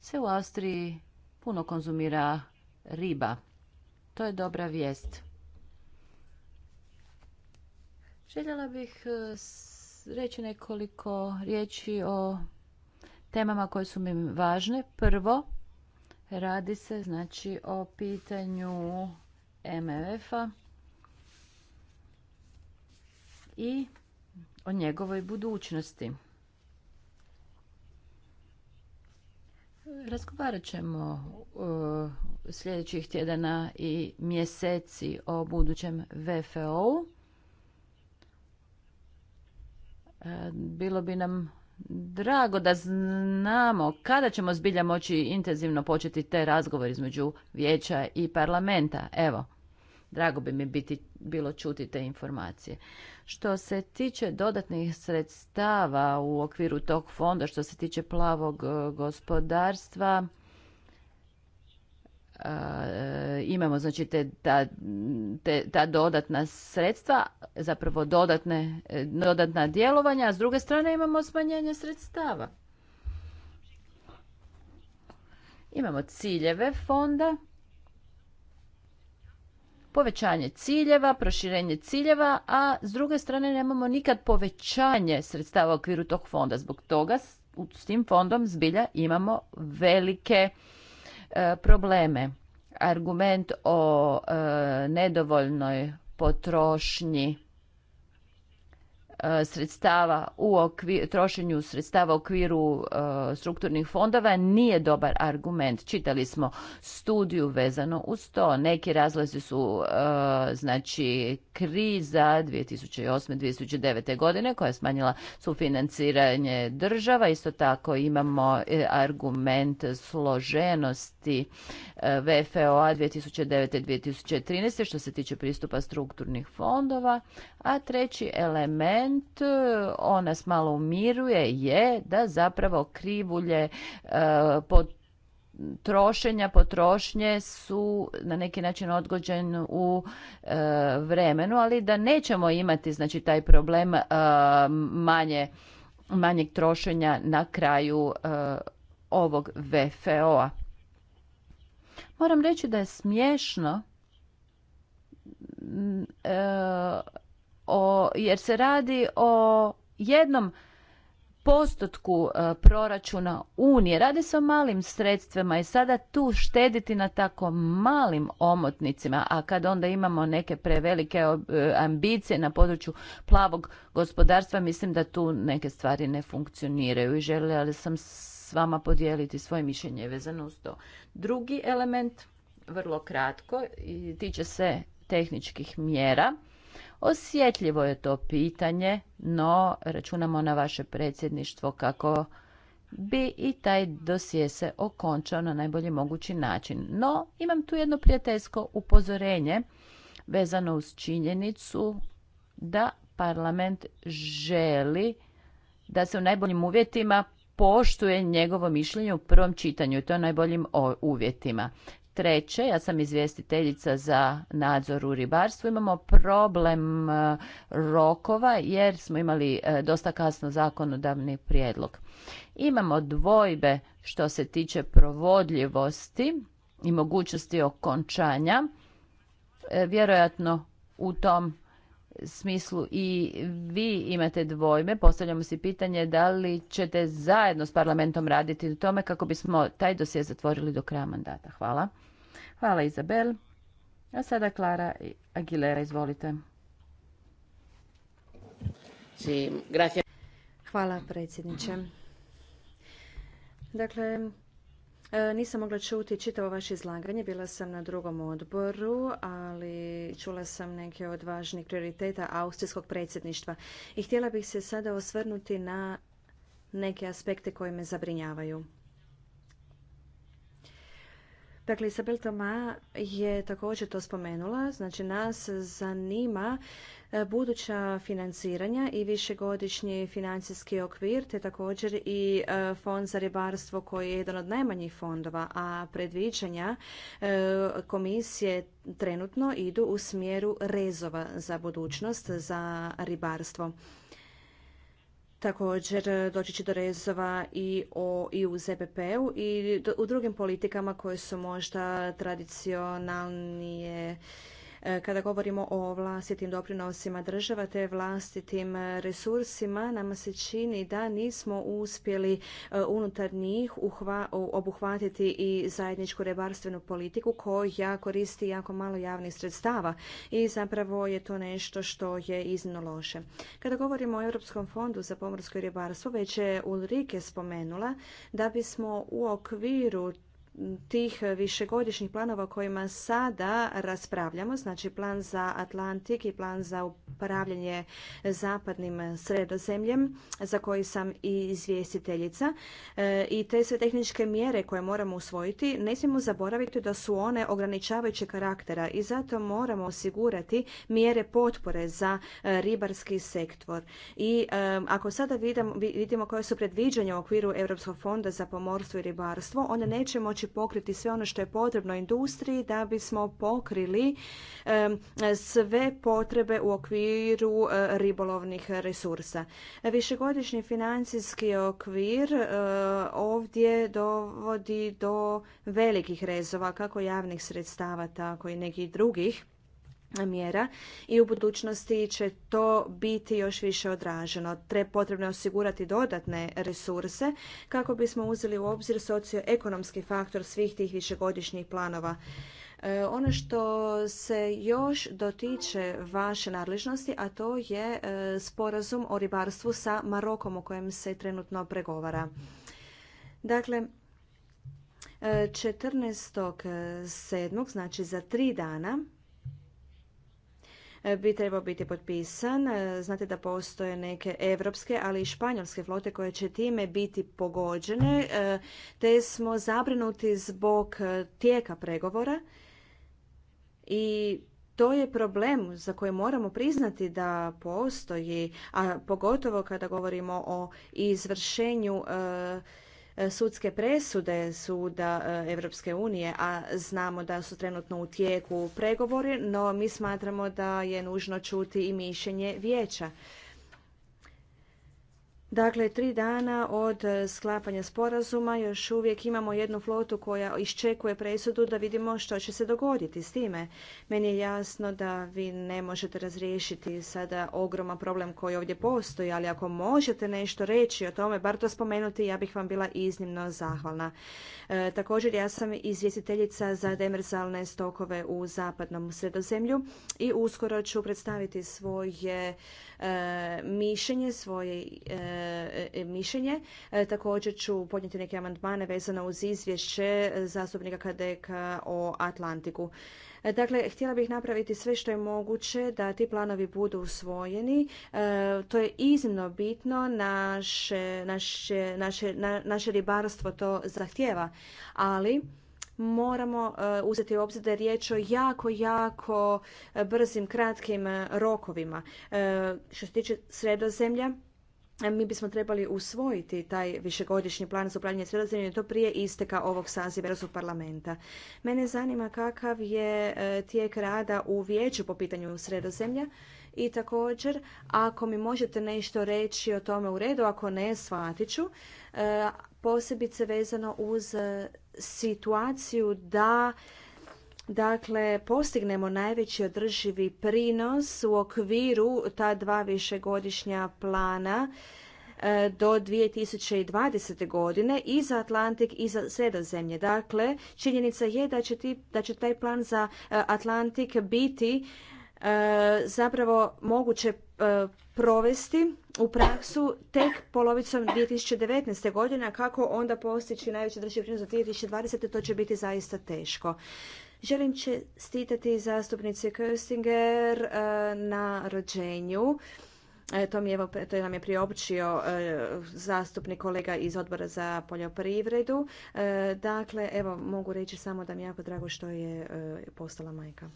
se u Austriji puno konzumira riba. To je dobra vijest. Željela bih e, reći nekoliko riječi o temama koje su mi važne. Prvo, radi se znači o pitanju mff a i o njegovoj budućnosti. Razgovarat ćemo uh, sljedećih tjedana i mjeseci o budućem VFO-u. E, bilo bi nam drago da znamo kada ćemo zbilja moći intenzivno početi te razgovore između vijeća i parlamenta. Evo, drago bi mi biti, bilo čuti te informacije. Što se tiče dodatnih sredstava u okviru tog fonda, što se tiče plavog e, gospodarstva, E, imamo znači te, ta, te, ta dodatna sredstva, zapravo dodatne, e, dodatna djelovanja, a s druge strane imamo smanjenje sredstava. Imamo ciljeve fonda, povećanje ciljeva, proširenje ciljeva, a s druge strane nemamo nikad povećanje sredstava u okviru tog fonda. Zbog toga s tim fondom zbilja imamo velike E, probleme. Argument o e, nedovoljnoj potrošnji E, sredstava u okvir, trošenju sredstava u okviru e, strukturnih fondova nije dobar argument. Čitali smo studiju vezano uz to. Neki razlazi su e, znači kriza 2008. 2009. godine koja je smanjila sufinanciranje država. Isto tako imamo argument složenosti VFOA 2009. 2013. što se tiče pristupa strukturnih fondova. A treći element moment e, on nas malo umiruje, je da zapravo krivulje e, pod trošenja, potrošnje su na neki način odgođen u e, vremenu, ali da nećemo imati znači taj problem manje, manjeg trošenja na kraju ovog VFO-a. Moram reći da je smiješno o, jer se radi o jednom postotku e, proračuna Unije. Radi se o malim sredstvima i sada tu štediti na tako malim omotnicima, a kad onda imamo neke prevelike e, ambicije na području plavog gospodarstva, mislim da tu neke stvari ne funkcioniraju i željela sam s vama podijeliti svoje mišljenje vezano uz to. Drugi element, vrlo kratko, tiče se tehničkih mjera Osjetljivo je to pitanje, no računamo na vaše predsjedništvo kako bi i taj dosije se okončao na najbolji mogući način. No, imam tu jedno prijateljsko upozorenje vezano uz činjenicu da parlament želi da se u najboljim uvjetima poštuje njegovo mišljenje u prvom čitanju i to najboljim uvjetima. Treće, ja sam izvjestiteljica za nadzor u ribarstvu. Imamo problem e, rokova jer smo imali e, dosta kasno zakonodavni prijedlog. Imamo dvojbe što se tiče provodljivosti i mogućnosti okončanja. E, vjerojatno u tom smislu i vi imate dvojme. postavljamo si pitanje da li ćete zajedno s parlamentom raditi u tome kako bismo taj dosje zatvorili do kraja mandata. Hvala. Hvala Izabel. A sada Klara Aguilera, izvolite. Hvala predsjedniče. Dakle, E, nisam mogla čuti čitavo vaše izlaganje, bila sam na drugom odboru, ali čula sam neke od važnih prioriteta austrijskog predsjedništva i htjela bih se sada osvrnuti na neke aspekte koji me zabrinjavaju. Dakle, Isabel Toma je također to spomenula. Znači, nas zanima e, buduća financiranja i višegodišnji financijski okvir, te također i e, fond za ribarstvo koji je jedan od najmanjih fondova, a predviđanja e, komisije trenutno idu u smjeru rezova za budućnost za ribarstvo. Također doći će do rezova i, o, i u ZPP-u i u drugim politikama koje su možda tradicionalnije E, kada govorimo o vlastitim doprinosima država te vlastitim resursima, nama se čini da nismo uspjeli e, unutar njih obuhvatiti i zajedničku ribarstvenu politiku koja koristi jako malo javnih sredstava i zapravo je to nešto što je iznimno loše. Kada govorimo o Europskom fondu za pomorsko ribarstvo, već je Ulrike spomenula da bismo u okviru tih višegodišnjih planova o kojima sada raspravljamo, znači plan za Atlantik i plan za upravljanje zapadnim sredozemljem za koji sam i izvjestiteljica e, i te sve tehničke mjere koje moramo usvojiti ne smijemo zaboraviti da su one ograničavajuće karaktera i zato moramo osigurati mjere potpore za e, ribarski sektor. I e, ako sada vidimo koje su predviđanja u okviru Europskog fonda za pomorstvo i ribarstvo, one neće moći moći pokriti sve ono što je potrebno industriji da bismo pokrili sve potrebe u okviru e, ribolovnih resursa. Višegodišnji financijski okvir e, ovdje dovodi do velikih rezova kako javnih sredstava tako i nekih drugih mjera i u budućnosti će to biti još više odraženo. Tre potrebno je osigurati dodatne resurse kako bismo uzeli u obzir socioekonomski faktor svih tih višegodišnjih planova. E, ono što se još dotiče vaše nadležnosti, a to je e, sporazum o ribarstvu sa Marokom o kojem se trenutno pregovara. Dakle, 14.7. E, znači za tri dana E, bi trebao biti potpisan. E, znate da postoje neke evropske, ali i španjolske flote koje će time biti pogođene, e, te smo zabrinuti zbog tijeka pregovora i to je problem za koje moramo priznati da postoji, a pogotovo kada govorimo o izvršenju E, sudske presude suda Europske unije, a znamo da su trenutno u tijeku pregovori, no mi smatramo da je nužno čuti i mišljenje vijeća Dakle, tri dana od e, sklapanja sporazuma još uvijek imamo jednu flotu koja iščekuje presudu da vidimo što će se dogoditi s time. Meni je jasno da vi ne možete razriješiti sada ogroman problem koji ovdje postoji, ali ako možete nešto reći o tome, bar to spomenuti, ja bih vam bila iznimno zahvalna. E, također, ja sam izvjestiteljica za demerzalne stokove u zapadnom sredozemlju i uskoro ću predstaviti svoje e, mišljenje, svoje E, e, mišljenje. E, također ću podnijeti neke amandmane vezano uz izvješće zastupnika KDK o Atlantiku. Dakle, htjela bih napraviti sve što je moguće da ti planovi budu usvojeni. to je iznimno bitno, naše, naše, naše, naše ribarstvo to zahtjeva, ali moramo uzeti u obzir da je riječ o jako, jako brzim, kratkim rokovima. što se tiče sredozemlja, mi bismo trebali usvojiti taj višegodišnji plan za upravljanje sredozemljem to prije isteka ovog saziva Europskog parlamenta. Mene zanima kakav je e, tijek rada u vijeću po pitanju sredozemlja i također ako mi možete nešto reći o tome u redu, ako ne, shvatit ću, e, posebice vezano uz situaciju da dakle postignemo najveći održivi prinos u okviru ta dva višegodišnja plana e, do 2020. godine i za Atlantik i za sredozemlje. Dakle, činjenica je da će, da će taj plan za e, Atlantik biti e, zapravo moguće provesti u praksu tek polovicom 2019. godine, a kako onda postići najveći održivi prinos za 2020. to će biti zaista teško. Želim čestitati zastupnici Köstinger eh, na rođenju. Eh, to, mi je, to nam je priopćio eh, zastupnik kolega iz odbora za poljoprivredu. Dakle, evo, mogu reći samo da mi je jako drago što je postala majka.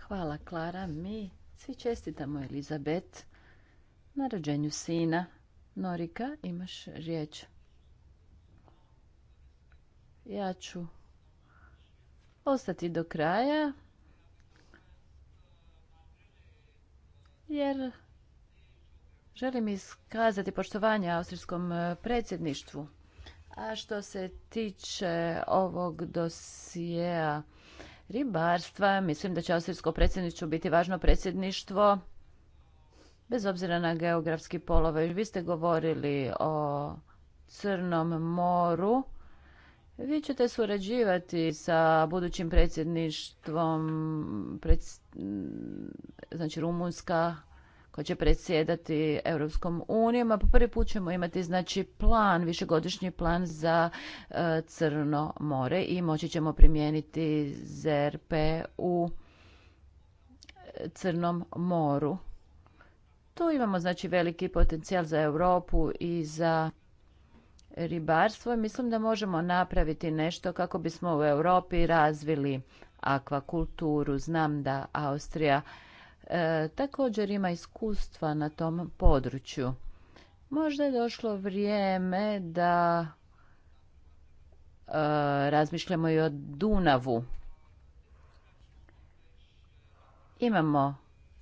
Hvala, Klara. Mi svi čestitamo Elizabet na rođenju sina. Norika, imaš riječ. Ja ću ostati do kraja. Jer želim iskazati poštovanje austrijskom e, predsjedništvu. A što se tiče ovog dosijeja ribarstva, mislim da će austrijsko predsjedništvo biti važno predsjedništvo bez obzira na geografski polovo. Vi ste govorili o Crnom moru vi ćete surađivati sa budućim predsjedništvom, znači Rumunska, koja će predsjedati Europskom unijom, a po prvi put ćemo imati znači plan, višegodišnji plan za e, Crno more i moći ćemo primijeniti ZRP u e, Crnom moru. Tu imamo znači veliki potencijal za Europu i za ribarstvo i mislim da možemo napraviti nešto kako bismo u Europi razvili akvakulturu. Znam da Austrija e, također ima iskustva na tom području. Možda je došlo vrijeme da e, razmišljamo i o Dunavu. Imamo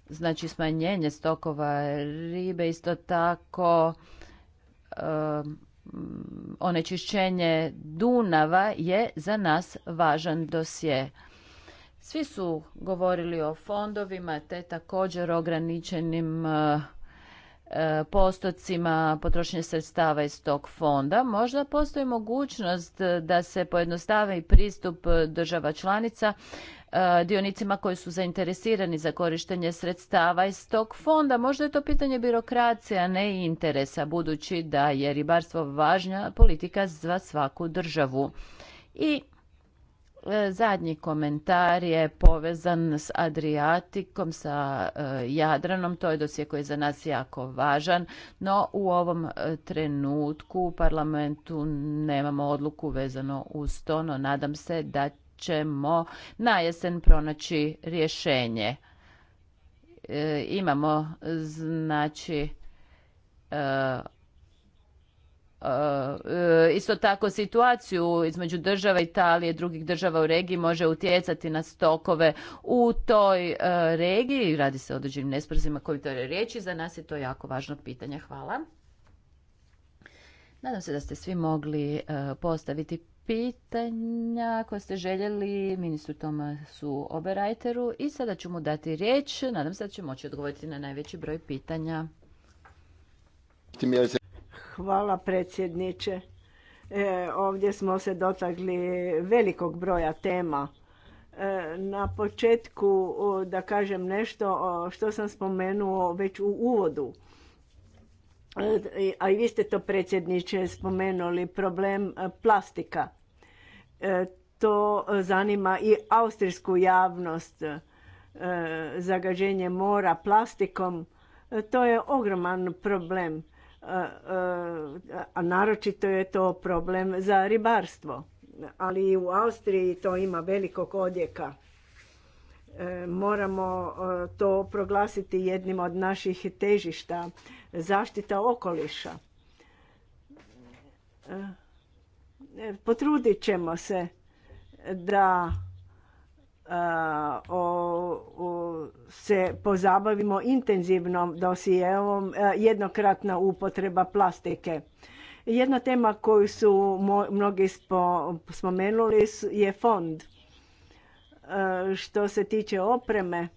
znači smanjenje stokova ribe, isto tako e, onečišćenje Dunava je za nas važan dosje. Svi su govorili o fondovima te također ograničenim e, e, postocima potrošnje sredstava iz tog fonda. Možda postoji mogućnost da se pojednostavi pristup država članica E, dionicima koji su zainteresirani za korištenje sredstava iz tog fonda. Možda je to pitanje birokracije, a ne interesa, budući da je ribarstvo važna politika za svaku državu. I e, zadnji komentar je povezan s Adriatikom, sa e, Jadranom. To je dosje koji je za nas jako važan, no u ovom trenutku u parlamentu nemamo odluku vezano uz to, no nadam se da ćemo na jesen pronaći rješenje. E, imamo znači e, e, isto tako situaciju između država Italije i drugih država u regiji može utjecati na stokove u toj regiji. Radi se o određenim nesprazima koji to je riječi. Za nas je to jako važno pitanje. Hvala. Nadam se da ste svi mogli postaviti pitanja koje ste željeli ministru Tomasu Oberajteru i sada ću mu dati riječ. Nadam se da će moći odgovoriti na najveći broj pitanja. Hvala predsjedniče. E, ovdje smo se dotakli velikog broja tema. E, na početku da kažem nešto što sam spomenuo već u uvodu a i vi ste to predsjedniče spomenuli, problem e, plastika. E, to zanima i austrijsku javnost. E, zagađenje mora plastikom, to je ogroman problem. A naročito je to problem za ribarstvo. Ali i u Austriji to ima velikog odjeka. Moramo to proglasiti jednim od naših težišta zaštita okoliša. E, potrudit ćemo se da e, se pozabavimo intenzivnom dosijevom e, jednokratna upotreba plastike. Jedna tema koju su mnogi spomenuli je fond. što se tiče opreme,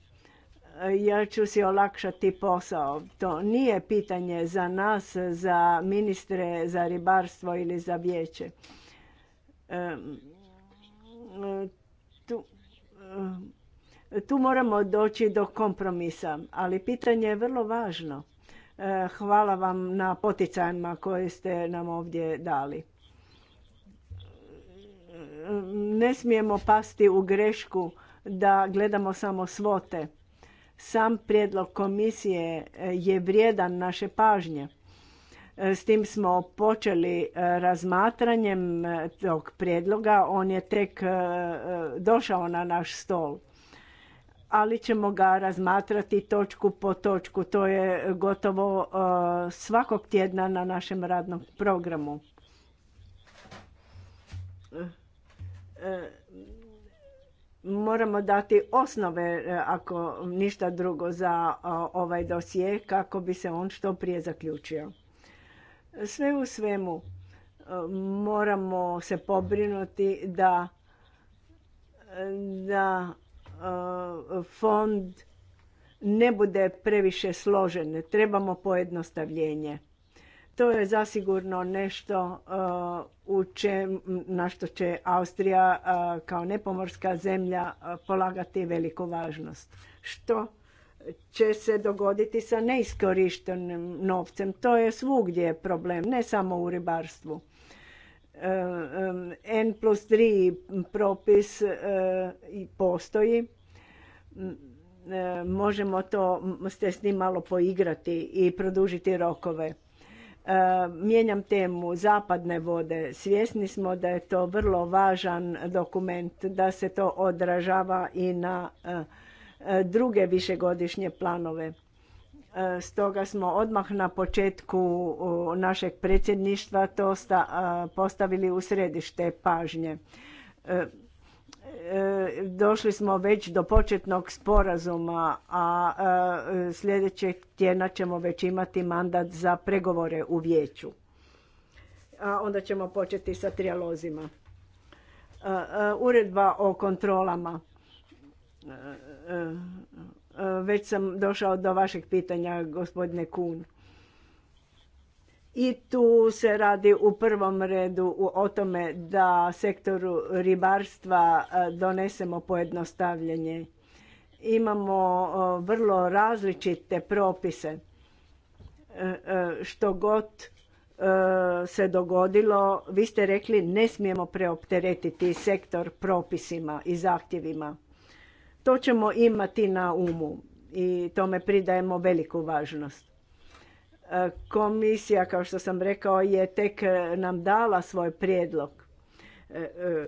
jer ću si olakšati posao. To nije pitanje za nas, za ministre, za ribarstvo ili za vijeće. Tu, tu moramo doći do kompromisa, ali pitanje je vrlo važno. Eh, hvala vam na poticajima koje ste nam ovdje dali. Ne smijemo pasti u grešku da gledamo samo svote sam prijedlog komisije e, je vrijedan naše pažnje. E, s tim smo počeli e, razmatranjem tog prijedloga. On je tek došao na naš stol. Ali ćemo ga razmatrati točku po točku. To je gotovo svakog tjedna na našem radnom programu moramo dati osnove, e, ako ništa drugo, za ovaj dosije kako bi se on što prije zaključio. Sve u svemu e, moramo se pobrinuti da, da e, fond ne bude previše složen. Trebamo pojednostavljenje. To je zasigurno nešto uh, u čem, na što će Austrija uh, kao nepomorska zemlja uh, polagati veliku važnost. Što će se dogoditi sa neiskorištenim novcem? To je svugdje problem, ne samo u ribarstvu. Um, N plus 3 propis postoji. Mm, možemo to s njim malo poigrati i produžiti rokove E, mijenjam temu zapadne vode. Svjesni smo da je to vrlo važan dokument, da se to odražava i na e, e, druge višegodišnje planove. Stoga smo odmah na početku našeg predsjedništva to postavili u središte pažnje došli smo već do početnog sporazuma, a e, sljedećeg tjedna ćemo već imati mandat za pregovore u vijeću. A onda ćemo početi sa trijalozima. E, e, uredba o kontrolama. Već sam došao do vašeg pitanja, gospodine Kun i tu se radi u prvom redu o tome da sektoru ribarstva e, donesemo pojednostavljenje. Imamo vrlo različite propise. E, e, što god se dogodilo, vi ste rekli ne smijemo preopteretiti sektor propisima i zahtjevima. To ćemo imati na umu i tome pridajemo veliku važnost. Komisija, kao što sam rekao, je tek e, nam dala svoj prijedlog. E, e,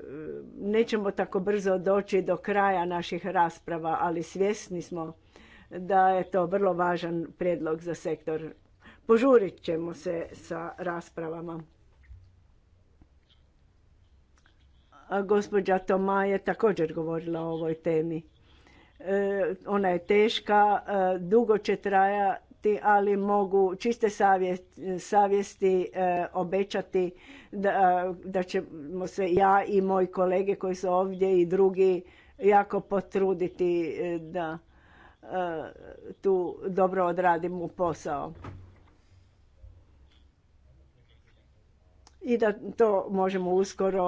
nećemo tako brzo doći do kraja naših rasprava, ali svjesni smo da je to vrlo važan prijedlog za sektor. Požurit ćemo se sa raspravama. gospođa Toma je također govorila o ovoj temi. Ona je teška, dugo će traja, ali mogu čiste savjesti, e, obećati da, ćemo se ja i moji kolege koji su ovdje i drugi jako potruditi e, da e, tu dobro odradimo posao. I da to možemo uskoro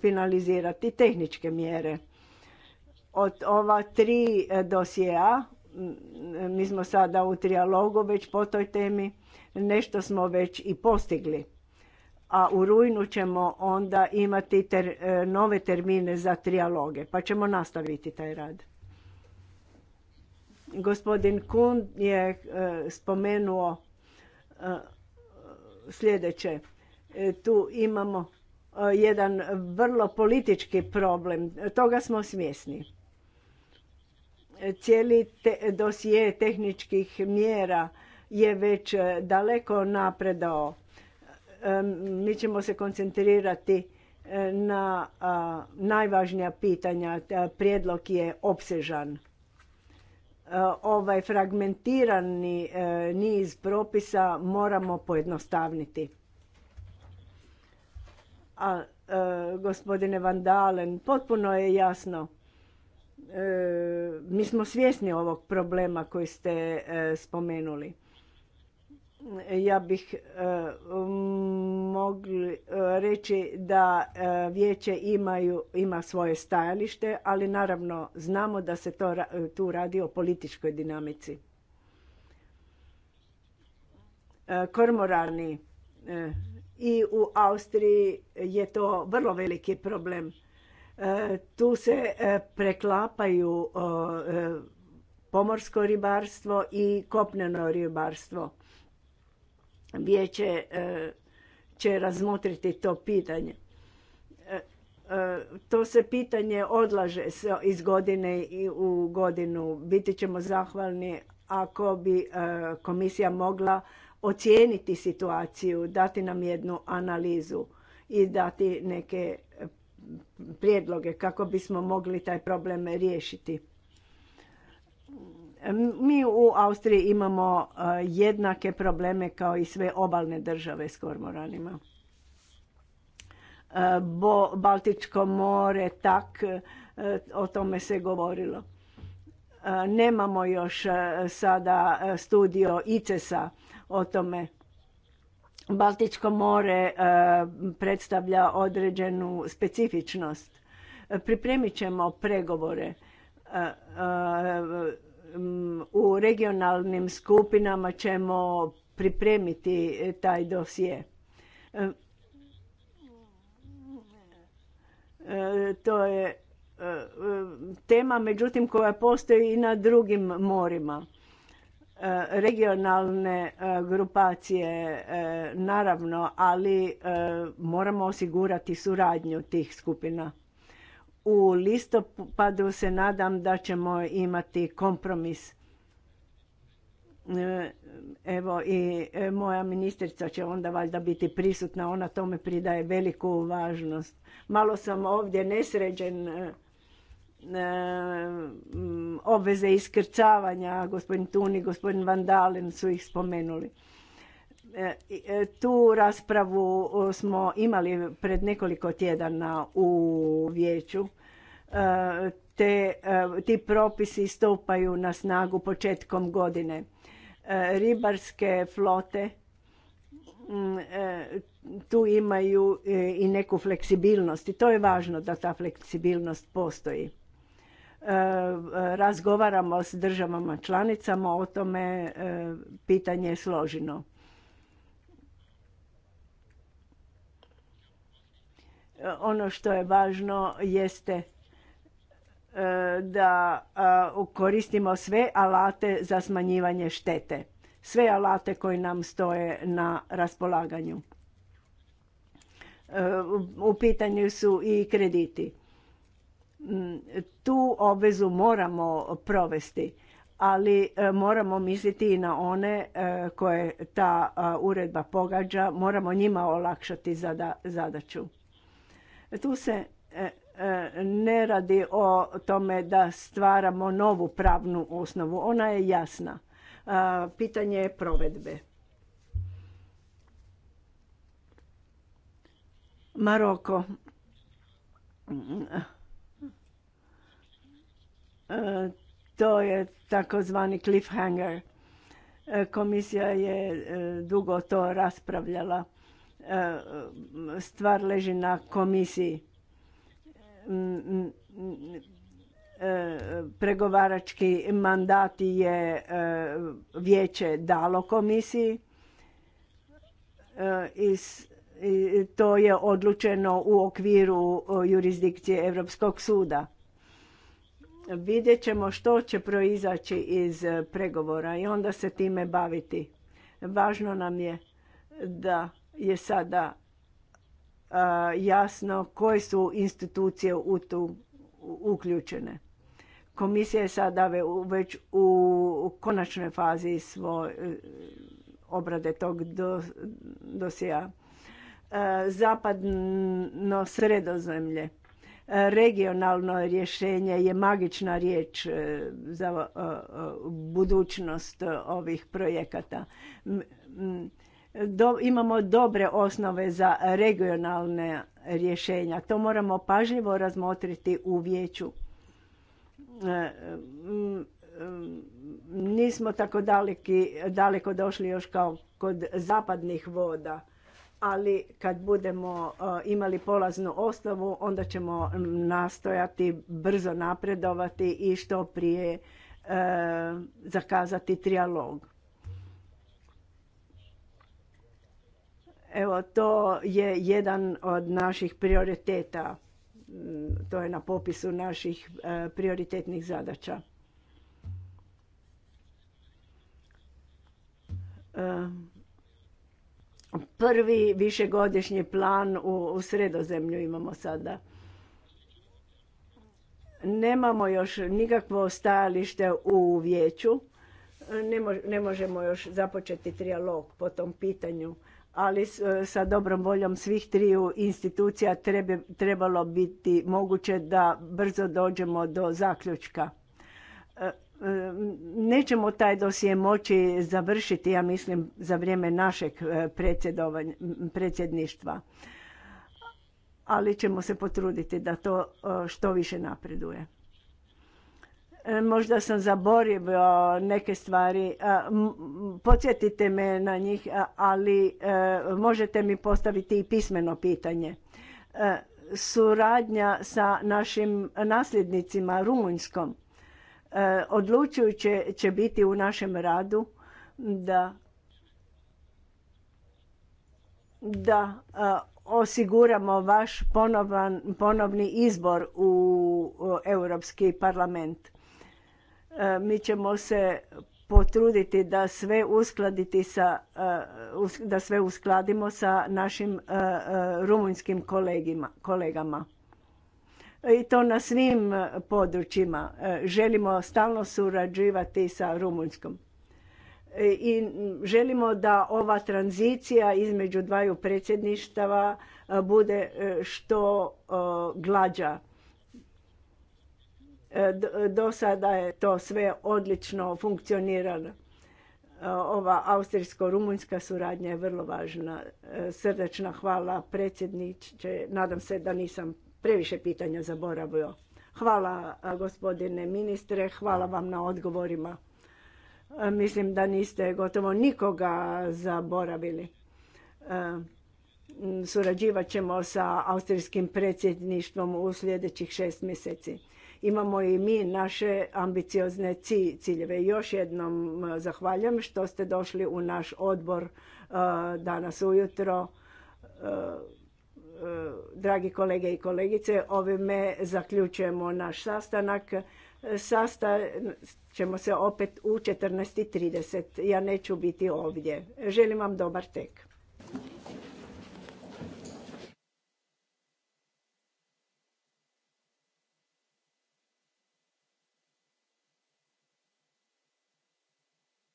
finalizirati tehničke mjere od ova tri dosjea mi smo sada u trijalogu već po toj temi, nešto smo već i postigli. A u rujnu ćemo onda imati e, nove termine za trijaloge, pa ćemo nastaviti taj rad. Gospodin Kun je e, spomenuo e, sljedeće. Tu imamo jedan vrlo politički problem. Toga smo smjesni cijeli dosije tehničkih mjera je već e, daleko napredao. E, mi ćemo se koncentrirati e, na najvažnija pitanja. Prijedlog je opsežan. Ovaj fragmentirani niz propisa moramo pojednostavniti. A gospodine Vandalen, potpuno je jasno E, mi smo svjesni ovog problema koji ste e, spomenuli. Ja bih e, mogli reći da vijeće imaju, ima svoje stajalište, ali naravno znamo da se to, tu radi o političkoj dinamici. Kormorani i u Austriji je to vrlo veliki problem tu se e, preklapaju e, pomorsko ribarstvo i kopneno ribarstvo. Vijeće e, će razmotriti to pitanje. To se pitanje odlaže iz godine i u godinu. Biti ćemo zahvalni ako bi komisija mogla ocijeniti situaciju, dati nam jednu analizu i dati neke prijedloge kako bismo mogli taj problem riješiti. Mi u Austriji imamo e, jednake probleme kao i sve obalne države s kormoranima. E, bo, Baltičko more, tak, e, o tome se govorilo. Nemamo još sada studio ICES-a o tome Baltičko more e, predstavlja određenu specifičnost. Pripremit ćemo pregovore e, e, u regionalnim skupinama ćemo pripremiti taj dosje. To je tema, međutim, koja postoji i na drugim morima. E, regionalne e, grupacije e, naravno, ali moramo osigurati suradnju tih skupina. U listopadu se nadam da ćemo imati kompromis. Evo i moja ministrica će onda valjda biti prisutna, ona tome pridaje veliku važnost. Malo sam ovdje nesređen E, mm, obveze iskrcavanja, gospodin Tuni, gospodin Vandalen su ih spomenuli. E, e, tu raspravu smo imali pred nekoliko tjedana u vijeću. Te, ti propisi stupaju na snagu početkom godine. Ribarske flote mm, tu imaju i neku fleksibilnost i to je važno da ta fleksibilnost postoji. E, razgovaramo s državama članicama o tome e, pitanje je složeno. Ono što je važno jeste e, da koristimo sve alate za smanjivanje štete. Sve alate koji nam stoje na raspolaganju. U pitanju su i krediti tu obvezu moramo provesti, ali e, moramo misliti i na one e, koje ta e, uredba pogađa, moramo njima olakšati zadaću. Tu se ne radi o tome da stvaramo novu pravnu osnovu, ona je jasna. Pitanje je provedbe. Maroko E, to je takozvani cliffhanger. E, komisija je e, dugo to raspravljala. Stvar leži na komisiji. Pregovarački mandat je vijeće dalo komisiji to je odlučeno u okviru jurisdikcije Europskog suda Vidjet ćemo što će proizaći iz eh, pregovora i onda se time baviti. Važno nam je da je sada eh, jasno koje su institucije u tu uključene. Komisija je sada već u konačnoj fazi svoj eh, obrade tog dosija. Zapadno sredozemlje Regionalno rješenje je magična riječ e, za e, e, budućnost ovih projekata. imamo dobre osnove za regionalne rješenja. To moramo pažljivo razmotriti u vijeću. Nismo tako daleko došli još kao kod zapadnih voda ali kad budemo e, imali polaznu osnovu onda ćemo nastojati brzo napredovati i što prije e, zakazati trijalog. Evo, to je jedan od naših prioriteta. To je na popisu naših e, prioritetnih zadaća prvi višegodišnji plan u, sredozemlju imamo sada. Nemamo još nikakvo stajalište u vijeću, ne, možemo još započeti trijalog po tom pitanju, ali sa dobrom voljom svih triju institucija trebalo biti moguće da brzo dođemo do zaključka. E, nećemo taj dosije moći završiti, ja mislim, za vrijeme našeg e, predsjedništva. Ali ćemo se potruditi da to e, što više napreduje. E, možda sam zaboravio neke stvari, podsjetite me na njih, ali možete mi postaviti i pismeno pitanje. Suradnja sa našim nasljednicima, Rumunjskom, E, odlučujuće će biti u našem radu da da e, osiguramo vaš ponovan, ponovni izbor u Europski parlament. E, mi ćemo se potruditi da sve uskladiti sa, da sve uskladimo sa našim rumunjskim kolegama i to na svim e, područjima. E, želimo stalno surađivati sa Rumunjskom. E, I želimo da ova tranzicija između dvaju predsjedništava bude što glađa. Do sada je to sve odlično funkcioniralo. Ova austrijsko-rumunjska suradnja je vrlo važna. Srdečna hvala predsjedniče. Nadam se da nisam previše pitanja zaboravio. Hvala gospodine ministre, hvala vam na odgovorima. Mislim da niste gotovo nikoga zaboravili. Surađivat ćemo sa austrijskim predsjedništvom u sljedećih šest mjeseci. Imamo i mi naše ambiciozne ciljeve. Još jednom zahvaljam što ste došli u naš odbor danas ujutro E, dragi kolege i kolegice, ovime zaključujemo naš sastanak. E, sasta ćemo se opet u 14.30. Ja neću biti ovdje. Želim vam dobar tek.